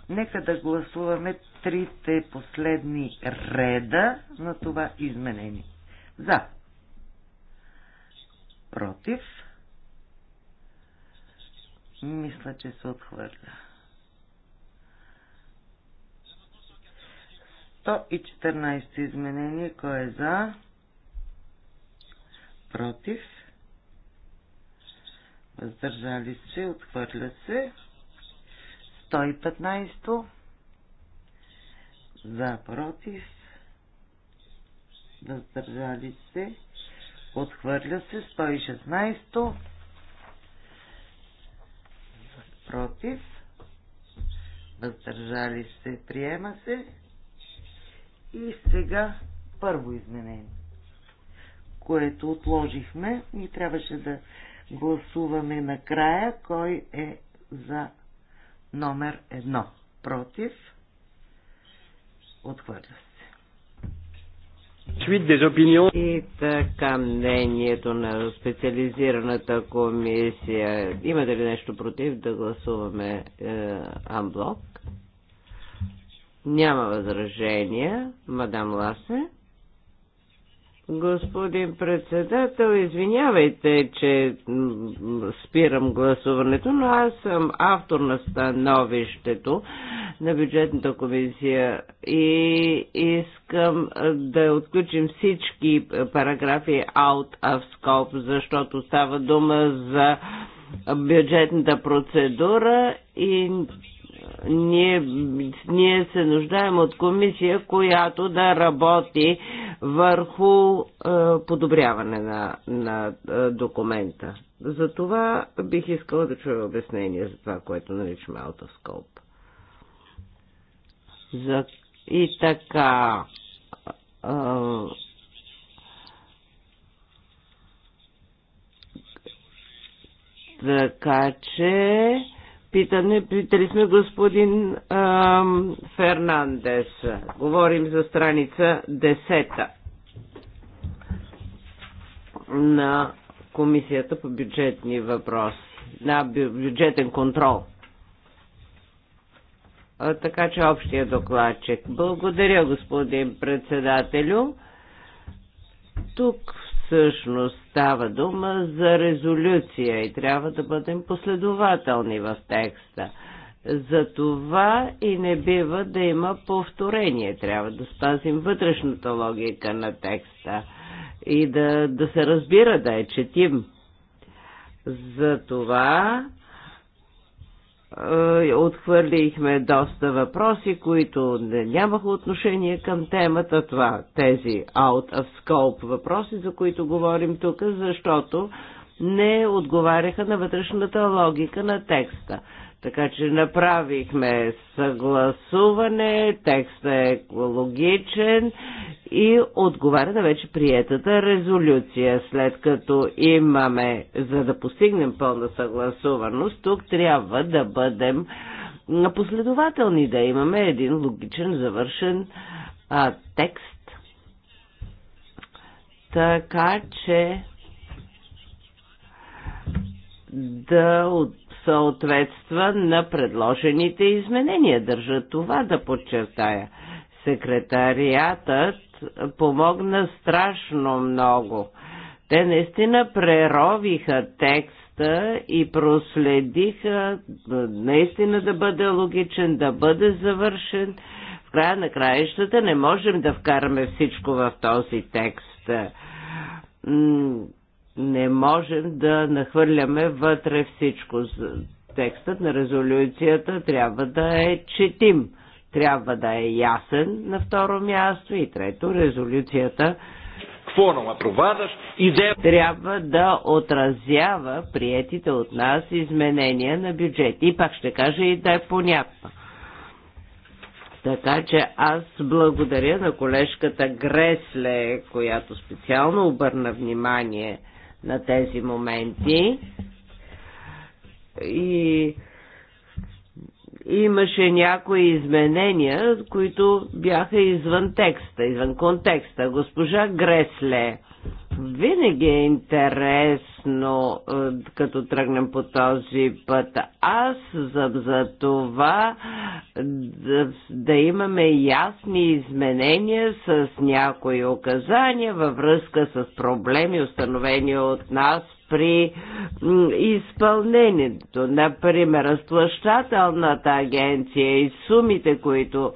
Нека да гласуваме трите последни реда на това изменение. За против. Мисля, че се отхвърля. 114 изменение. Кой е за? Против. Въздържали се. Отхвърля се. 115. За. Против. Въздържали се. Отхвърля се 116 против. Въздържали се, приема се. И сега първо изменение, което отложихме и трябваше да гласуваме накрая, кой е за номер едно. Против. Отхвърля се. И така мнението на специализираната комисия. Имате ли нещо против да гласуваме е, амблок? Няма възражения. Мадам Ласе. Господин председател, извинявайте, че спирам гласуването, но аз съм автор на становището на бюджетната комисия и искам да отключим всички параграфи out of scope, защото става дума за бюджетната процедура и ние, ние се нуждаем от комисия, която да работи върху е, подобряване на, на е, документа. За това бих искала да чуя обяснение за това, което наричаме out of scope. За... И така. Е, така че питане. Питали сме господин ам, Фернандес. Говорим за страница 10 на Комисията по бюджетни въпроси, на бюджетен контрол. А, така че общия докладчик. Благодаря, господин председателю. Тук Всъщност става дума за резолюция и трябва да бъдем последователни в текста. За това и не бива да има повторение. Трябва да спазим вътрешната логика на текста и да, да се разбира, да е четим. За това е, отхвърлихме доста въпроси, които не нямаха отношение към темата това, тези out of scope въпроси, за които говорим тук, защото не отговаряха на вътрешната логика на текста. Така че направихме съгласуване, текстът е логичен и отговаря на вече приетата резолюция. След като имаме, за да постигнем пълна съгласуваност, тук трябва да бъдем последователни, да имаме един логичен завършен а, текст. Така че да от съответства на предложените изменения. Държа това да подчертая. Секретариатът помогна страшно много. Те наистина преровиха текста и проследиха наистина да бъде логичен, да бъде завършен. В края на краищата не можем да вкараме всичко в този текст не можем да нахвърляме вътре всичко. Текстът на резолюцията трябва да е четим, трябва да е ясен на второ място и трето резолюцията Трябва да отразява приетите от нас изменения на бюджет. И пак ще кажа и да е понятно. Така че аз благодаря на колежката Гресле, която специално обърна внимание – на тези моменти. И имаше някои изменения, които бяха извън текста, извън контекста. Госпожа Гресле винаги е интересно, е, като тръгнем по този път. Аз съм за това да, да имаме ясни изменения с някои указания във връзка с проблеми, установени от нас при изпълнението. Например, разплащателната агенция и сумите, които,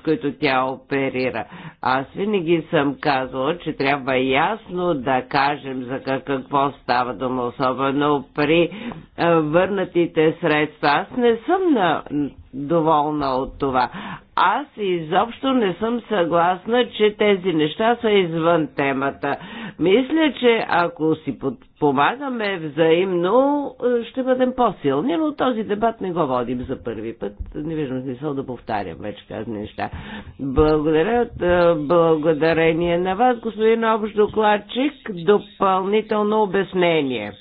с които тя оперира. Аз винаги съм казвала, че трябва ясно да кажем за какво става дума, особено при върнатите средства. Аз не съм на доволна от това. Аз изобщо не съм съгласна, че тези неща са извън темата. Мисля, че ако си подпомагаме взаимно, е, ще бъдем по-силни, но този дебат не го водим за първи път. Не виждам смисъл да повтарям вече тази неща. Благодаря, е, благодарение на вас, господин Общ докладчик, допълнително обяснение.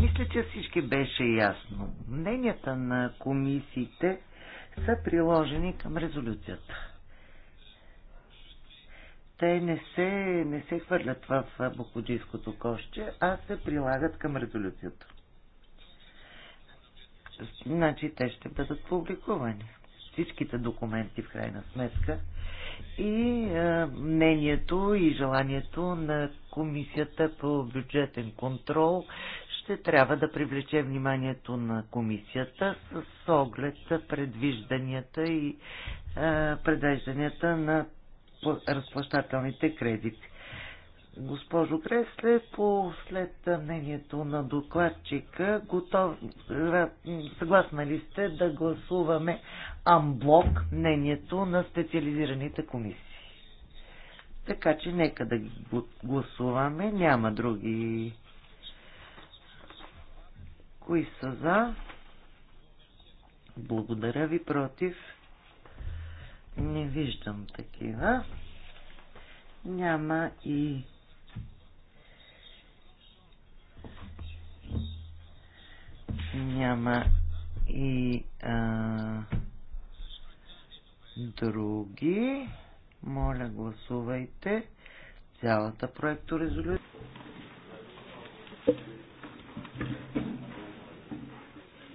Мисля, че всички беше ясно. Мненията на комисиите са приложени към резолюцията. Те не се, не се хвърлят в Бокоджийското коще, а се прилагат към резолюцията. Значи те ще бъдат публикувани. Всичките документи в крайна сметка и е, мнението и желанието на Комисията по бюджетен контрол ще трябва да привлече вниманието на комисията с оглед предвижданията и е, предвижданията на разплащателните кредити. Госпожо Кресле, по след мнението на докладчика, готов, е, съгласна ли сте да гласуваме амблок мнението на специализираните комисии? Така че нека да гласуваме. Няма други Кои са за? Благодаря ви против. Не виждам такива. Няма и няма и а, други. Моля, гласувайте цялата проекторезолюция.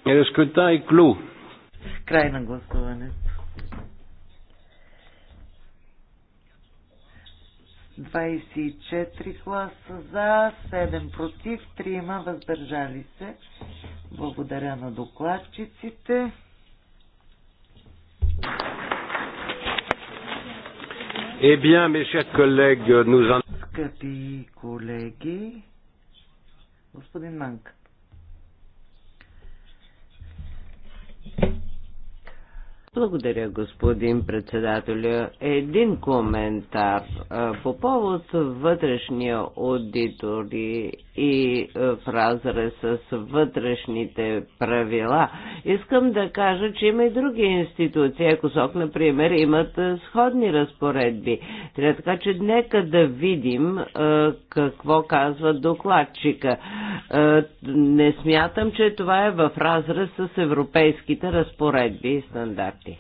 Е, Рескота и клю. Край на гласуването. 24 гласа за, 7 против, 3 въздържали се. Благодаря на докладчиците. Eh bien, mes chers collègues, nous en... Скъпи колеги, господин Манка. Благодаря, господин председателя. Един коментар по повод вътрешния аудитор и и е, в разрез с вътрешните правила. Искам да кажа, че има и други институции, ако СОК, например, имат е, сходни разпоредби. Трябва така, че нека да видим е, какво казва докладчика. Не смятам, че това е в разрез с европейските разпоредби и стандарти.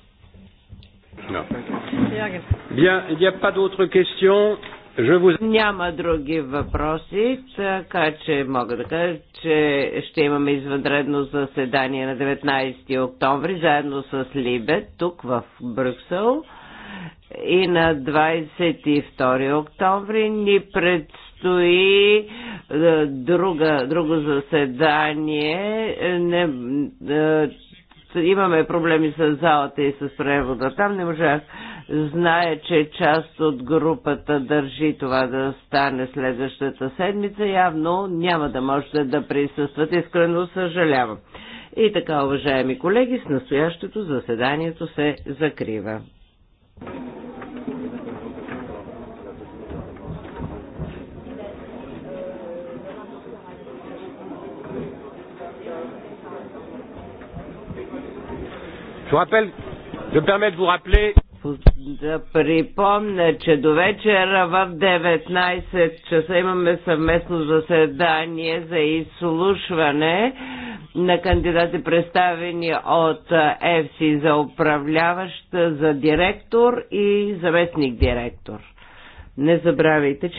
Bien, il n'y a pas d'autres questions. Vous... Няма други въпроси, така че мога да кажа, че ще имаме извънредно заседание на 19 октомври, заедно с Либет, тук в Брюксел. И на 22 октомври ни предстои е, друга, друго заседание. Не, е, имаме проблеми с залата и с превода. Там не можах Знае, че част от групата държи това да стане следващата седмица. Явно няма да можете да присъстват, Искрено съжалявам. И така, уважаеми колеги, с настоящето заседанието се закрива. Je vous rappelle, je me permets de vous rappeler да припомня, че до вечера в 19 часа имаме съвместно заседание за изслушване на кандидати представени от ЕФСИ за управляващ, за директор и заместник директор. Не забравяйте, че